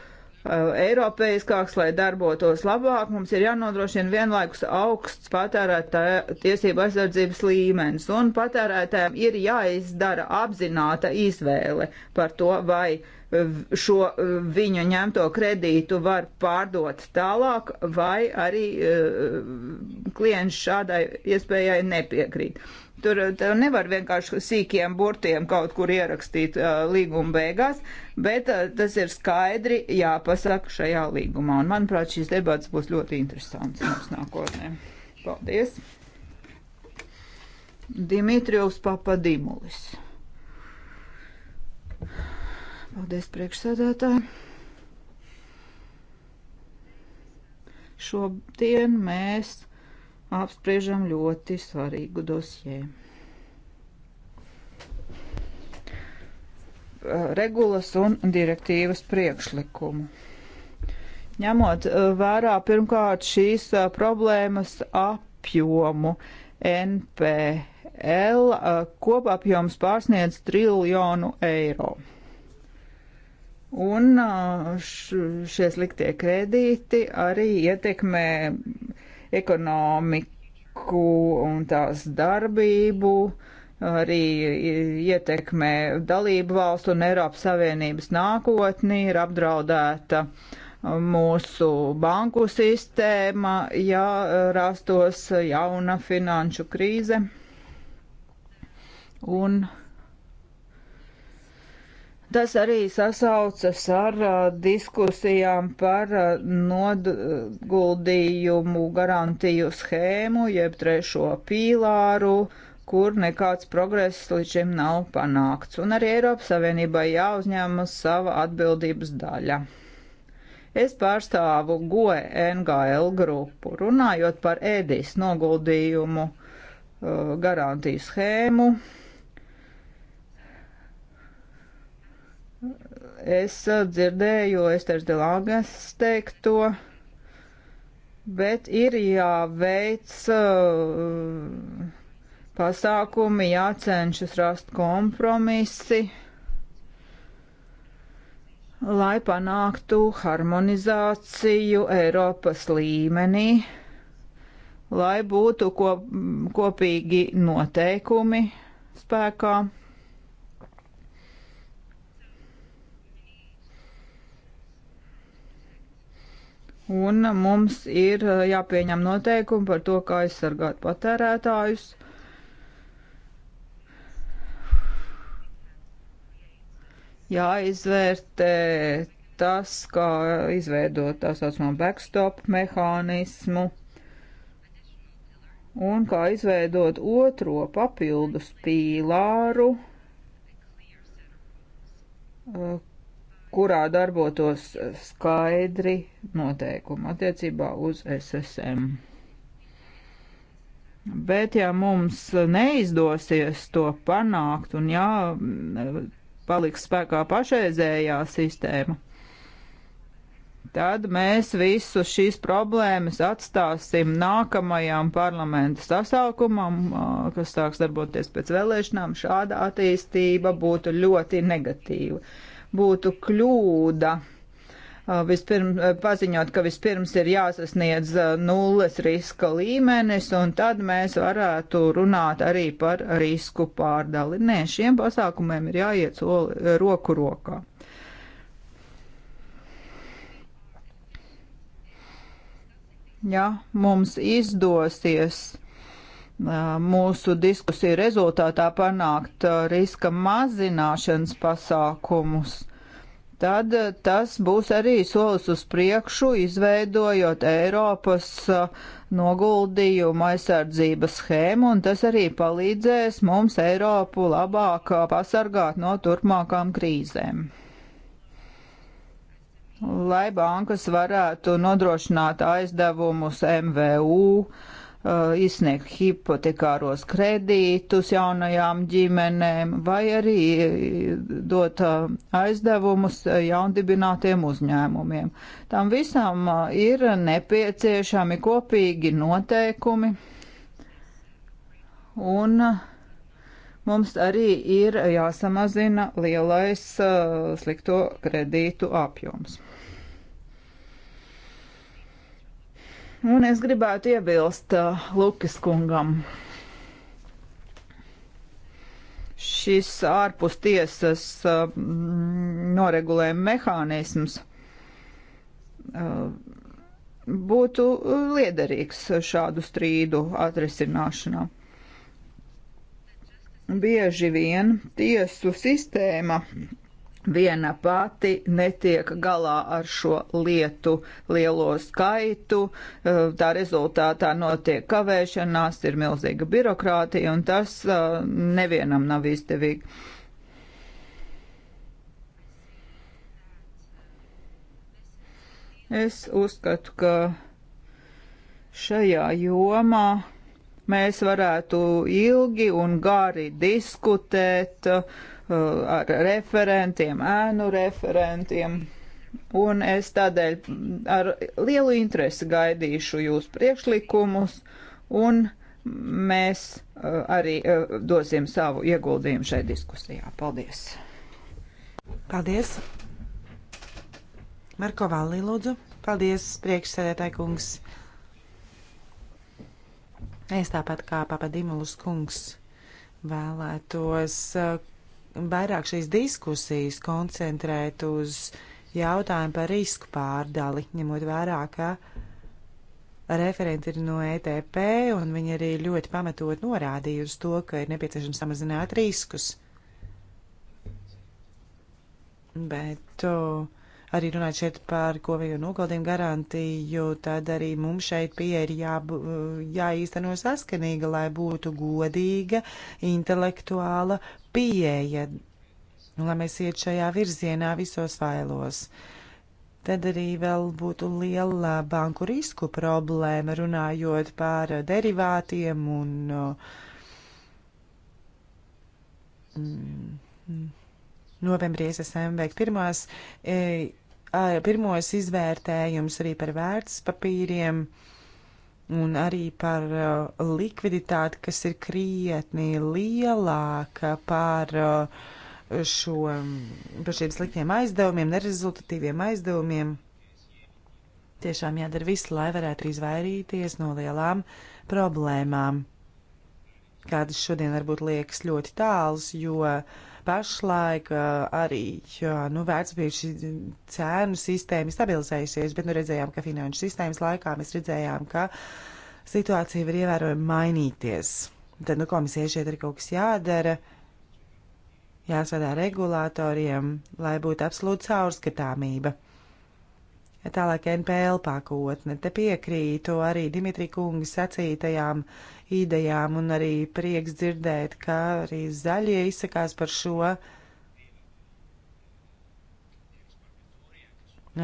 eiropeiskāks, lai darbotos labāk, mums ir jānodrošina vienlaikus augsts patērētāja tiesību aizsardzības līmenis, un patērētājiem ir jāizdara apzināta izvēle par to, vai šo viņu ņemto kredītu var pārdot tālāk, vai arī uh, klients šādai iespējai nepiekrīt. Tur nevar vienkārši sīkiem burtiem kaut kur ierakstīt uh, līguma beigās, bet uh, tas ir skaidri jāpasaka šajā līgumā. Un, manuprāt, šīs debats būs ļoti interesants mums nākotnē. Paldies! Dimitrijus Papadimulis. Paldies priekšsēdētāji. Šodien mēs apspriežam ļoti svarīgu dosjē. Regulas un direktīvas priekšlikumu. Ņemot eh, vērā pirmkārt šīs eh, problēmas apjomu NPL, eh, kopapjoms pārsniedz triljonu eiro. Un šie sliktie kredīti arī ietekmē uh, ekonomiku un tās darbību, arī ietekmē dalību valstu un Eiropas Savienības nākotni, ir apdraudēta mūsu banku sistēma, ja rastos jauna finanšu krīze. Un Tas arī sasaucas ar uh, diskusijām par uh, noguldījumu garantiju schēmu, jeb trešo pīlāru, kur nekāds progress līdz šim nav panākts, un arī Eiropas Savienībai jāuzņemas sava atbildības daļa. Es pārstāvu GOE NGL grupu, runājot par ēdīs noguldījumu uh, garantiju schēmu. es dzirdēju Esters Delangas teikto, bet ir jāveic uh, pasākumi, jācenšas rast kompromisi, lai panāktu harmonizāciju Eiropas līmenī lai būtu kop, kopīgi noteikumi spēkā un mums ir eh, jāpieņem noteikumi par to, kā aizsargāt patērētājus. Jāizvērtē tas, kā izveidot tā saucamo backstop mehānismu un kā izveidot otro papildus pīlāru, eh, kurā darbotos skaidri noteikumi attiecībā uz SSM. Bet, ja mums neizdosies to panākt, un jā, paliks spēkā pašreizējā sistēma, tad mēs visu šīs problēmas atstāsim nākamajām parlamenta sasaukumam, kas sāks darboties pēc vēlēšanām. Šāda attīstība būtu ļoti negatīva būtu kļūda. Uh, vispirms, uh, paziņot, ka vispirms ir jāsasniedz uh, nulles riska līmenis, un tad mēs varētu runāt arī par risku pārdali. Nē, šiem pasākumiem ir jāiet soli roku rokā. Ja mums izdosies Eh, mūsu diskusiju rezultātā panākt eh, riska mazināšanas pasākumus, tad eh, tas būs arī solis uz priekšu, izveidojot Eiropas noguldījumu aizsardzības schēmu, un tas arī palīdzēs mums Eiropu labāk pasargāt no turpmākām krīzēm. Lai bankas varētu nodrošināt aizdevumus MVU, uh, Uh, izsniegt hipotekāros kredītus jaunajām ģimenēm vai arī uh, dot uh, aizdevumus jaundibinātiem uzņēmumiem. Tam visam ir nepieciešami kopīgi noteikumi un mums arī ir jāsamazina lielais slikto kredītu apjoms. Un es gribētu iebilst uh, Lukas kungam. Šis ārpus tiesas uh, noregulējuma mehānisms uh, būtu uh, liederīgs šādu strīdu atrisināšanā. Bieži vien tiesu sistēma viena pati netiek galā ar šo lietu lielo skaitu. Eh, tā rezultātā notiek kavēšanās, ir milzīga birokrātija, un tas eh, nevienam nav izdevīgi. Es uzskatu, ka šajā jomā mēs varētu ilgi un gari diskutēt uh, Uh, ar referentiem, ēnu referentiem. Un es tādēļ ar lielu interesi gaidīšu jūs priekšlikumus, un mēs uh, arī uh, dosim savu ieguldījumu šai diskusijā. Paldies! Paldies! Marko Vallī, lūdzu. Paldies, priekšsēdētāji kungs. Es tāpat kā Papadimulus kungs vēlētos vairāk šīs diskusijas koncentrēt uz jautājumu par risku pārdali, ņemot vērā, ka referenti ir no ETP, un viņi arī ļoti pamatot norādīja uz to, ka ir nepieciešams samazināt riskus. Bet uh, arī runājot šeit par kopējo noguldījumu garantiju, tad arī mums šeit pieeja ir jā, jāīsteno saskanīga, lai būtu godīga, intelektuāla pieeja, lai mēs iet šajā virzienā visos failos. Tad arī vēl būtu liela banku risku problēma runājot par derivātiem un mm, novembrī es esmu veikt pirmās e, pirmos izvērtējumus arī par vērtspapīriem un arī par uh, likviditāti, kas ir krietni lielāka par uh, šo, par šiem sliktiem aizdevumiem, nerezultatīviem aizdevumiem. Tiešām jādara viss, lai varētu izvairīties no lielām problēmām, kādas šodien varbūt liekas ļoti tāls, jo uh, Pašlaik arī nu, vērtspapīšu cēnu sistēma stabilizējusies, bet nu redzējām, ka finanšu sistēmas laikā mēs redzējām, ka situācija var ievērojami mainīties. Tad nu, komisijai šeit ir kaut kas jādara, jāsadā regulātoriem, lai būtu absolūta caurskatāmība. Tālāk NPL pakotne. Te piekrītu arī Dimitrija kungas sacītajām uh, idejām un arī prieks dzirdēt, ka arī zaļie izsakās par šo.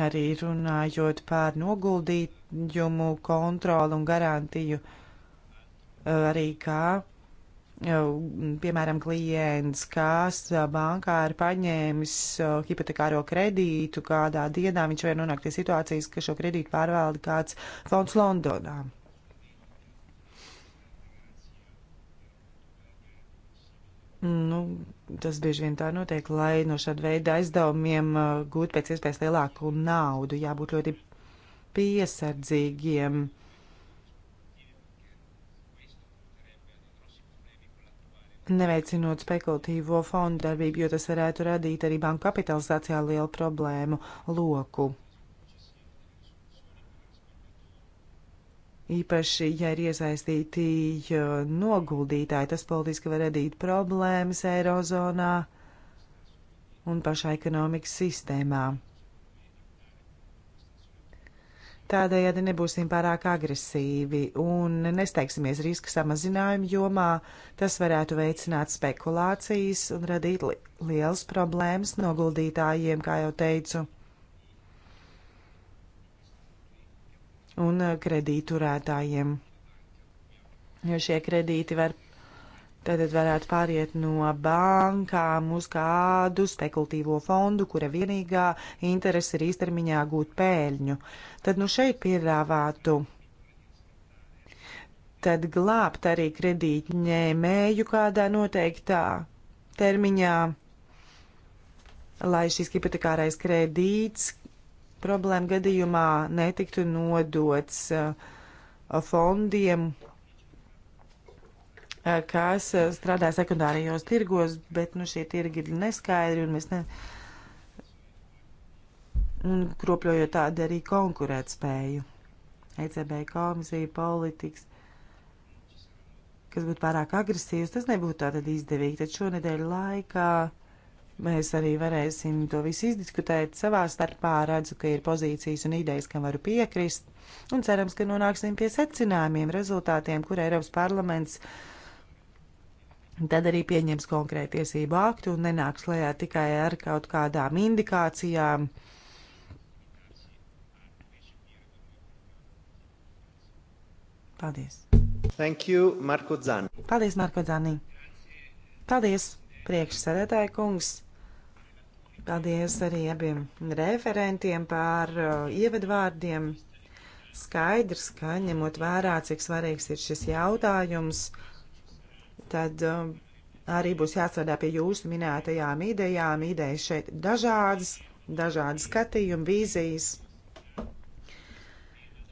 Arī runājot pār noguldījumu kontroli un garantiju, eh, arī kā eh, piemēram, klients, kas eh, bankā ir paņēmis hipotekāro kredītu, kādā dienā viņš var nonākt pie situācijas, ka šo kredītu pārvalda kāds fonds Londonā. Nu, tas bieži vien tā notiek, lai no šāda veida aizdevumiem uh, gūtu pēc iespējas lielāku naudu, jābūt ļoti piesardzīgiem. neveicinot spekulatīvo fondu darbību, jo tas varētu radīt arī banku kapitalizācijā lielu problēmu loku. Īpaši, ja ir iesaistīti noguldītāji, tas politiski var radīt problēmas Eirozonā un pašā ekonomikas sistēmā. Tādējādi nebūsim pārāk agresīvi un nesteigsimies riska samazinājuma jomā. Tas varētu veicināt spekulācijas un radīt li liels problēmas noguldītājiem, kā jau teicu. un eh, kredīturētājiem. Jo šie kredīti var, tad varētu pāriet no bankām uz kādu spekulatīvo fondu, kura vienīgā interese ir īstermiņā gūt pēļņu. Tad nu šeit piedāvātu tad glābt arī kredītņēmēju kādā noteiktā termiņā, lai šis hipotekārais kredīts, problēma gadījumā netiktu nodots uh, fondiem, uh, kas uh, strādā sekundārajos tirgos, bet nu, šie tirgi ir neskaidri un mēs ne. Un kropļojot tādu arī konkurētspēju. ECB komisija politikas kas būtu pārāk agresīvs, tas nebūtu tātad izdevīgi. Tad šonedēļ laikā uh, Mēs arī varēsim to visu izdiskutēt savā starpā. Redzu, ka ir pozīcijas un idejas, kam varu piekrist. Un cerams, ka nonāksim pie secinājumiem, rezultātiem, kur Eiropas parlaments tad arī pieņems konkrētu tiesību aktu un nenāks lejā tikai ar kaut kādām indikācijām. Paldies! Thank you, Marko Zani. Paldies, Marko Zani. Paldies! priekšsēdētāja kungs. Paldies arī abiem referentiem par uh, ievadvārdiem. Skaidrs, ka ņemot vērā, cik svarīgs ir šis jautājums, tad uh, arī būs jāstrādā pie jūsu minētajām idejām. Idejas šeit dažādas, dažādi skatījumi, vīzijas,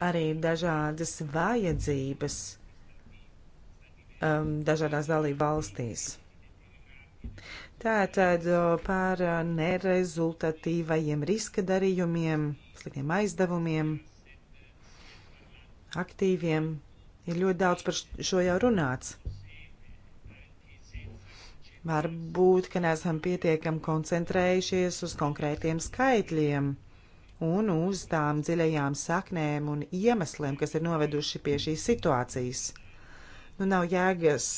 arī dažādas vajadzības um, dažādās dalību valstīs. Tātad par nerezultatīvajiem riska darījumiem, sliktiem aizdevumiem, aktīviem. Ir ļoti daudz par šo jau runāts. Varbūt, ka neesam pietiekami koncentrējušies uz konkrētiem skaitļiem un uz tām dziļajām saknēm un iemesliem, kas ir noveduši pie šīs situācijas. Nu, nav jēgas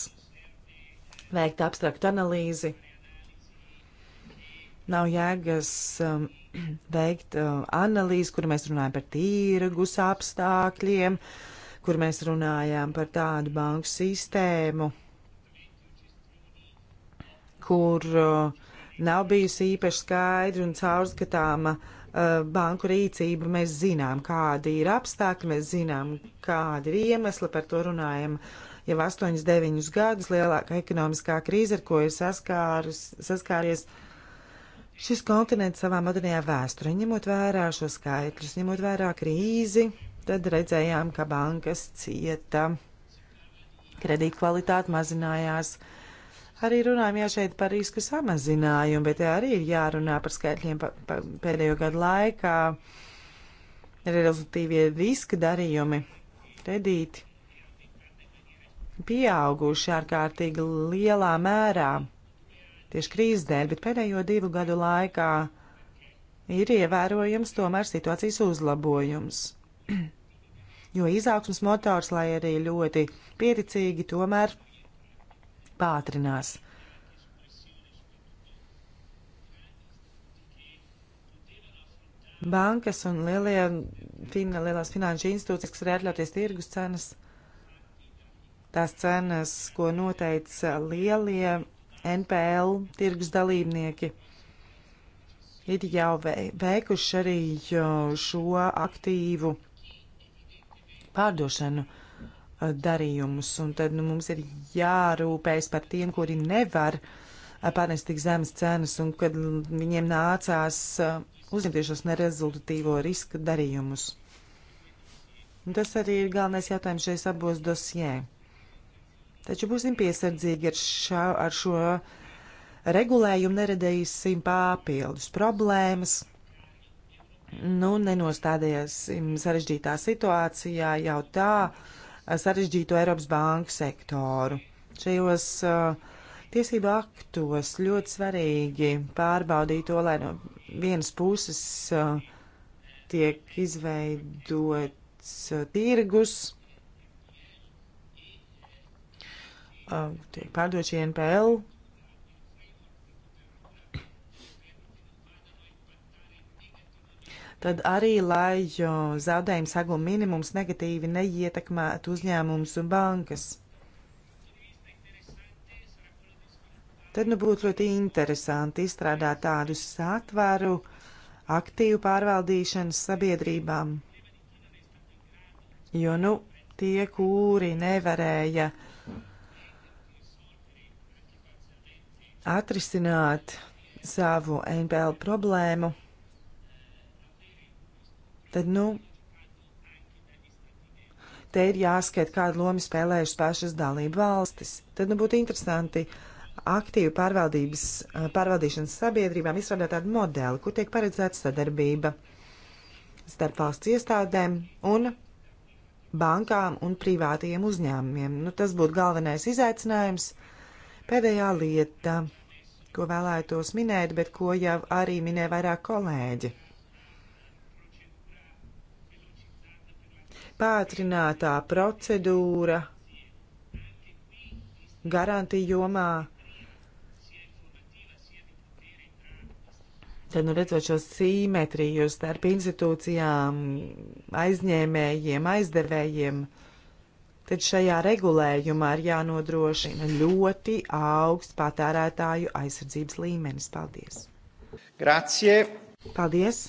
veikt abstraktu analīzi. Nav jēgas um, veikt um, analīzi, kur mēs runājam par tīrgus apstākļiem, kur mēs runājam par tādu banku sistēmu, kur uh, nav bijusi īpaši skaidra un caurskatāma uh, banku rīcība, mēs zinām, kādi ir apstākļi, mēs zinām, kādi ir iemesli, par to runājam jau 8-9 gadus lielākā ekonomiskā krīze, ar ko ir saskārus, saskāries šis kontinents savā modernajā vēsturē. Ņemot vērā šo skaitļus, ņemot vērā krīzi, tad redzējām, ka bankas cieta, kredīt kvalitāte mazinājās. Arī runājam jau šeit par risku samazinājumu, bet arī ir jārunā par skaitļiem pa, pa, pēdējo gadu laikā. Rezultīvie riska darījumi, kredīti pieauguši ārkārtīgi lielā mērā tieši krīzes dēļ, bet pēdējo divu gadu laikā ir ievērojams tomēr situācijas uzlabojums. jo izaugsmas motors, lai arī ļoti pieticīgi, tomēr pātrinās. Bankas un lielie, fina, lielās finanšu institūcijas, kas var atļauties tirgus cenas tās cenas, ko noteica lielie NPL tirgus dalībnieki, ir jau veikuši arī šo aktīvu pārdošanu darījumus, un tad nu, mums ir jārūpējas par tiem, kuri nevar pārnest tik zemes cenas, un kad viņiem nācās uzņemties šos nerezultatīvo riska darījumus. Un tas arī ir galvenais jautājums šajos abos dosjē. Taču būsim piesardzīgi ar, šā, ar šo regulējumu, neredēsim papildus problēmas. Nu, nenostādījāsim sarežģītā situācijā jau tā sarežģīto Eiropas banku sektoru. Šajos uh, tiesību aktos ļoti svarīgi pārbaudīt to, lai no vienas puses uh, tiek izveidots uh, tirgus, uh, tiek pārdot šie NPL. Tad arī, lai zaudējumu saguma minimums negatīvi neietekmētu uzņēmumus un bankas. Tad nu būtu ļoti interesanti izstrādāt tādu satvaru aktīvu pārvaldīšanas sabiedrībām. Jo nu tie, kuri nevarēja uh, atrisināt savu NPL problēmu, tad, nu, te ir jāskat, kādu lomu spēlējušas pašas dalību valstis. Tad, nu, būtu interesanti aktīvu pārvaldības, pārvaldīšanas sabiedrībām izstrādāt tādu modeli, kur tiek paredzēta sadarbība starp valsts iestādēm un bankām un privātajiem uzņēmumiem. Nu, tas būtu galvenais izaicinājums. Uh, Pēdējā lieta, ko vēlētos minēt, bet ko jau arī minēja vairāk kolēģi. Pātrinātā procedūra garantija jomā. Tad, nu, redzot šo simetriju starp institūcijām, aizņēmējiem, aizdevējiem, uh, tad šajā regulējumā ir jānodrošina ļoti augsts patērētāju aizsardzības līmenis. Paldies! Grazie! Paldies!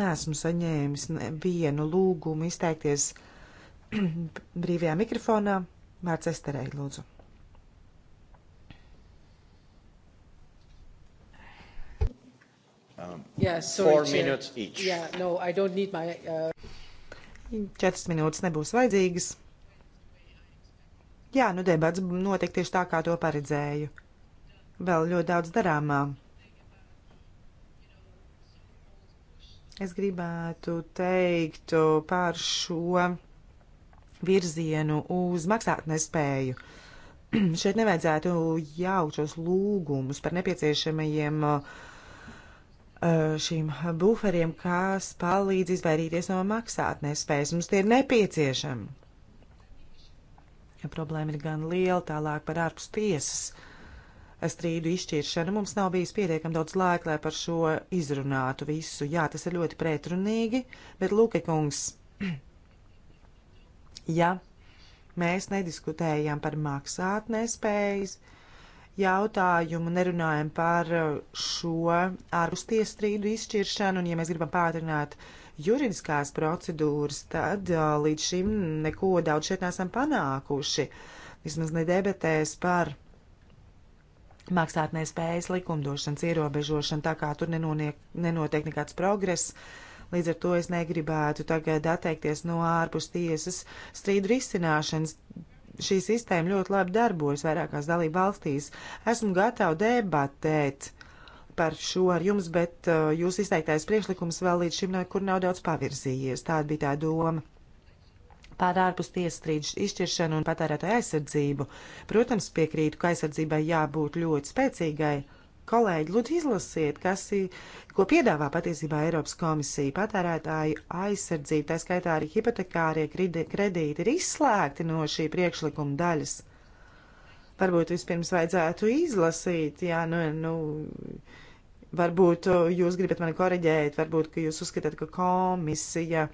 Nesmu saņēmis nevienu lūgumu izteikties brīvajā mikrofonā. Vārds Esterei, lūdzu. Um, yeah, sorry, four chair. minutes each. Yeah, no, I don't need my. Uh... Četras minūtes nebūs vajadzīgas. Jā, nu debats notika tieši tā, kā to paredzēju. Vēl ļoti daudz darāmā. Es gribētu teikt par šo virzienu uz maksātnespēju. Šeit nevajadzētu jaukt šos lūgumus par nepieciešamajiem uh, Eh, šīm buferiem, kas palīdz izvairīties no maksātnespējas. Mums tie ir nepieciešami. Ja problēma ir gan liela, tālāk par ārpus tiesas strīdu izšķiršanu mums nav bijis pietiekami daudz laika, lai par šo izrunātu visu. Jā, tas ir ļoti pretrunīgi, bet Lūke kungs, ja mēs nediskutējam par maksātnespējas, nespējas, jautājumu, nerunājam par uh, šo ārpusties strīdu izšķiršanu, un ja mēs gribam pātrināt juridiskās procedūras, tad uh, līdz šim neko daudz šeit nesam panākuši. Vismaz nedebetēs par maksātnespējas likumdošanas ierobežošanu, tā kā tur nenoniek, nenotiek nekāds progress. Līdz ar to es negribētu tagad atteikties no ārpus tiesas strīdu risināšanas šī sistēma ļoti labi darbojas vairākās dalību valstīs. Esmu gatava debatēt par šo ar jums, bet uh, jūs izteiktais priekšlikums vēl līdz šim nekur nav daudz pavirzījies. Tāda bija tā doma par ārpus tiesas strīdu izšķiršanu un patērētāju aizsardzību. Protams, piekrītu, ka aizsardzībai jābūt ļoti spēcīgai. Uh, Kolēģi, lūdzu izlasiet, kas ir, ko piedāvā patiesībā Eiropas komisija. Patērētāju aizsardzība, tā skaitā arī hipotekārie kredīti, ir izslēgti no šī priekšlikuma daļas. Varbūt vispirms vajadzētu izlasīt, jā, nu, nu, varbūt uh, jūs gribat mani koreģēt, varbūt, ka jūs uzskatāt, ka komisija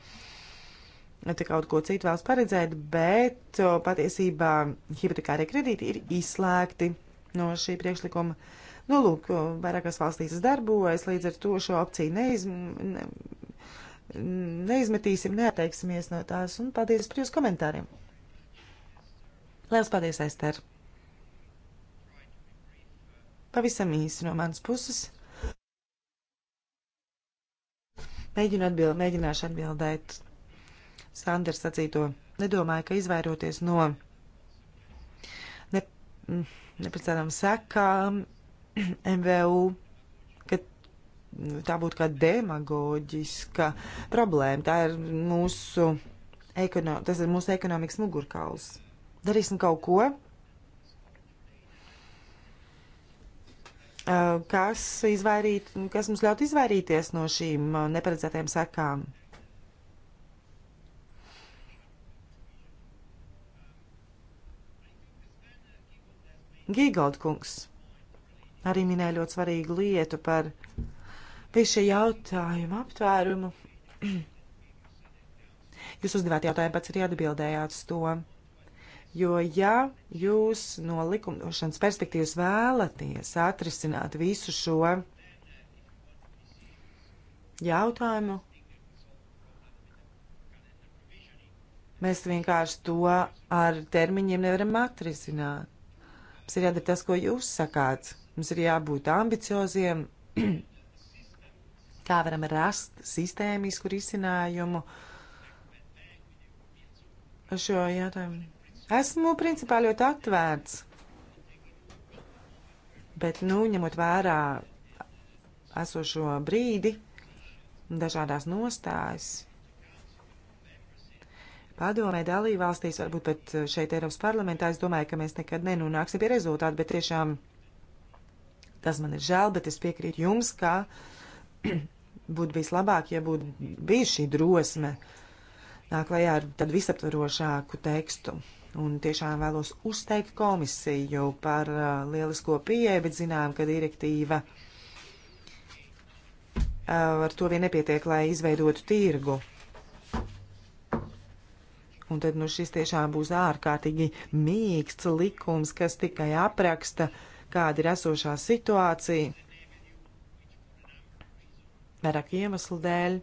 nu, te kaut ko citu vēlas paredzēt, bet uh, patiesībā hipotekārie kredīti ir izslēgti no šī priekšlikuma. Uh, Nu, lūk, vairākās valstīs tas darbojas, līdz ar to šo opciju neizm, ne, neizmetīsim, neatteiksimies no tās, un paldies par jūsu komentāriem. Lielas paldies, Ester! Pavisam īsi no manas puses. Mēģinu atbild, mēģināšu atbildēt Sanders sacīto. Nedomāju, ka izvairoties no ne, neprecētām sekām, MVU, ka tā būtu kā demagoģiska problēma. Tā ir mūsu, ekono, tas ir mūsu ekonomikas mugurkauls. Darīsim kaut ko, kas, izvairīt, kas mums ļaut izvairīties no šīm neparedzētajām sekām. Gīgaldkungs arī minēja ļoti svarīgu lietu par visu jautājumu aptvērumu. Jūs uzdevāt jautājumu, pats arī atbildējāt uz to. Jo, ja jūs no likumdošanas perspektīvas vēlaties atrisināt visu šo jautājumu, mēs vienkārši to ar termiņiem nevaram atrisināt. Mums ir jādara tas, ko jūs sakāt. Mums ir jābūt ambicioziem, kā varam rast sistēmisku risinājumu šo jautājumu. Esmu principā ļoti atvērts, bet, nu, ņemot vērā esošo brīdi, dažādās nostājas, padomē dalībvalstīs, varbūt pat šeit Eiropas parlamentā, es domāju, ka mēs nekad nenonāksim pie rezultātu, bet tiešām Tas man ir žēl, bet es piekrītu jums, ka būtu bijis labāk, ja būtu bijusi šī drosme nāk klajā ar tad visaptvarošāku tekstu. Un tiešām vēlos uzteikt komisiju par uh, lielisko pieeju, bet zinām, ka direktīva uh, ar to vien nepietiek, lai izveidotu tirgu. Un tad nu, šis tiešām būs ārkārtīgi mīksts likums, kas tikai apraksta uh, kāda ir esošā situācija, vairāk iemeslu dēļ.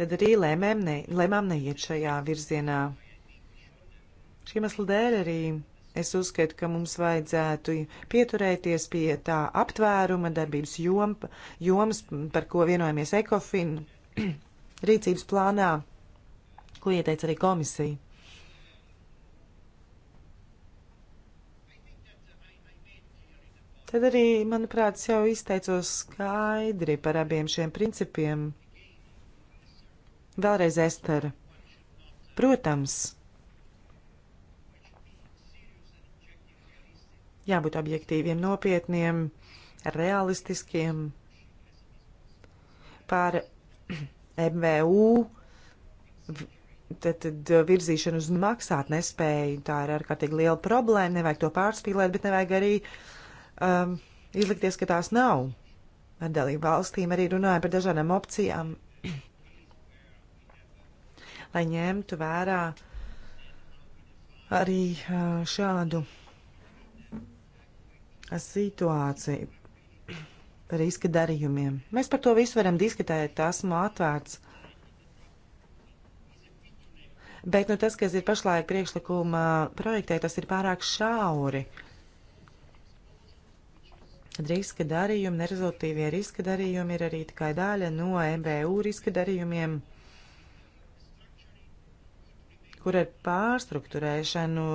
Tad arī lēmēm, ne, lēmām neiet šajā virzienā. Šī iemesla dēļ arī es uzskatu, ka mums vajadzētu pieturēties pie tā aptvēruma, darbības jom, jomas, par ko vienojamies ECOFIN rīcības plānā, ko ieteica arī komisija. Tad arī, manuprāt, jau izteicos skaidri par abiem šiem principiem. Vēlreiz Estera. Protams, jābūt objektīviem, nopietniem, realistiskiem par MVU. Tad, tad virzīšana uz maksātnespēju, tā ir ārkārtīgi liela problēma, nevajag to pārspīlēt, bet nevajag arī uh, um, izlikties, ka tās nav. Ar dalību valstīm arī runāja par dažādām opcijām, lai ņemtu vērā arī uh, šādu situāciju par riska darījumiem. Mēs par to visu varam diskutēt, esmu atvērts. Bet nu, tas, kas ir pašlaik priekšlikuma projektē, tas ir pārāk šauri. Uh, Riska darījumi, nerezultīvie riska darījumi ir arī tikai daļa no MVU riska darījumiem, kur ar pārstruktūrēšanu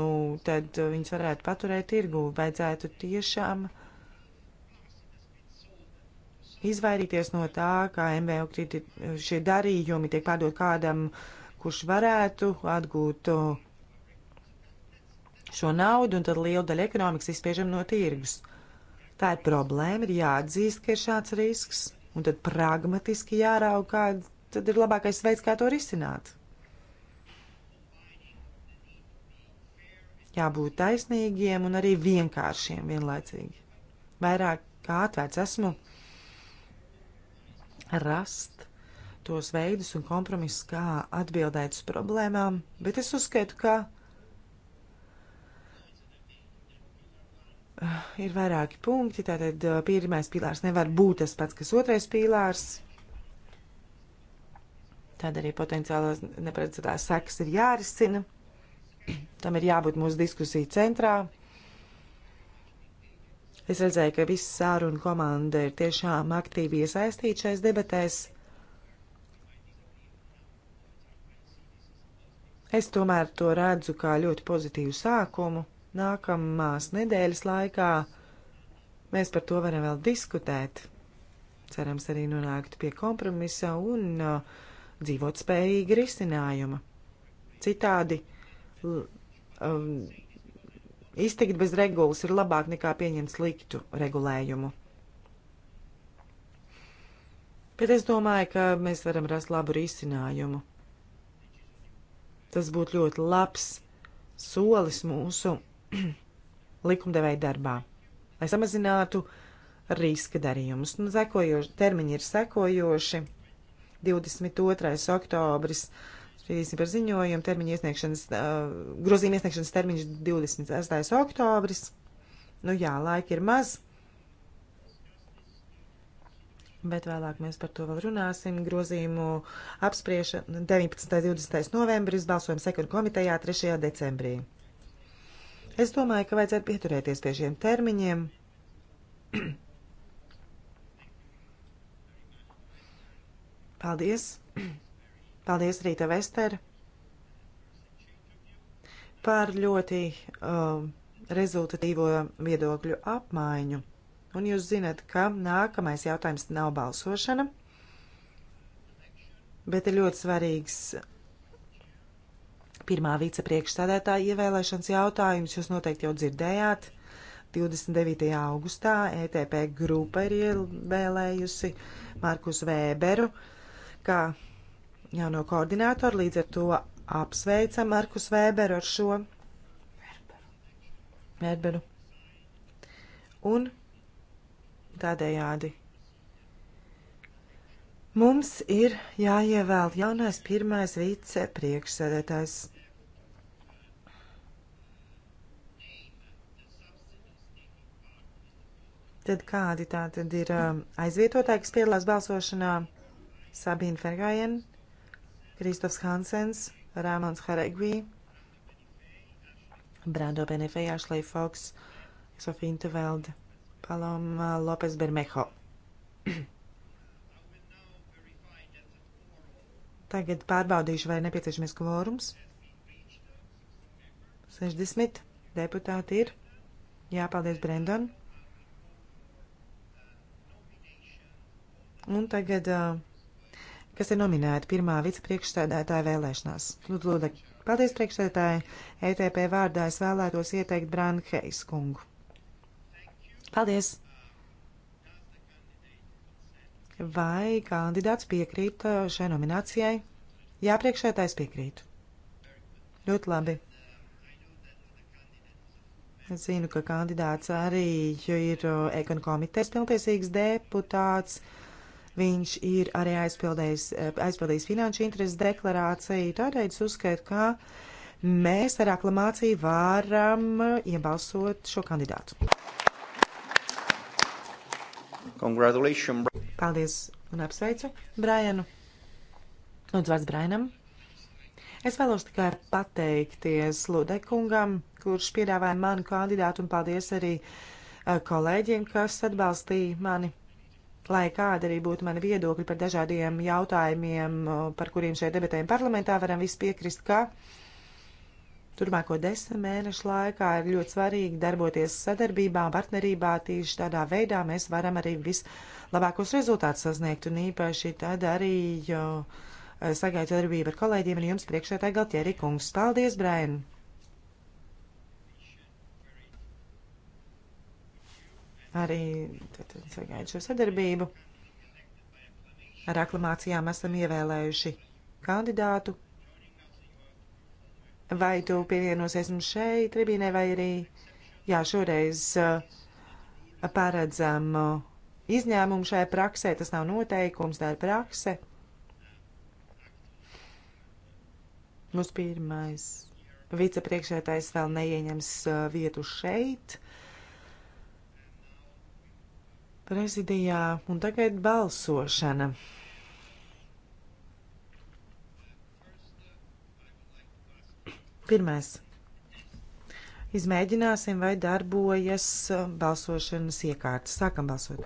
tad viņas varētu paturēt tirgū. Vajadzētu tiešām izvairīties no tā, kā MVU kriti, šie darījumi tiek pārdot kādam, kurš varētu atgūt šo naudu, un tad liela daļa ekonomikas izspiežam no tirgus. Tā ir problēma, ir jāatzīst, ka ir šāds risks, un tad pragmatiski jārauga, kā tad ir labākais veids, kā to risināt. Jābūt taisnīgiem un arī vienkāršiem vienlaicīgi. Vairāk kā atvērts esmu rast tos veidus un kompromisus, kā atbildēt uz problēmām, bet es uzskatu, ka ir vairāki punkti. Tātad pirmais pīlārs nevar būt tas pats, kas otrais pīlārs. Tad arī potenciālās neparedzētās sekas ir jārisina. Tam ir jābūt mūsu diskusiju centrā. Es redzēju, ka visa sāruna komanda ir tiešām aktīvi iesaistīta šais debatēs. Es tomēr to redzu kā ļoti pozitīvu sākumu. Nākamās nedēļas laikā mēs par to varam vēl diskutēt. Cerams, arī nonākt pie kompromisa un uh, dzīvot spējīgi risinājuma. Citādi um, iztikt bez regulas ir labāk nekā pieņemt sliktu regulējumu. Bet es domāju, ka mēs varam rast labu risinājumu. Tas būtu ļoti labs solis mūsu likumdevēja darbā, lai samazinātu riska darījumus. Nu, sekojoši, termiņi ir sekojoši. 22. oktobris Rīdīsim par ziņojumu. Termiņa iesniegšanas, uh, grozījuma iesniegšanas termiņš 28. oktobris. Nu jā, laika ir maz. Bet vēlāk mēs par to vēl runāsim. Grozījumu apspriešana 19. un 20. novembris, balsojums sekundāra komitejā 3. decembrī. Es domāju, ka vajadzētu pieturēties pie šiem termiņiem. Paldies! Paldies, Rīta Vester, par ļoti uh, rezultatīvo viedokļu apmaiņu. Un jūs zinat, ka nākamais jautājums nav balsošana, bet ir ļoti svarīgs Pirmā vicepriekšsēdētāja ievēlēšanas jautājums jūs noteikti jau dzirdējāt. 29. augustā ETP grupa ir ievēlējusi Markus Vēberu kā jauno koordinātoru, līdz ar to apsveicam Markus Vēberu ar šo Mērberu. Un tādējādi mums ir jāievēl jaunais pirmais vicepriekšsēdētājs. Tad kādi tā tad ir um, aizvietotāji, kas piedalās balsošanā? Sabīna Fergajen, Kristofs Hansens, Rāmons Haregvī, Brando Benefejā, Šleifoks, Sofija Intuvelda, Paloma Lopes Bermeho. Tagad pārbaudīšu, vai nepieciešamies kvorums. 60 deputāti ir. Jā, paldies, Brendon. Un tagad, kas ir nominēta pirmā vicepriekšsēdētāja vēlēšanās? Lūdzu, paldies priekšsēdētāji. ETP vārdā es vēlētos ieteikt Brānu Heis kungu. Paldies! Vai kandidāts piekrīt šai nominācijai? Jā, priekšsēdētājs piekrīt. Ļoti labi. Es zinu, ka kandidāts arī ir ekonomikas pilntiesīgs deputāts. Uh, Viņš ir arī aizpildījis, eh, aizpildījis finanšu interesu deklarāciju. Tādēļ es uzskatu, ka mēs ar aklamāciju varam eh, iebalsot šo kandidātu. Paldies un apsveicu Brajanu. Lūdzu, vārds Brainam. Es vēlos tikai pateikties Ludekungam, kurš piedāvāja manu kandidātu, un paldies arī eh, kolēģiem, kas atbalstīja mani lai kāda arī būtu mana viedokļa par dažādiem jautājumiem, par kuriem šeit debatējam parlamentā, varam visi piekrist, ka turmāko desmit mēnešu laikā ir ļoti svarīgi darboties sadarbībā, partnerībā, tīši tādā veidā mēs varam arī vislabākos rezultātus sasniegt, un īpaši tad arī sagaidu sadarbību ar kolēģiem un jums priekšētāji Galtieri kungs. Paldies, Brain! arī sagaidu šo sadarbību. Ar aklamācijām esam ievēlējuši kandidātu. Vai tu pievienosies mums šeit, tribīnē, vai arī, jā, šoreiz uh, paredzam uh, izņēmumu šajā praksē, tas nav noteikums, tā ir prakse. Mums pirmais vicepriekšētājs vēl neieņems uh, vietu šeit prezidijā un tagad balsošana. Pirmais. Izmēģināsim, vai darbojas uh, balsošanas iekārtas. Sākam balsot.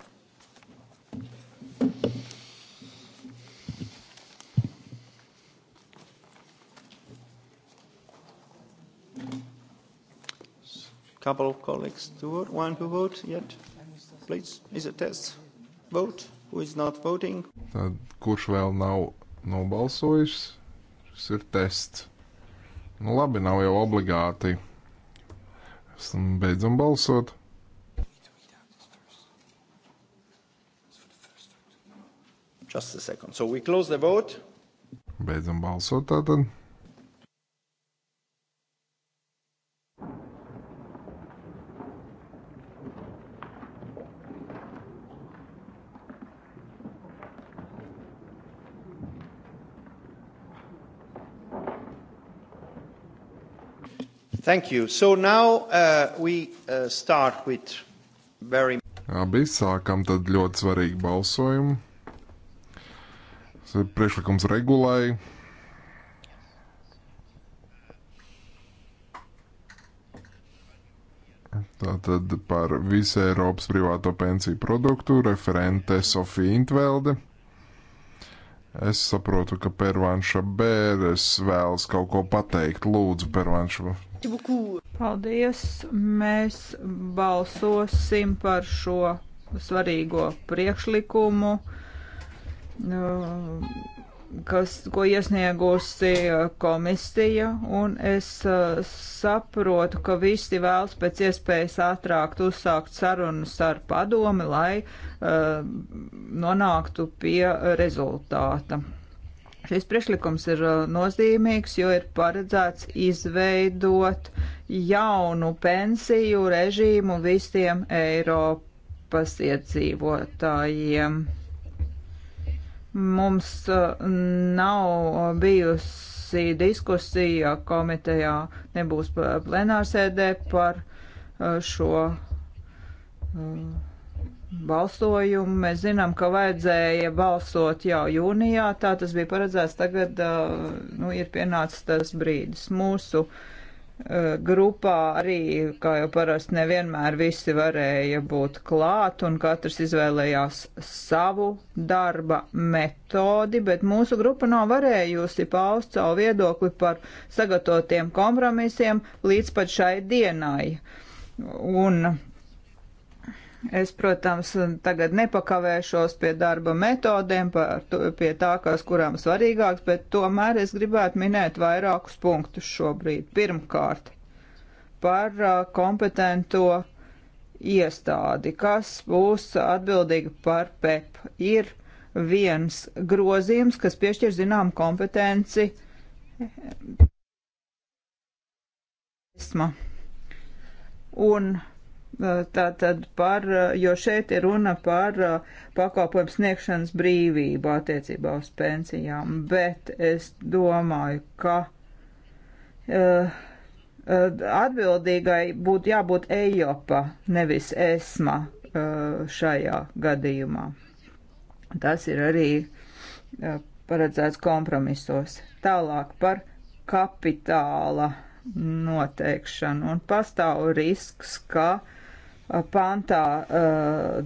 Couple of colleagues do want to vote yet please? Is it test? Vote? Who is not voting? Tad, kurš vēl nav nobalsojis? Šis ir tests. Nu labi, nav jau obligāti. Esam beidzam balsot. Just a second. So we close the vote. Beidzam balsot tātad. Thank you. So now uh, we uh, start with very. Abi sākam tad ļoti svarīgu balsojumu. Tas ir priekšlikums regulai. Tātad par visu Eiropas privāto pensiju produktu referente Sofija Intvelde. Es saprotu, ka Pervanša Bēres vēlas kaut ko pateikt. Lūdzu, Pervanša. Paldies! Mēs balsosim par šo svarīgo priekšlikumu, uh, kas, ko iesniegusi komisija, un es uh, saprotu, ka visi vēlas pēc iespējas ātrāk uzsākt sarunas ar padomi, lai uh, nonāktu pie rezultāta. Šis priekšlikums ir uh, nozīmīgs, jo ir paredzēts izveidot jaunu pensiju režīmu visiem Eiropas iedzīvotājiem. Mums uh, nav bijusi diskusija komitejā, nebūs plenārsēdē par uh, šo. Uh, balsojumu. Mēs zinām, ka vajadzēja balsot jau jūnijā, tā tas bija paredzēts. Tagad uh, nu, ir pienācis tas brīdis. Mūsu uh, grupā arī, kā jau parasti, nevienmēr visi varēja būt klāt, un katrs izvēlējās savu darba metodi, bet mūsu grupa nav varējusi paust savu viedokli par sagatavotiem kompromisiem līdz pat šai dienai. Un Es, protams, tagad nepakavēšos pie darba metodēm, to, pie tā, kas kurām svarīgāks, bet tomēr es gribētu minēt vairākus punktus šobrīd. Pirmkārt, par uh, kompetento iestādi, kas būs atbildīga par PEP, e ir viens grozījums, kas piešķir zinām kompetenci. Esma. Un Tātad par, jo šeit ir runa par uh, pakalpojumu sniegšanas brīvību attiecībā uz pensijām, bet es domāju, ka uh, uh, atbildīgai būtu jābūt Ejopa, nevis Esma uh, šajā gadījumā. Tas ir arī uh, paredzēts kompromisos. Tālāk par kapitāla noteikšanu un pastāv risks, ka uh, Eh, pantā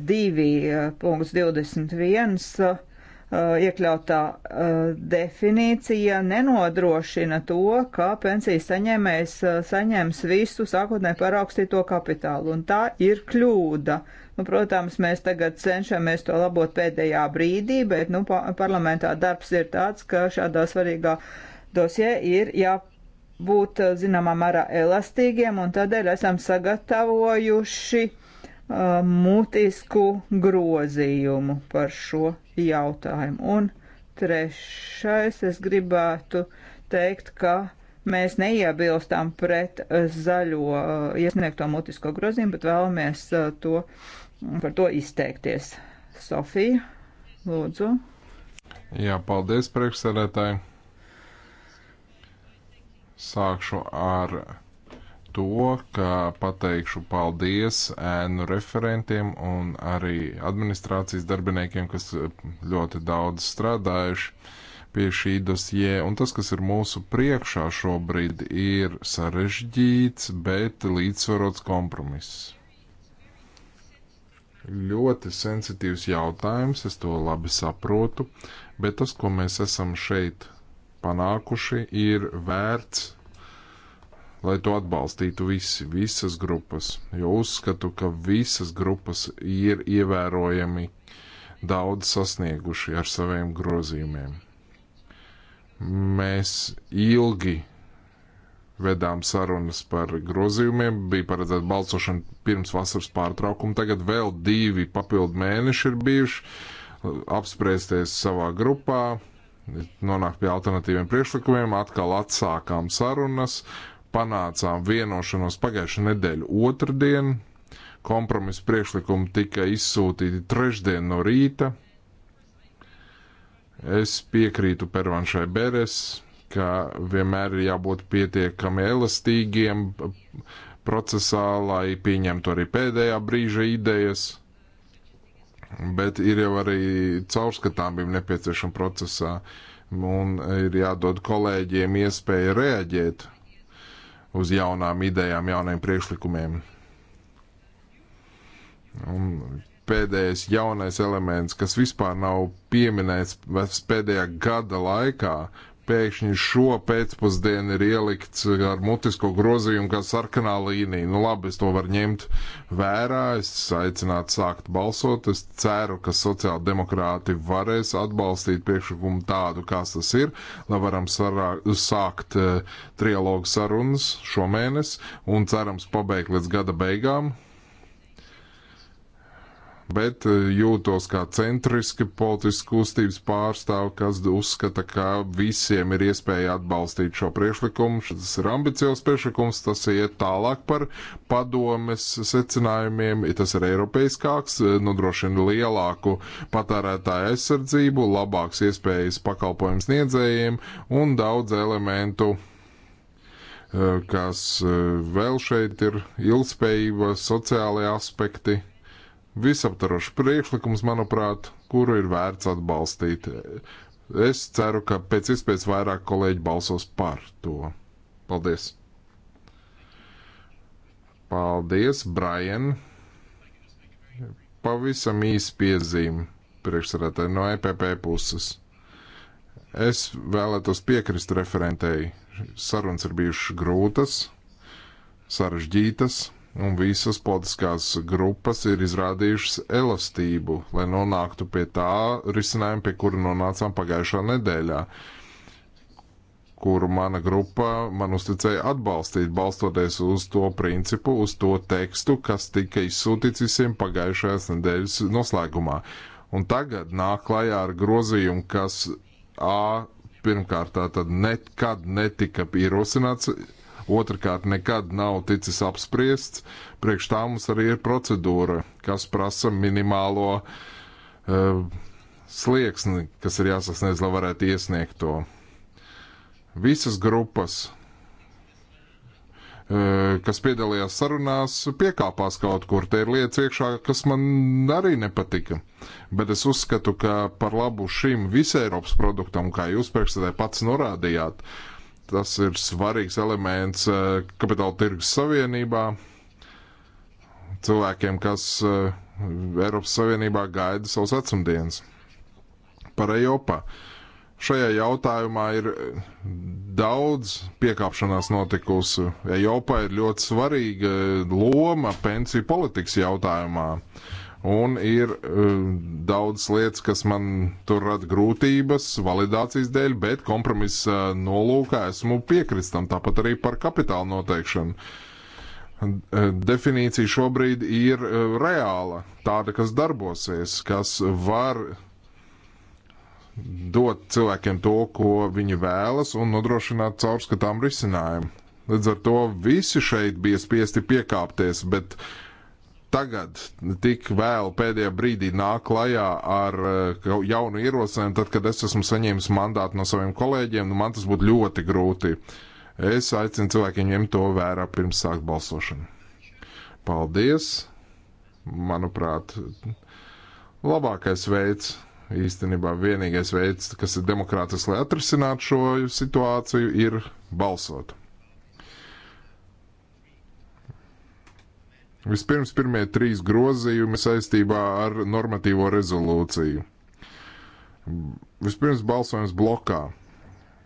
2.21 eh, eh, iekļautā definīcija nenodrošina to, ka pensijas saņēmējs saņems visu sākotnēji paraugstīto kapitālu, un tā ir kļūda. Nu, protams, mēs tagad cenšamies to labot pēdējā brīdī, bet nu, parlamentā darbs ir tāds, ka šādā svarīgā dosē ir jā. Ja būt eh, zināmā mērā elastīgiem, un tādēļ esam sagatavojuši uh, mutisku grozījumu par šo jautājumu. Un trešais, es gribētu teikt, ka mēs neiebilstam pret zaļo eh, iesniegto mutisko grozījumu, bet vēlamies to, par to izteikties. Sofija, lūdzu. Jā, paldies priekšsēdētāji. Sākšu ar to, ka pateikšu paldies ēnu referentiem un arī administrācijas darbiniekiem, kas ļoti daudz strādājuši pie šī dosjē, un tas, kas ir mūsu priekšā šobrīd, ir sarežģīts, bet līdzsvarots kompromiss. Ļoti sensitīvs jautājums, es to labi saprotu, bet tas, ko mēs esam šeit panākuši, ir vērts, lai to atbalstītu visi, visas grupas. Jo uzskatu, ka visas grupas ir ievērojami daudz sasnieguši ar saviem grozījumiem. Mēs ilgi vedām sarunas par grozījumiem, bija paredzēta balsošana pirms vasaras pārtraukuma, tagad vēl divi papildu mēneši ir bijuši apspriesties savā grupā, nonākt pie alternatīviem priekšlikumiem, atkal atsākām sarunas, panācām vienošanos pagājušā nedēļa otrdien, kompromisa priekšlikumi tika izsūtīti trešdien no rīta. Es piekrītu Pervanšai Beres, ka vienmēr ir jābūt pietiekami elastīgiem procesā, lai pieņemtu arī pēdējā brīža idejas bet ir jau arī caurskatāmība nepieciešama procesā, un ir jādod kolēģiem iespēja reaģēt uz jaunām idejām, jauniem priekšlikumiem. Un pēdējais jaunais elements, kas vispār nav pieminēts pēdējā gada laikā, pēkšņi šo pēcpusdienu ir ielikts ar mutisko grozījumu, kā sarkanā līnija. Nu, labi, es to varu ņemt vērā. Es aicinātu sākt balsot. Es ceru, ka sociāla demokrāti varēs atbalstīt priekšlikumu tādu, kāds tas ir, lai varam sarā, sākt uh, trialogu sarunas šomēnes un cerams pabeigt līdz gada beigām bet eh, jūtos kā centriski politiski kustības pārstāvi, kas uzskata, ka visiem ir iespēja atbalstīt šo priekšlikumu. Tas ir ambiciozs priekšlikums, tas iet tālāk par padomes secinājumiem, tas ir eiropeiskāks, eh, nodrošina lielāku patērētāju aizsardzību, labāks iespējas pakalpojums niedzējiem un daudz elementu eh, kas vēl šeit ir ilgspējība, sociālai aspekti visaptarošs priekšlikums, manuprāt, kuru ir vērts atbalstīt. Es ceru, ka pēc iespējas vairāk kolēģi balsos par to. Paldies! Paldies, Brian! Pavisam īsi piezīme priekšsarētāji no EPP puses. Es vēlētos piekrist referentēji. Sarunas ir bijušas grūtas, sarežģītas un visas politiskās grupas ir izrādījušas elastību, lai nonāktu pie tā risinājuma, pie kura nonācām pagājušā nedēļā, kuru mana grupa man uzticēja atbalstīt, balstoties uz to principu, uz to tekstu, kas tika izsūtīts visiem pagājušās nedēļas noslēgumā. Un tagad nāk klajā ar grozījumu, kas A. Pirmkārt, tā tad nekad netika ierosināts otrkārt nekad nav ticis apspriests. Priekš tā mums arī ir procedūra, kas prasa minimālo uh, slieksni, kas ir jāsasniedz, lai varētu iesniegt to. Visas grupas, uh, kas piedalījās sarunās, piekāpās kaut kur. Te ir lietas iekšā, kas man arī nepatika. Bet es uzskatu, ka par labu šim visai Eiropas produktam, kā jūs priekšsēdē pats norādījāt, uh, Tas ir svarīgs elements eh, kapitāla tirgus savienībā. Cilvēkiem, kas eh, Eiropas Savienībā gaida savus vecumdienas. Par Eiropu šajā jautājumā ir eh, daudz piekāpšanās notikusi. Eiropā ir ļoti svarīga loma pensiju politikas jautājumā. Uh, Un ir e, daudz lietas, kas man tur rada grūtības validācijas dēļ, bet kompromisa nolūkā esmu piekristam. Tāpat arī par kapitāla noteikšanu. E, definīcija šobrīd ir e, reāla, tāda, kas darbosies, kas var dot cilvēkiem to, ko viņi vēlas, un nodrošināt caurskatām risinājumu. Līdz ar to visi šeit bija spiesti piekāpties, bet uh, tagad, tik vēl pēdējā brīdī nāk klajā ar eh, jaunu ierosinājumu, tad, kad es esmu saņēmis mandātu no saviem kolēģiem, nu man tas būtu ļoti grūti. Es aicinu cilvēkiem ņemt to vērā pirms sākt balsošanu. Paldies! Manuprāt, labākais veids, īstenībā vienīgais veids, kas ir demokrātiski, lai atrisinātu šo situāciju, ir balsot. Vispirms pirmie trīs grozījumi saistībā ar normatīvo rezolūciju. Vispirms balsojums blokā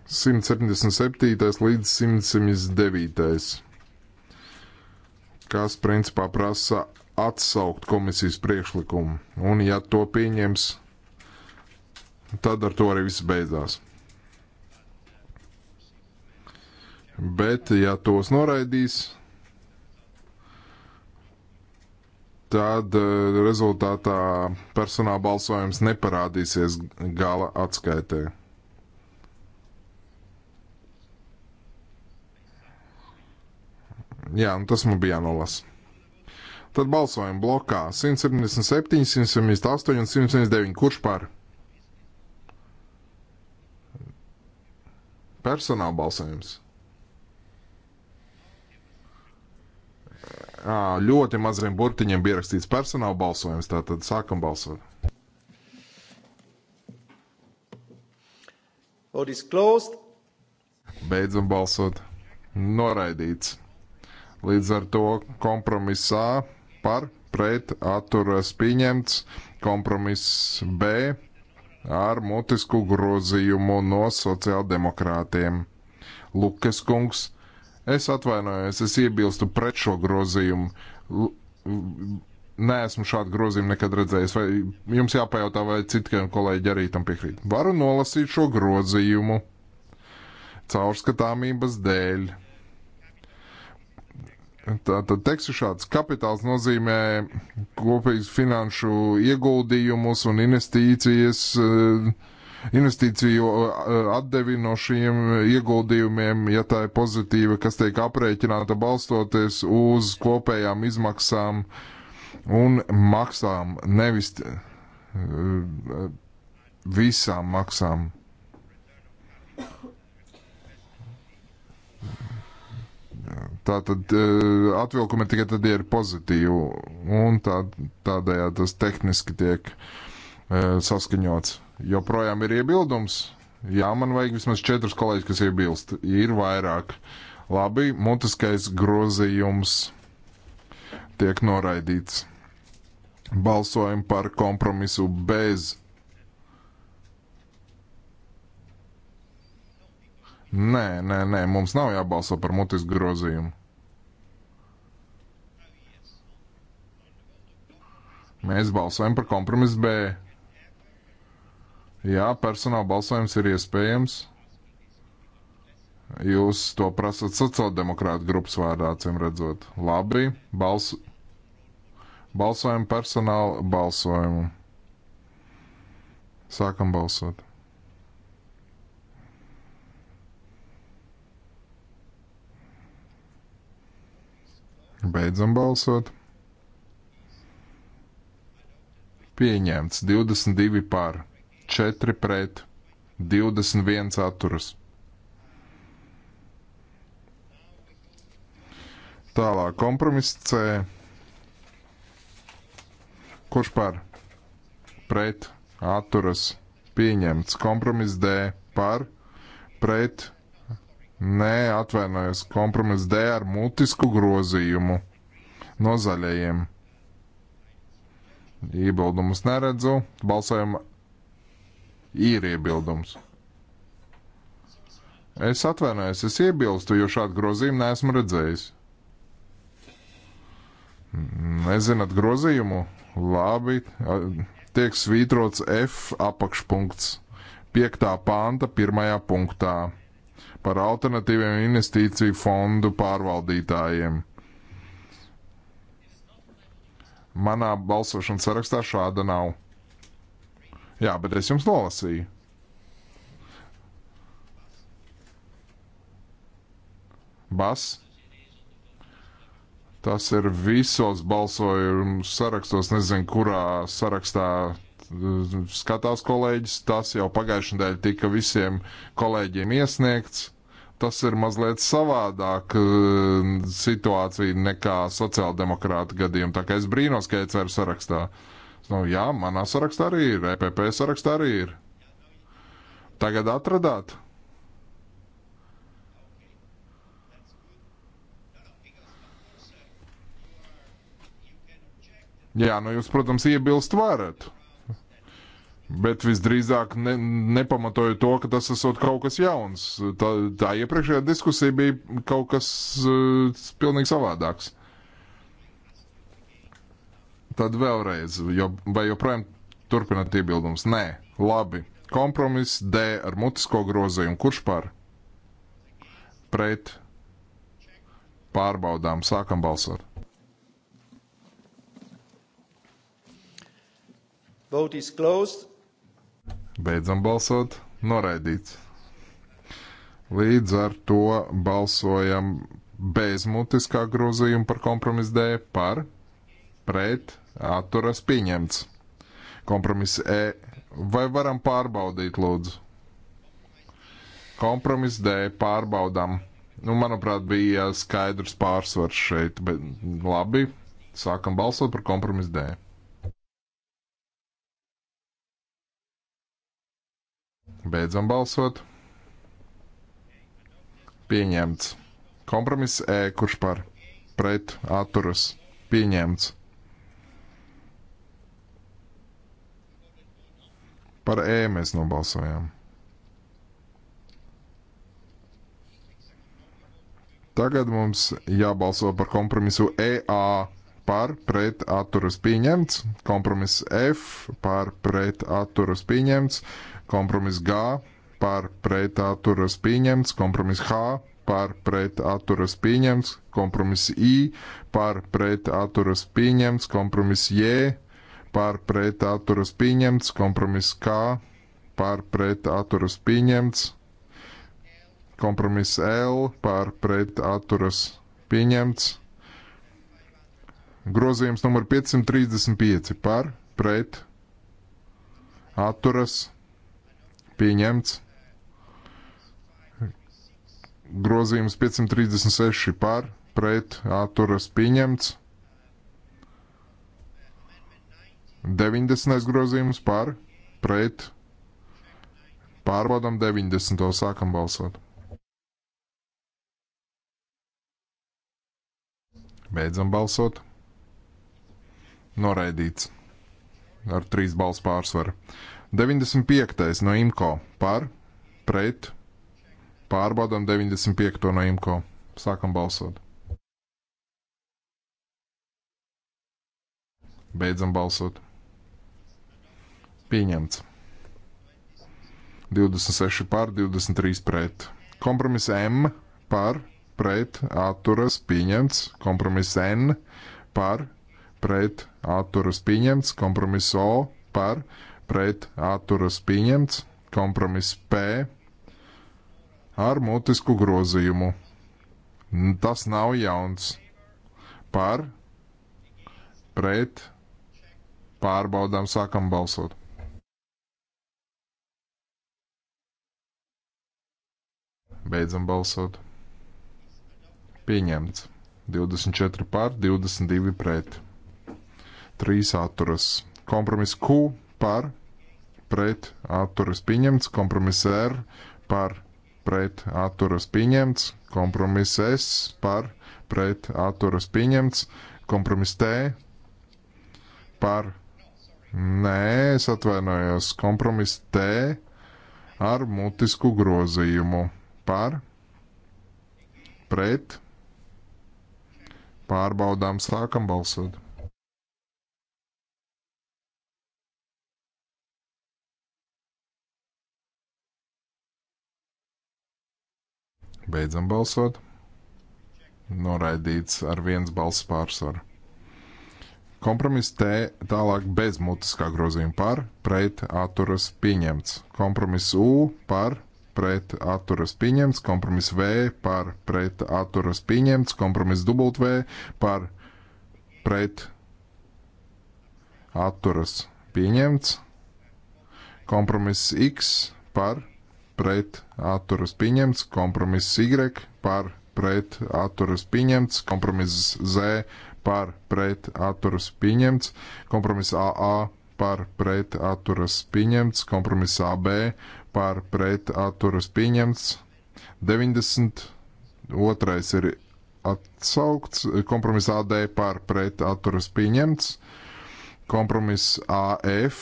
177. līdz 179. kas principā prasa atsaukt komisijas priekšlikumu, un ja to pieņems, tad ar to arī viss beidzās. Bet, ja tos noraidīs, tad eh, rezultātā personāla balsojums neparādīsies gala atskaitē. Jā, nu tas man bija jānolasa. Tad balsojam blokā 177, 178 un 179. Kurš par? Personāla balsojums. ļoti maziem burtiņiem bija rakstīts personāla balsojums. Tātad sākam balsot. Beidzam balsot. Noraidīts. Līdz ar to kompromisā par pret atturas pieņemts kompromiss B ar mutisku grozījumu no sociāldemokrātiem. Lukas kungs Es atvainojos, es iebilstu pret šo grozījumu. Nē, esmu šādu grozījumu nekad redzējis. Vai jums jāpajautā, vai citiem kolēģi arī tam piekrīt? Varu nolasīt šo grozījumu caurskatāmības dēļ. Tātad teksts ir šāds. Kapitāls nozīmē kopīgs finanšu ieguldījumus un investīcijas. Uh, investīciju uh, atdevi no šiem ieguldījumiem, ja tā ir pozitīva, kas tiek aprēķināta balstoties uz kopējām izmaksām un maksām, nevis uh, visām maksām. Tā tad uh, atvilkumi tikai tad ir pozitīvi, un tā, tādējādi tas tehniski tiek saskaņots joprojām ir iebildums. Jā, man vajag vismaz četrus kolēģus, kas iebilst. Ir vairāk. Labi, mutiskais grozījums tiek noraidīts. Balsojam par kompromisu bez. Nē, nē, nē, mums nav jābalso par mutisku grozījumu. Mēs balsojam par kompromisu B. Jā, personāla balsojums ir iespējams. Jūs to prasat sociāldemokrāta grupas vārdā, acīm redzot. Labi, bals... balsojam personāla balsojumu. Sākam balsot. Beidzam balsot. Pieņemts 22 par. 4 pret, 21 atturas. Tālāk, kompromiss C. Kurš par? Pret, atturas, pieņemts. Kompromiss D par, pret, nē, atvainojos, kompromiss D ar mutisku grozījumu no zaļajiem. Iebildumus neredzu, balsojam ir iebildums. Es atvainojos, es iebilstu, jo šādu grozījumu neesmu redzējis. Nezināt grozījumu? Labi, tiek svītrots F apakšpunkts 5. panta 1. punktā par alternatīviem investīciju fondu pārvaldītājiem. Manā balsošanas sarakstā šāda nav. Jā, bet es jums nolasīju. Bas. Tas ir visos balsojumu sarakstos, nezinu, kurā sarakstā eh, skatās kolēģis. Tas jau pagājušajā nedēļā tika visiem kolēģiem iesniegts. Tas ir mazliet savādāk eh, situācija nekā sociāldemokrāta gadījumā. Tā kā es brīnos, ka ECR sarakstā. Uh, Nu, jā, manā sarakstā arī ir, EPP sarakstā arī ir. Tagad atradāt? Jā, nu jūs, protams, iebilst varat. Bet visdrīzāk ne, nepamatoju to, ka tas esot kaut kas jauns. Tā, tā iepriekšējā diskusija bija kaut kas uh, pilnīgi savādāks. Tad vēlreiz, jo, vai joprojām turpināt iebildums? Nē, labi. Kompromiss D ar mutisko grozījumu. Kurš par? Pret. Pārbaudām. Sākam balsot. Vote is closed. Beidzam balsot. Noraidīts. Līdz ar to balsojam bez mutiskā grozījuma par kompromisu D par, pret, Atturas pieņemts. Kompromiss E. Vai varam pārbaudīt, lūdzu? Kompromiss D. Pārbaudām. Nu, manuprāt, bija skaidrs pārsvars šeit, bet labi. Sākam balsot par kompromisu D. Beidzam balsot. Pieņemts. Kompromiss E, kurš par pret atturas. Pieņemts. Par E mēs nobalsojām. Tagad mums jābalso par kompromisu EA par pret atturas pieņemts, kompromiss F par pret atturas pieņemts, kompromiss G par pret atturas pieņemts, kompromiss H par pret atturas pieņemts, kompromiss I par pret atturas pieņemts, kompromiss J pār pret atturas pieņemts, kompromiss K pār pret atturas pieņemts, kompromiss L pār pret atturas pieņemts. Grozījums numur 535 par pret atturas pieņemts. Grozījums 536 par pret atturas pieņemts 90. grozījums par, pret, pārbaudam 90. sākam balsot. Beidzam balsot. Noraidīts. Ar trīs balsu pārsvaru. 95. no IMCO par, pret, pārbaudam 95. no IMCO. Sākam balsot. Beidzam balsot Pieņemts. 26 pār 23 pret. Kompromiss M par pret atturas pieņemts. Kompromiss N par pret atturas pieņemts. Kompromiss O par pret atturas pieņemts. Kompromiss P ar mutisku grozījumu. Tas nav jauns. Par pret pārbaudām sākam balsot. Beidzam balsot. Pieņemts. 24 pār, 22 pret. 3 atturas. Kompromiss Q par, pret, atturas pieņemts. Kompromiss R par, pret, atturas pieņemts. Kompromiss S par, pret, atturas pieņemts. Kompromiss T par, nē, es atvainojos, kompromiss T ar mutisku grozījumu. Pār. Pret. Pārbaudām, sākam balsot. Beidzam balsot. Noraidīts ar viens balss pārsvaru. Kompromiss T tālāk bez mutiskā grozījuma par, pret, atturas pieņemts. Kompromiss U par, pret atturas pieņemts, kompromiss V par pret atturas pieņemts, kompromiss dubult V par pret atturas pieņemts, kompromiss X par pret atturas pieņemts, kompromiss Y par pret atturas pieņemts, kompromiss Z par pret atturas pieņemts, kompromiss AA par pret atturas pieņemts, kompromiss AB par pret atturas pieņemts. 92. ir atsaukts. Kompromiss AD par pret atturas pieņemts. Kompromiss AF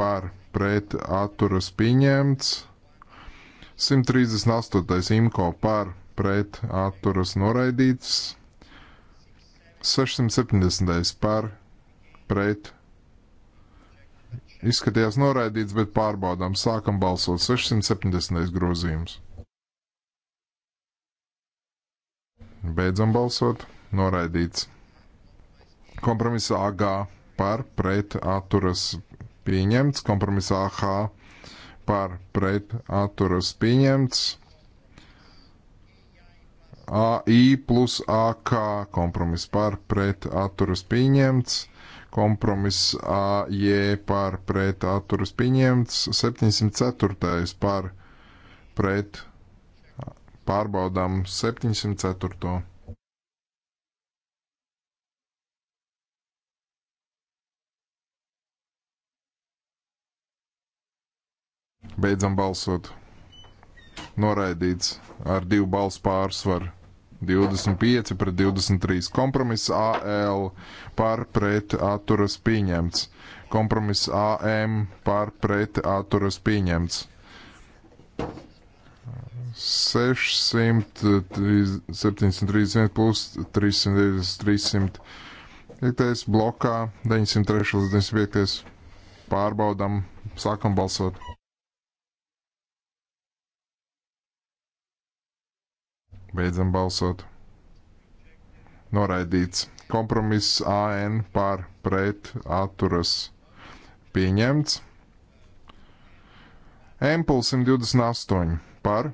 par pret atturas pieņemts. 138. imko par pret atturas noraidīts. 670. par pret Izskatījās noraidīts, bet pārbaudām. Sākam balsot 670. grozījums. Beidzam balsot. Noraidīts. Kompromisa AG par pret atturas pieņemts. Kompromisa AH par pret atturas pieņemts. AI plus AK kompromiss par pret atturas pieņemts kompromiss AJ par pret atturas pieņemts, 704. par pret pārbaudām 704. Beidzam balsot. Noraidīts ar divu balsu pārsvaru. 25 pret 23. Kompromiss AL par pret atturas pieņemts. Kompromiss AM par pret atturas pieņemts. 671 plus 300, 300. Teiktais blokā 903 līdz 95. Pārbaudam, sākam balsot. Beidzam balsot. Noraidīts. Kompromiss AN par pret atturas pieņemts. Empul 128 par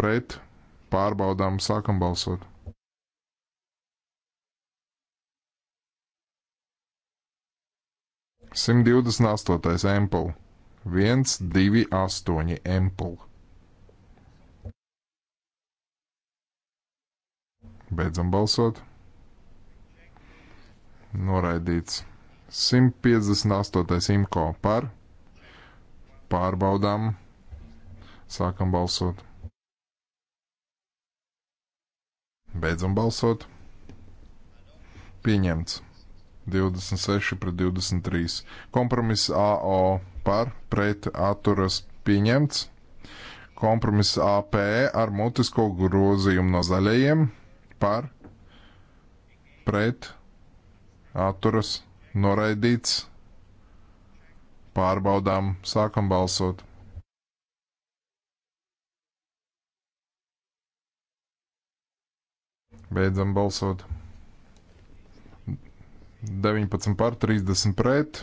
pret pārbaudām sākam balsot. Simt divdesmit astotais empul. Viens, divi, astoņi empul. Beidzam balsot. Noraidīts. 158. imko par. Pārbaudām. Sākam balsot. Beidzam balsot. Pieņemts. 26 pret 23. Kompromiss AO par pret atturas pieņemts. Kompromiss AP ar mutisko grozījumu no zaļajiem par pret atturas noraidīts. Pārbaudām, sākam balsot. Beidzam balsot. 19 par 30 pret.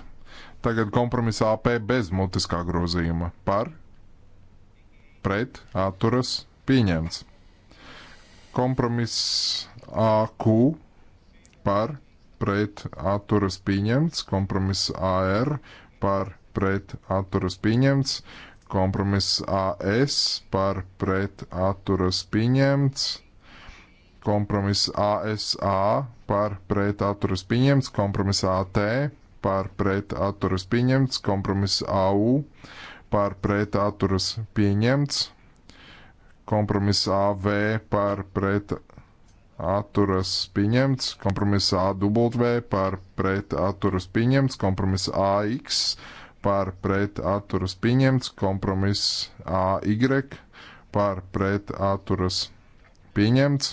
Tagad kompromisā AP bez mutiskā grozījuma. Par, pret, atturas, pieņemts. Kompromiss AQ par pret atturas pieņemts, kompromiss AR par pret atturas pieņemts, kompromiss AS par pret atturas pieņemts, kompromiss ASA par pret atturas pieņemts, kompromiss AT par pret atturas pieņemts, kompromiss AU par pret atturas pieņemts, kompromiss AV par pret atturas pieņemts, kompromiss AW par pret atturas pieņemts, kompromiss AX par pret atturas pieņemts, kompromiss AY par pret atturas pieņemts,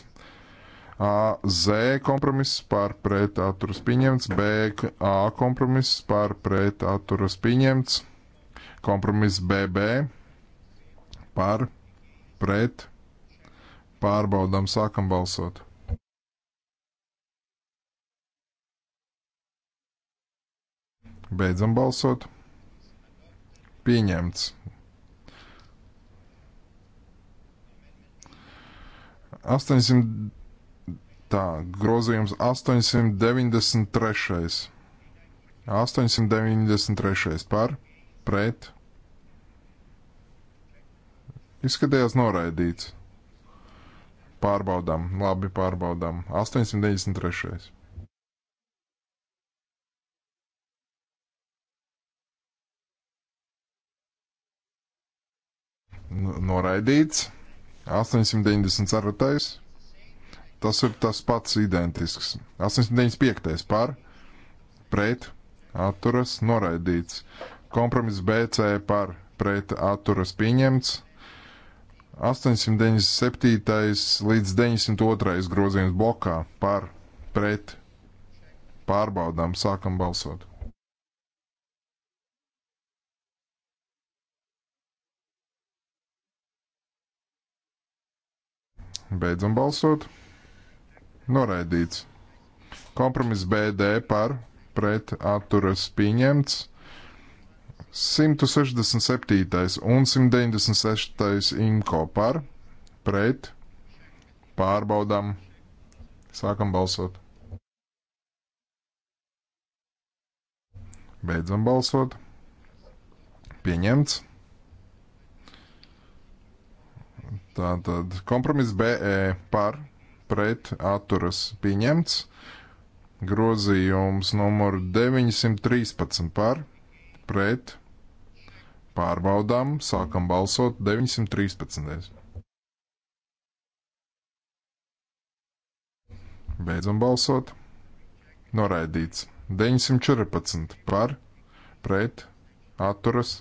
AZ kompromiss par pret atturas pieņemts, BA kompromiss par pret atturas pieņemts, kompromiss BB par pret pret, pārbaudām, sākam balsot. Beidzam balsot. Pieņemts. Astoņsimt tā, grozījums 893. 893. par, pret, Izskatījās noraidīts. Pārbaudām, labi, pārbaudām. 893. Noraidīts. 894. Tas ir tas pats identisks. 895. par, pret, atturas, noraidīts. Kompromiss BC par, pret, atturas, pieņemts. 897. līdz 902. grozījums blokā par pret pārbaudām sākam balsot. Beidzam balsot. Noraidīts. Kompromiss BD par pret atturas pieņemts. 167. un 196. imko par, pret, pārbaudām, sākam balsot. Beidzam balsot. Pieņemts. Tātad kompromiss BE par, pret, atturas pieņemts. Grozījums numur 913 par, pret, Pārbaudām, sākam balsot 913. Beidzam balsot. Noraidīts 914 par, pret, atturas,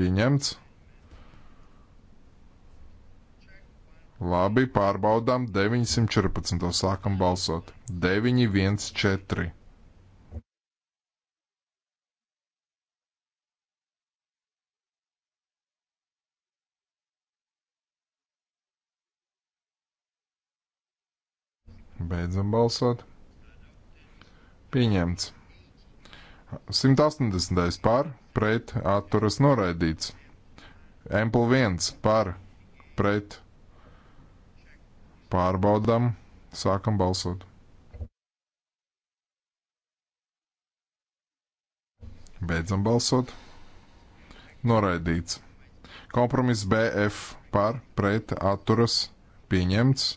pieņemts. Labi, pārbaudām 914. sākam balsot 914. Beidzam balsot. Pieņemts. 180. par, pret, atturas noraidīts. Ample 1 par, pret, pārbaudām, sākam balsot. Beidzam balsot. Noraidīts. Kompromiss BF par, pret, atturas, pieņemts.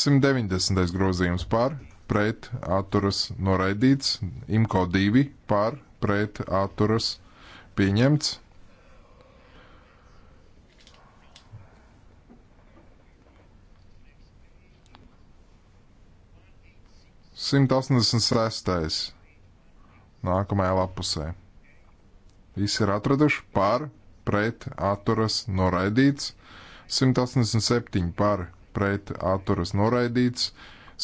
190. grozījums par, pret, atturas noraidīts, imko 2 par, pret, atturas pieņemts. Simt astoņdesmit sestais. Nākamajā lapusē. Visi ir atraduši par, pret, atturas, noraidīts. 187 par, pret atturas noraidīts,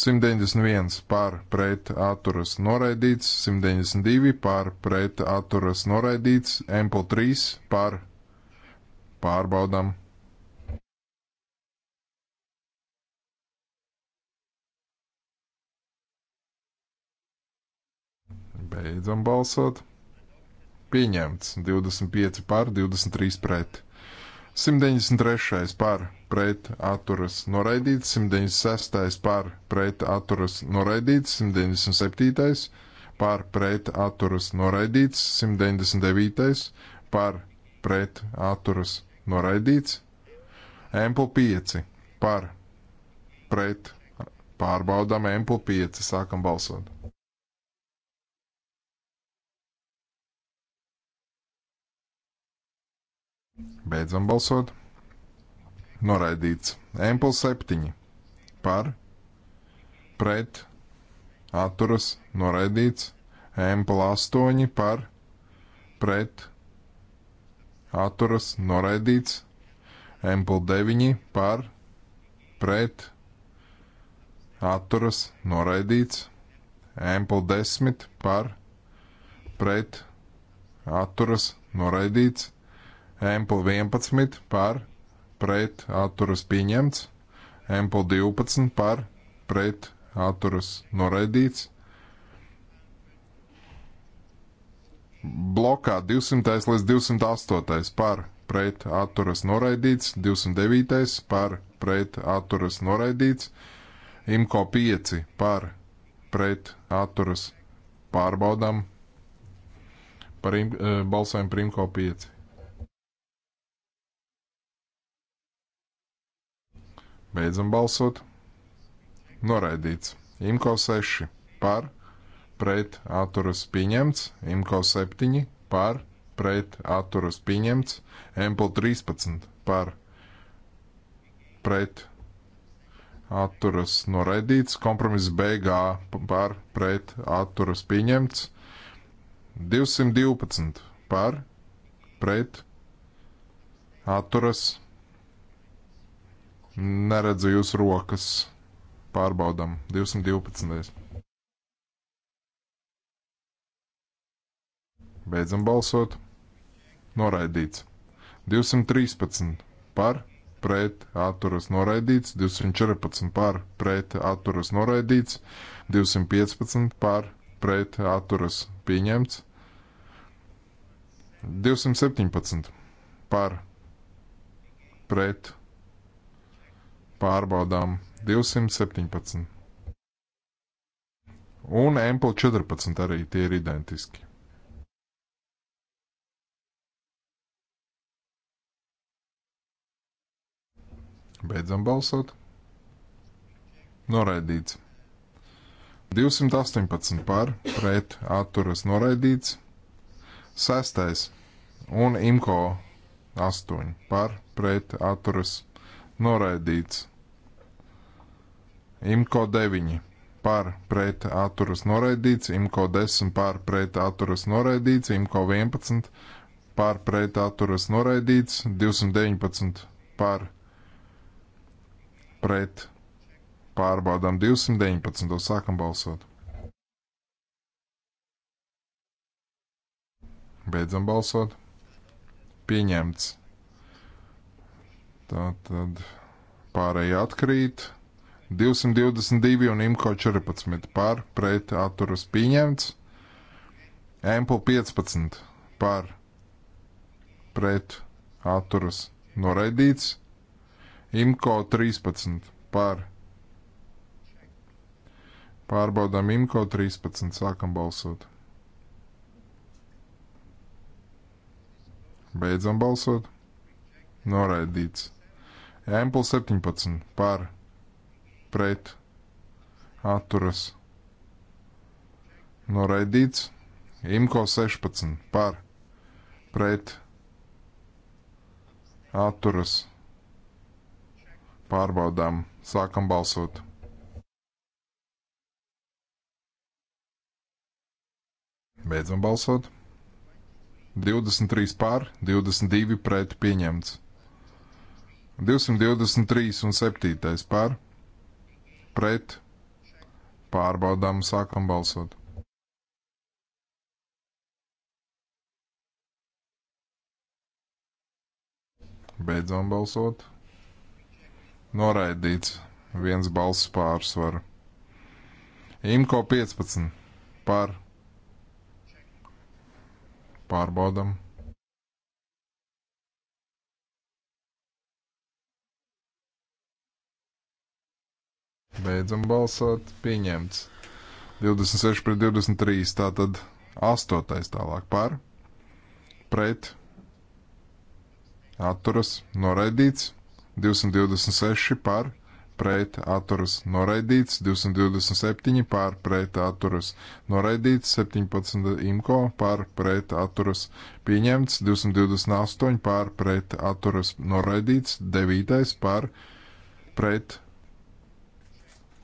191 par pret atturas noraidīts, 192 par pret atturas noraidīts, Ample 3 par pārbaudām. Beidzam balsot. Pieņemts 25 par 23 pret. 193 par pret atturas noraidīts, 196. par pret atturas noraidīts, 197. par pret atturas noraidīts, 199. par pret atturas noraidīts, Ample 5 par pret pārbaudām Ample 5, sākam balsot. Beidzam balsot noraidīts. Ample 7 par, pret, atturas, noraidīts. Ample 8 par, pret, atturas, noraidīts. Ample 9 par, pret, atturas, noraidīts. Ample 10 par, pret, atturas, noraidīts. Ample 11 par, pret atturas pieņemts, MPL 12 par pret atturas noraidīts. Blokā 200. līdz 208. par pret atturas noraidīts, 209. par pret atturas noraidīts, IMCO 5 par pret atturas pārbaudām par im, eh, balsojumu par IMCO 5. Beidzam balsot. Noraidīts. Imko 6 par, pret atturas pieņemts. Imko 7 par, pret atturas pieņemts. Empl 13 par, pret atturas noraidīts. Kompromiss BG par, pret atturas pieņemts. 212 par, pret atturas pieņemts atturas Neredzu jūs rokas. Pārbaudam. 212. Beidzam balsot. Noraidīts. 213 par, pret, atturas noraidīts. 214 par, pret, atturas noraidīts. 215 par, pret, atturas pieņemts. 217 par, pret, pārbaudām 217. Un Ample 14 arī tie ir identiski. Beidzam balsot. Noraidīts. 218 par, pret, atturas noraidīts. Sestais un IMCO 8 par, pret, atturas noraidīts noraidīts. Imko 9 par pret atturas noraidīts, Imko 10 par pret atturas noraidīts, Imko 11 par pret atturas noraidīts, 219 par pret pārbaudām 219, sākam balsot. Beidzam balsot. Pieņemts Tā tad pārējie atkrīt. 222 un IMCO 14 par pret atturas pieņemts. EMPO 15 par pret atturas noraidīts. IMCO 13 par pārbaudām IMCO 13 sākam balsot. Beidzam balsot. Noraidīts. Ample 17 par pret atturas noraidīts. Imko 16 par pret atturas pārbaudām. Sākam balsot. Beidzam balsot. 23 pār, 22 pret pieņemts. 223 un 7 par, pret, pārbaudām, sākam balsot. Beidzam balsot. Noraidīts viens balss pārsvaru. Imko 15 par pārbaudām. Beidzam balsot. Pieņemts. 26 pret 23. Tātad 8. tālāk par. Pret. Atturas. Noraidīts. 226 par pret atturas noraidīts, 227 pār pret atturas noraidīts, 17 imko pār pret atturas pieņemts, 228 pār pret atturas noraidīts, 9 pār pret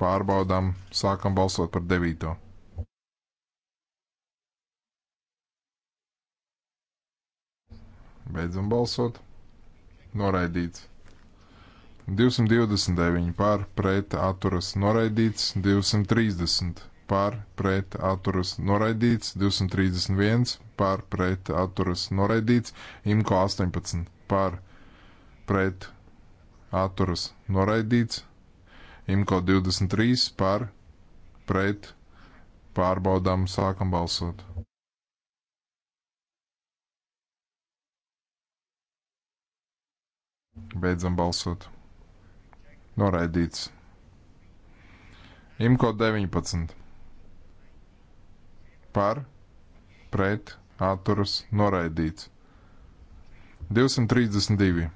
Pārbaudām, sākam balsot par devīto. Beidzam balsot. Noraidīts. 229 pār pret atturas noraidīts, 230 pār pret atturas noraidīts, 231 pār pret atturas noraidīts, imko 18 pār pret atturas noraidīts, Imko 23 par pret pārbaudām sākam balsot. Beidzam balsot. Noraidīts. Imko 19. Par, pret, atturas, noraidīts. 232.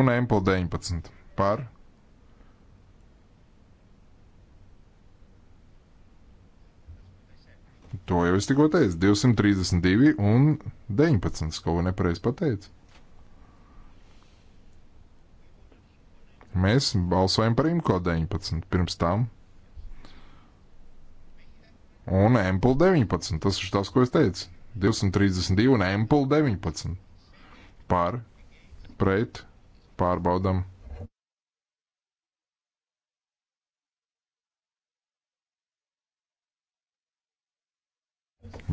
Un Empel 19. Par, To jau es tikko teicu. 232 un 19. Kaut ko nepareizi pateicu. Mēs balsojam par IMCO 19 pirms tam. Un MPL 19. Tas ir tas, ko es teicu. 232 un MPL 19. Par, pret, pārbaudam.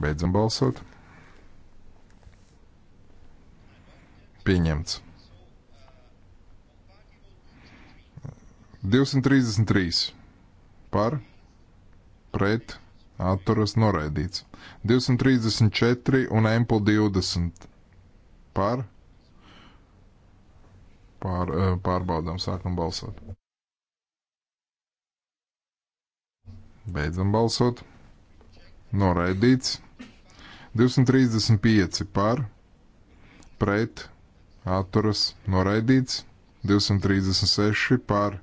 Beidzam balsot. Pieņemts. 233 par, pret, atturas noraidīts. 234 un ampul 20 par, pār, eh, pārbaudām, sākam balsot. Beidzam balsot noraidīts. 235 par, pret, atturas, noraidīts. 236 par,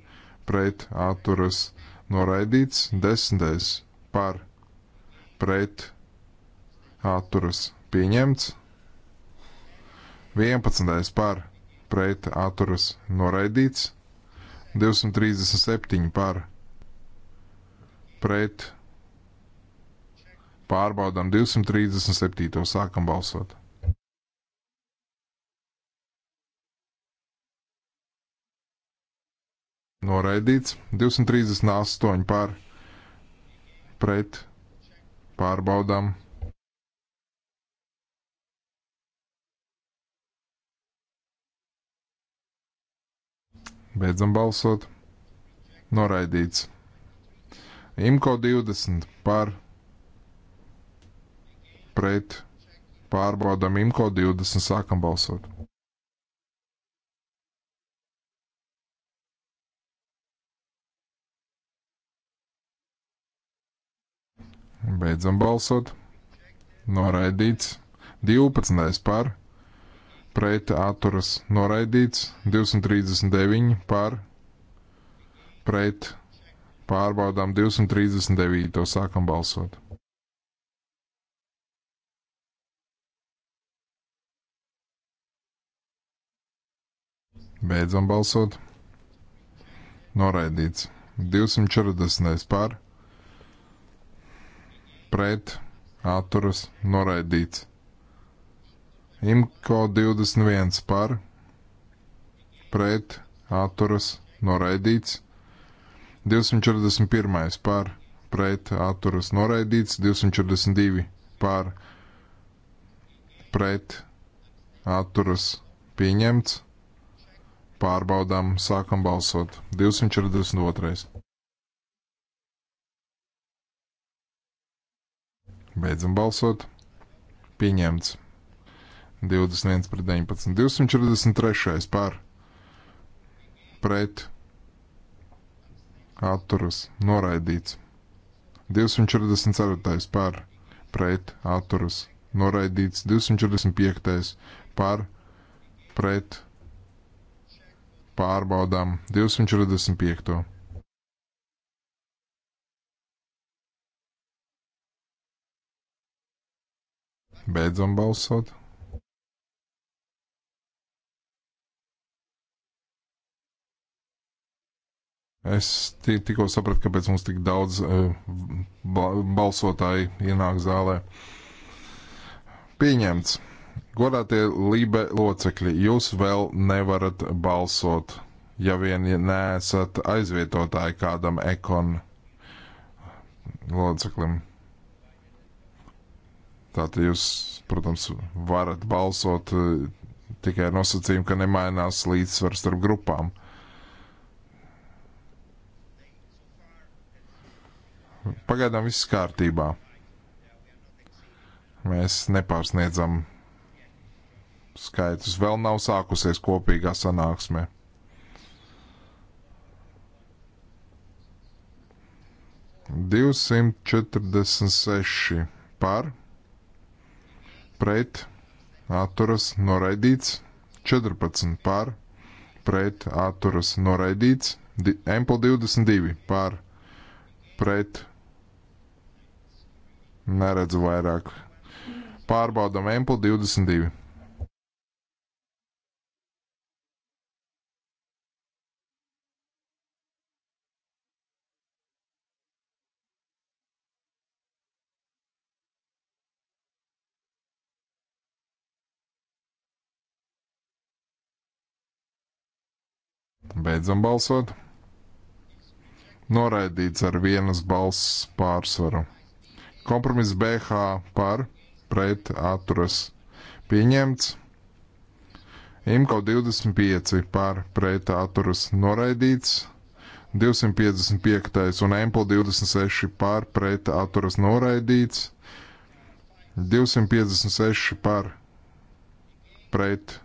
pret, atturas, noraidīts. 10 par, pret, atturas, pieņemts. 11 par, pret, atturas, noraidīts. 237 par, pret, atturas, noraidīts. Pārbaudām 237. sākam balsot. Noraidīts 238 par pret pārbaudām. Beidzam balsot. Noraidīts. Imko 20 par pret pārbaudam IMCO 20, sākam balsot. Beidzam balsot. Noraidīts. 12. par. Pret atturas noraidīts. 239 par. Pret pārbaudām 239. Sākam balsot. Beidzam balsot. Noraidīts. 240. par. Pret. Atturas. Noraidīts. Imko 21 par. Pret. Atturas. Noraidīts. 241 par. Pret. Atturas. Noraidīts. 242 par. Pret. Atturas. Pieņemts. Pārbaudām, sākam balsot. 242. Beidzam balsot. Pieņemts. 21 pret 19. 243. par. Pret. Atturas. Noraidīts. 244. par. Pret. Atturas. Noraidīts. 245. par. Pret pārbaudām 245. Beidzam balsot. Es tikko sapratu, kāpēc mums tik daudz uh, balsotāji ienāk zālē. Pieņemts. Godātie Lībe locekļi, jūs vēl nevarat balsot, ja vien neesat aizvietotāji kādam ekon loceklim. Tātad jūs, protams, varat balsot eh, tikai ar nosacījumu, ka nemainās līdzsvars starp grupām. Pagaidām viss kārtībā. Mēs nepārsniedzam skaitus. Vēl nav sākusies kopīgā sanāksme. Divsimt četrdesmit seši par, pret, atturas, noraidīts, četrpadsmit par, pret, atturas, noraidīts, Empel 22 par, pret, neredzu vairāk. Pārbaudam Empel 22. Beidzam balsot. Noraidīts ar vienas balss pārsvaru. Kompromiss BH par pret atturas pieņemts. IMCO 25 par pret atturas noraidīts. 255. un Ample 26 par pret atturas noraidīts, 256 par pret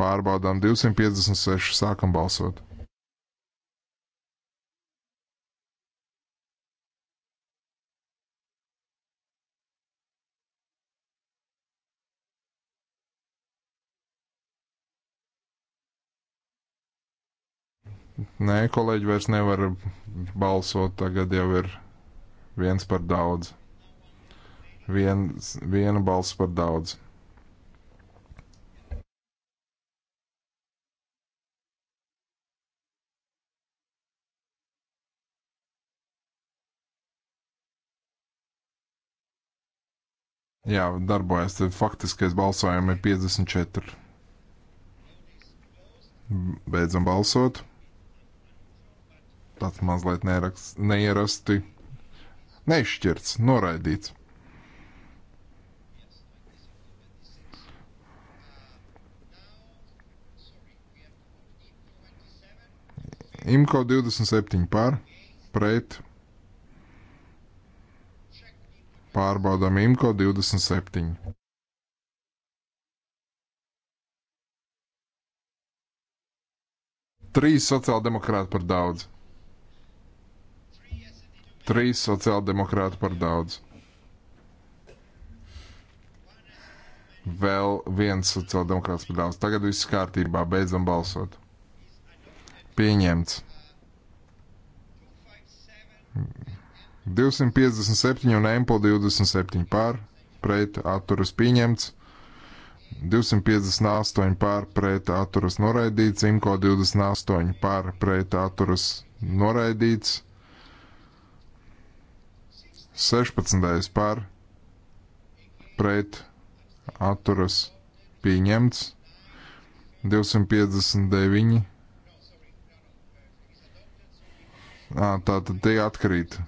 Pārbaudām 256. Sākam balsot. Nē, kolēģi vairs nevar balsot. Tagad jau ir viens par daudz. Viens, viena balss par daudz. Jā, darbojas. Faktiskais balsojums ir 54. Beidzam balsot. Tāds mazliet nerakst, neierasti. Neizšķirts, noraidīts. Imko 27 par, pret, pārbaudām IMCO 27. Trīs sociāldemokrāti par daudz. Trīs sociāldemokrāti par daudz. Vēl viens sociāldemokrāts par daudz. Tagad viss kārtībā, beidzam balsot. Pieņemts. 257 un MPO 27 pār pret atturas pieņemts. 258 pār pret atturas noraidīts, IMCO 28 pār pret atturas noraidīts, 16 pār pret atturas pieņemts, 259. À, tā tad tie atkrīt.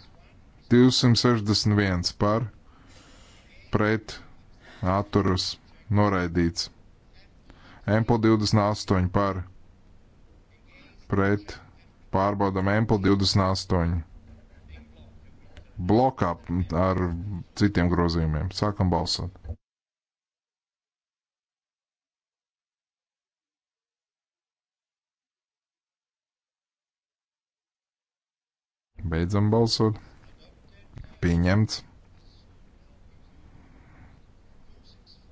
261 par pret atturas noraidīts. Empel 28 par pret pārbaudam Empel 28 blokā ar citiem grozījumiem. Sākam balsot. Beidzam balsot pieņemts.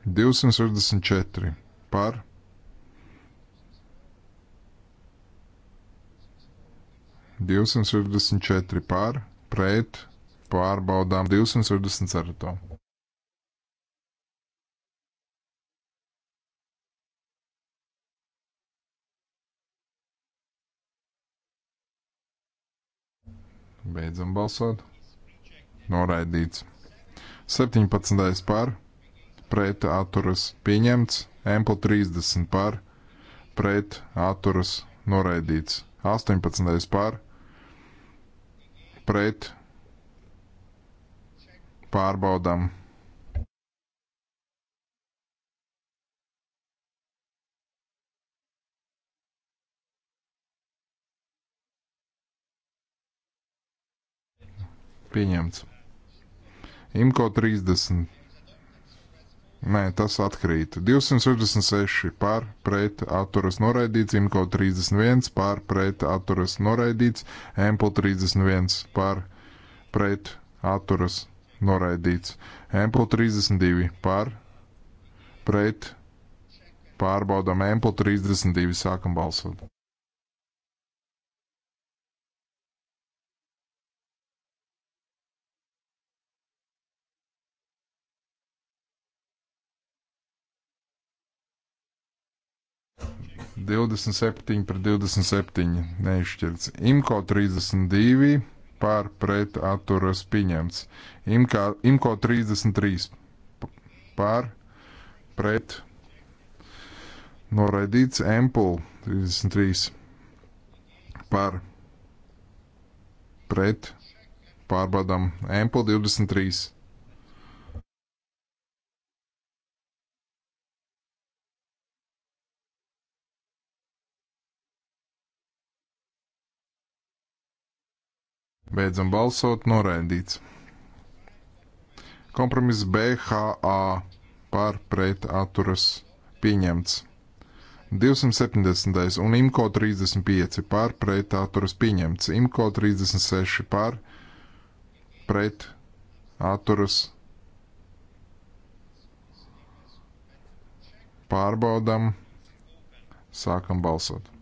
264 par Divsimt sešdesmit četri pār, pret, pārbaudām divsimt sešdesmit ceturto. Beidzam balsot noraidīts. 17. par, pret atturas pieņemts, Ample 30 par, pret atturas noraidīts. 18. par, pret pārbaudām. Pieņemts. Imko 30. Nē, tas atkrīt. 266 par pret atturas noraidīts, Imko 31 par pret atturas noraidīts, Empel 31 par pret atturas noraidīts, Empel 32 par pret pārbaudām Empel 32 sākam balsot. 27 par 27 neizšķirts. Imko 32 par pret atturas pieņemts. Imko, Imko 33 par pret noraidīts. Empul 33 par pret pārbaudām. Empul 23. Beidzam balsot, noraidīts. Kompromiss BHA par pret atturas pieņemts. 270. un IMCO 35 par pret atturas pieņemts. IMCO 36 par pret atturas pārbaudam, sākam balsot.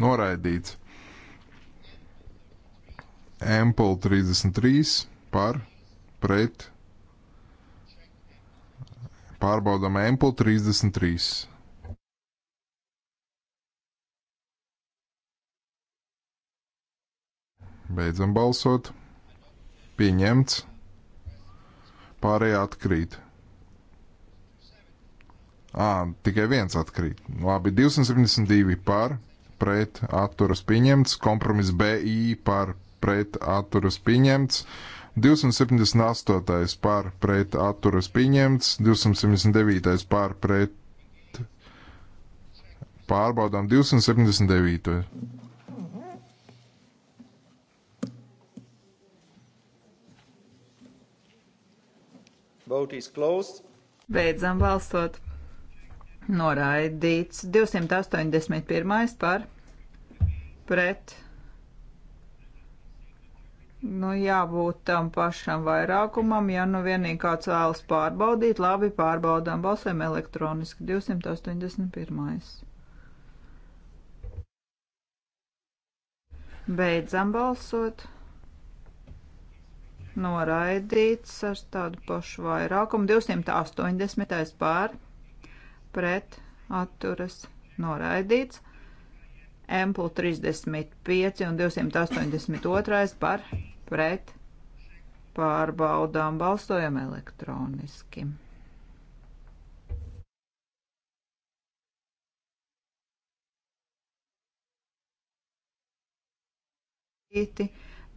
noraidīts. Ample 33 par pret. Pārbaudām Ample 33. Beidzam balsot. Pieņemts. Pārējie atkrīt. Ā, tikai viens atkrīt. Labi, 272 par pret atturas pieņemts, kompromiss BI par pret atturas pieņemts, 278. par pret atturas pieņemts, 279. par pret pārbaudām 279. Vote is closed. Beidzam balsot noraidīts. 281. par pret. Nu, jābūt tam pašam vairākumam, ja nu vienīgi kāds vēlas pārbaudīt, labi pārbaudām, balsēm elektroniski 281. Beidzam balsot. Noraidīts ar tādu pašu vairākumu 280. pār pret atturas noraidīts. Empul 35 un 282 par pret pārbaudām balsojam elektroniski.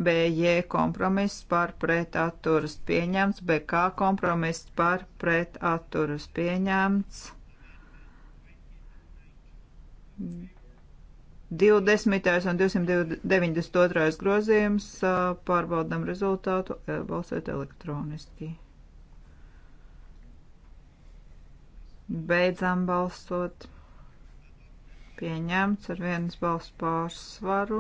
BJ kompromiss par pretatturas pieņemts, BK kompromiss par pretatturas pieņemts. 20. un 292. grozījums pārbaudām rezultātu balsot elektroniski. Beidzām balsot. Pieņemts ar vienas balss pārsvaru.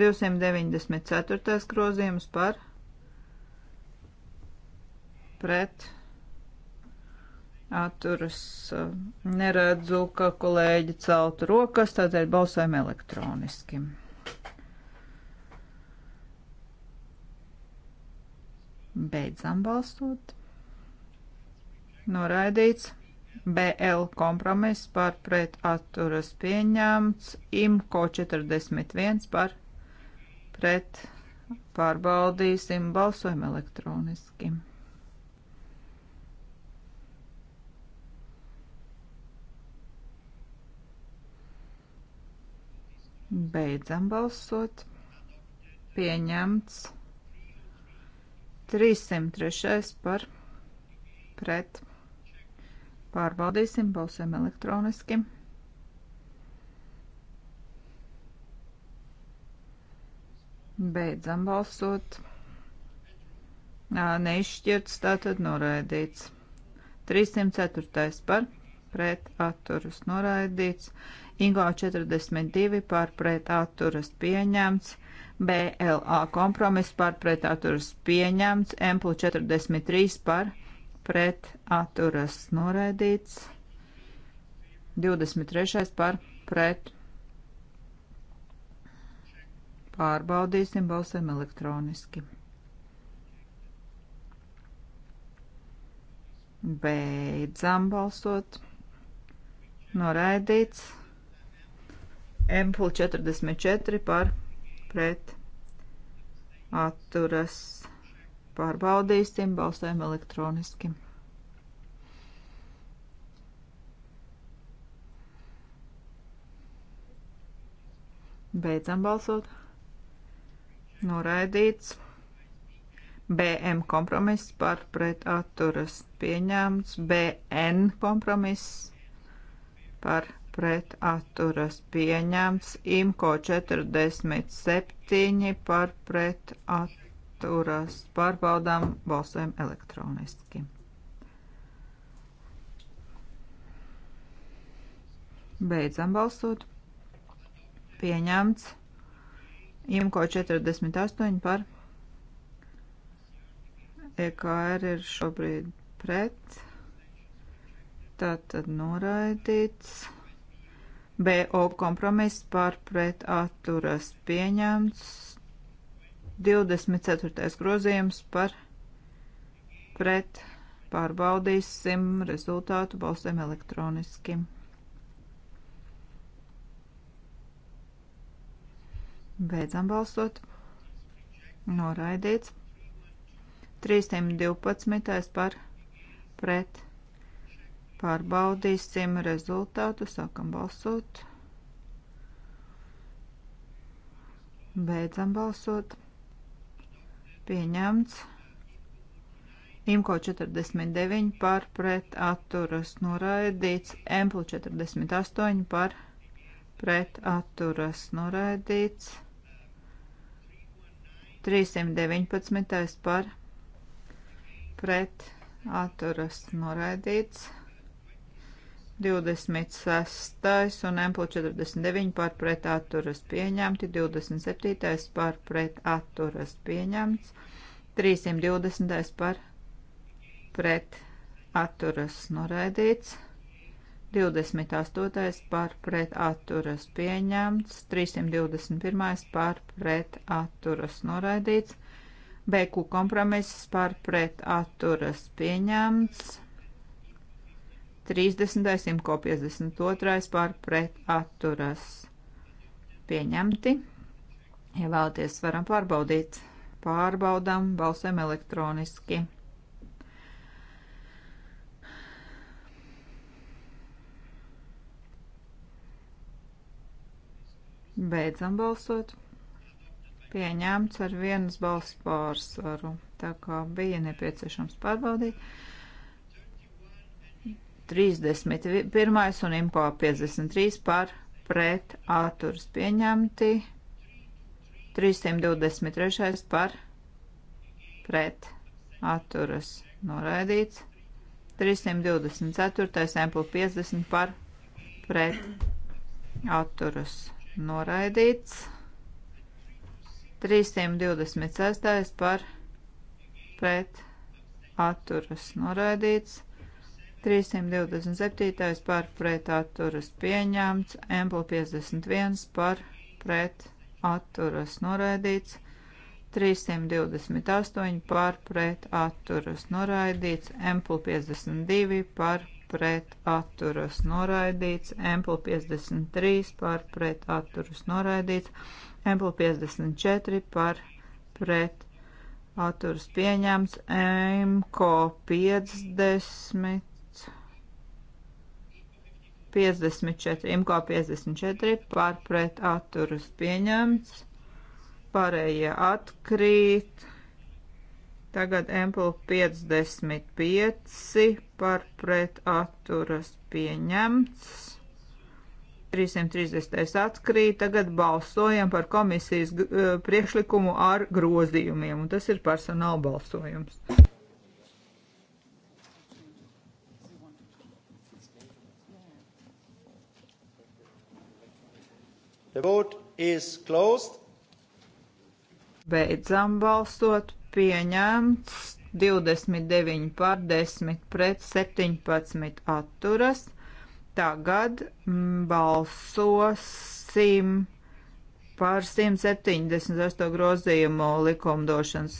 294. grozījums par pret atturas. Uh, neredzu, ka kolēģi celtu rokas, tādēļ balsojam elektroniski. Beidzam balsot. Noraidīts. BL kompromiss par pret atturas pieņemts. IMCO 41 par pret pārbaudīsim balsojumu elektroniski. Beidzam balsot. Pieņemts 303 par pret. Pārbaudīsim, balsojam elektroniski. Beidzam balsot. Neizšķirts, tātad noraidīts. 304 par pret atturus noraidīts. Ingo 42 par pretāturas pieņemts. BLA kompromiss par pretāturas pieņemts. Emplu 43 par pretāturas noraidīts. 23 par pret. Pārbaudīsim, balsēm elektroniski. Beidzam balsot. Noraidīts. Empul 44 par pret atturas. Pārbaudīsim, balsēm elektroniski. Beidzam balsot. Noraidīts. BM kompromiss par pret atturas pieņēmts. BN kompromiss par pret atturas pieņemts, IMCO 47 par pret atturas pārbaudām balsēm elektroniski. Beidzam balsot. Pieņemts. IMCO 48 par EKR ir šobrīd pret. Tātad noraidīts. BO kompromiss par pret atturas pieņemts. 24. grozījums par pret pārbaudīsim rezultātu balsēm elektroniski. Beidzam balsot. Noraidīts. 312. par pret Pārbaudīsim rezultātu, sākam balsot. Beidzam balsot. Pieņemts. Imko 49 par pret atturas noraidīts. Emplu 48 par pret atturas noraidīts. 319 par pret atturas noraidīts. 26. un MP49 par pret atturas pieņemti, 27. par pret atturas pieņemts, 320. par pret atturas noraidīts, 28. par pret atturas pieņemts, 321. par pret atturas noraidīts, BQ kompromiss par pret atturas pieņemts, 30. simko 52. par pret atturas pieņemti. Ja vēlaties, varam pārbaudīt. Pārbaudām, balsēm elektroniski. Beidzam balsot. Pieņemts ar vienas balss pārsvaru. Tā kā bija nepieciešams pārbaudīt. 31 un imko 53 par pret āturs pieņemti. 323 par pret āturas noraidīts. 324 emplu 50 par pret āturas noraidīts. 326 par pret āturas noraidīts. 327. par pret atturas pieņemts, Empla 51 par pret atturas noraidīts, 328 par pret atturas noraidīts, Empla 52 par pret atturas noraidīts, Empla 53 par pret atturas noraidīts, Empla 54 par pret atturas pieņemts, Emko 50 54, imko 54 par pret atturas pieņemts, pārējie atkrīt, tagad empl 55 par pret atturas pieņemts, 330 atkrīt, tagad balsojam par komisijas eh, priekšlikumu ar grozījumiem, un tas ir personāla balsojums. The vote is closed. Beidzam balsot. Pieņemts 29 pār 10 pret 17 atturas. Tagad mm, balsosim par 178 grozījumu likumdošanas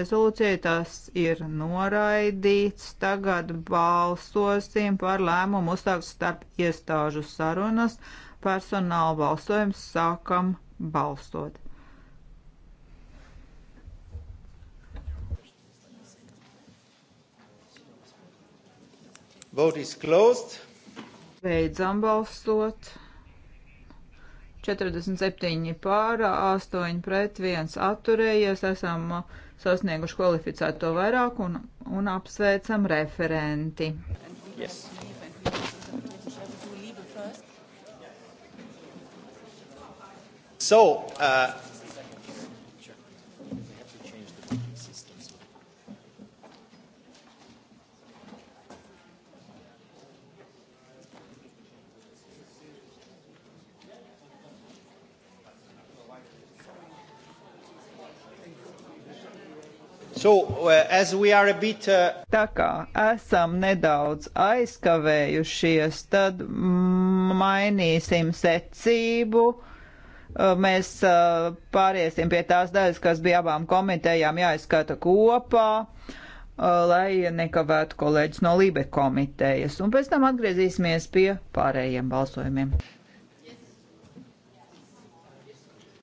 rezolūcijai. Tas ir noraidīts. Tagad balsosim par lēmumu uzsākt starp iestāžu sarunas personāla balsojums sākam balsot. Vote is closed. Beidzam balsot. 47 pār, 8 pret, 1 atturējies. Esam sasnieguši kvalificēto vairāk un, un apsveicam referenti. Yes. So, uh, So, uh, bit, uh... Tā kā esam nedaudz aizkavējušies, tad mainīsim secību Uh, mēs uh, pāriesim pie tās daļas, kas bija abām komitejām jāizskata kopā, uh, lai nekavētu kolēģis no Lībe komitejas. Un pēc tam atgriezīsimies pie pārējiem balsojumiem.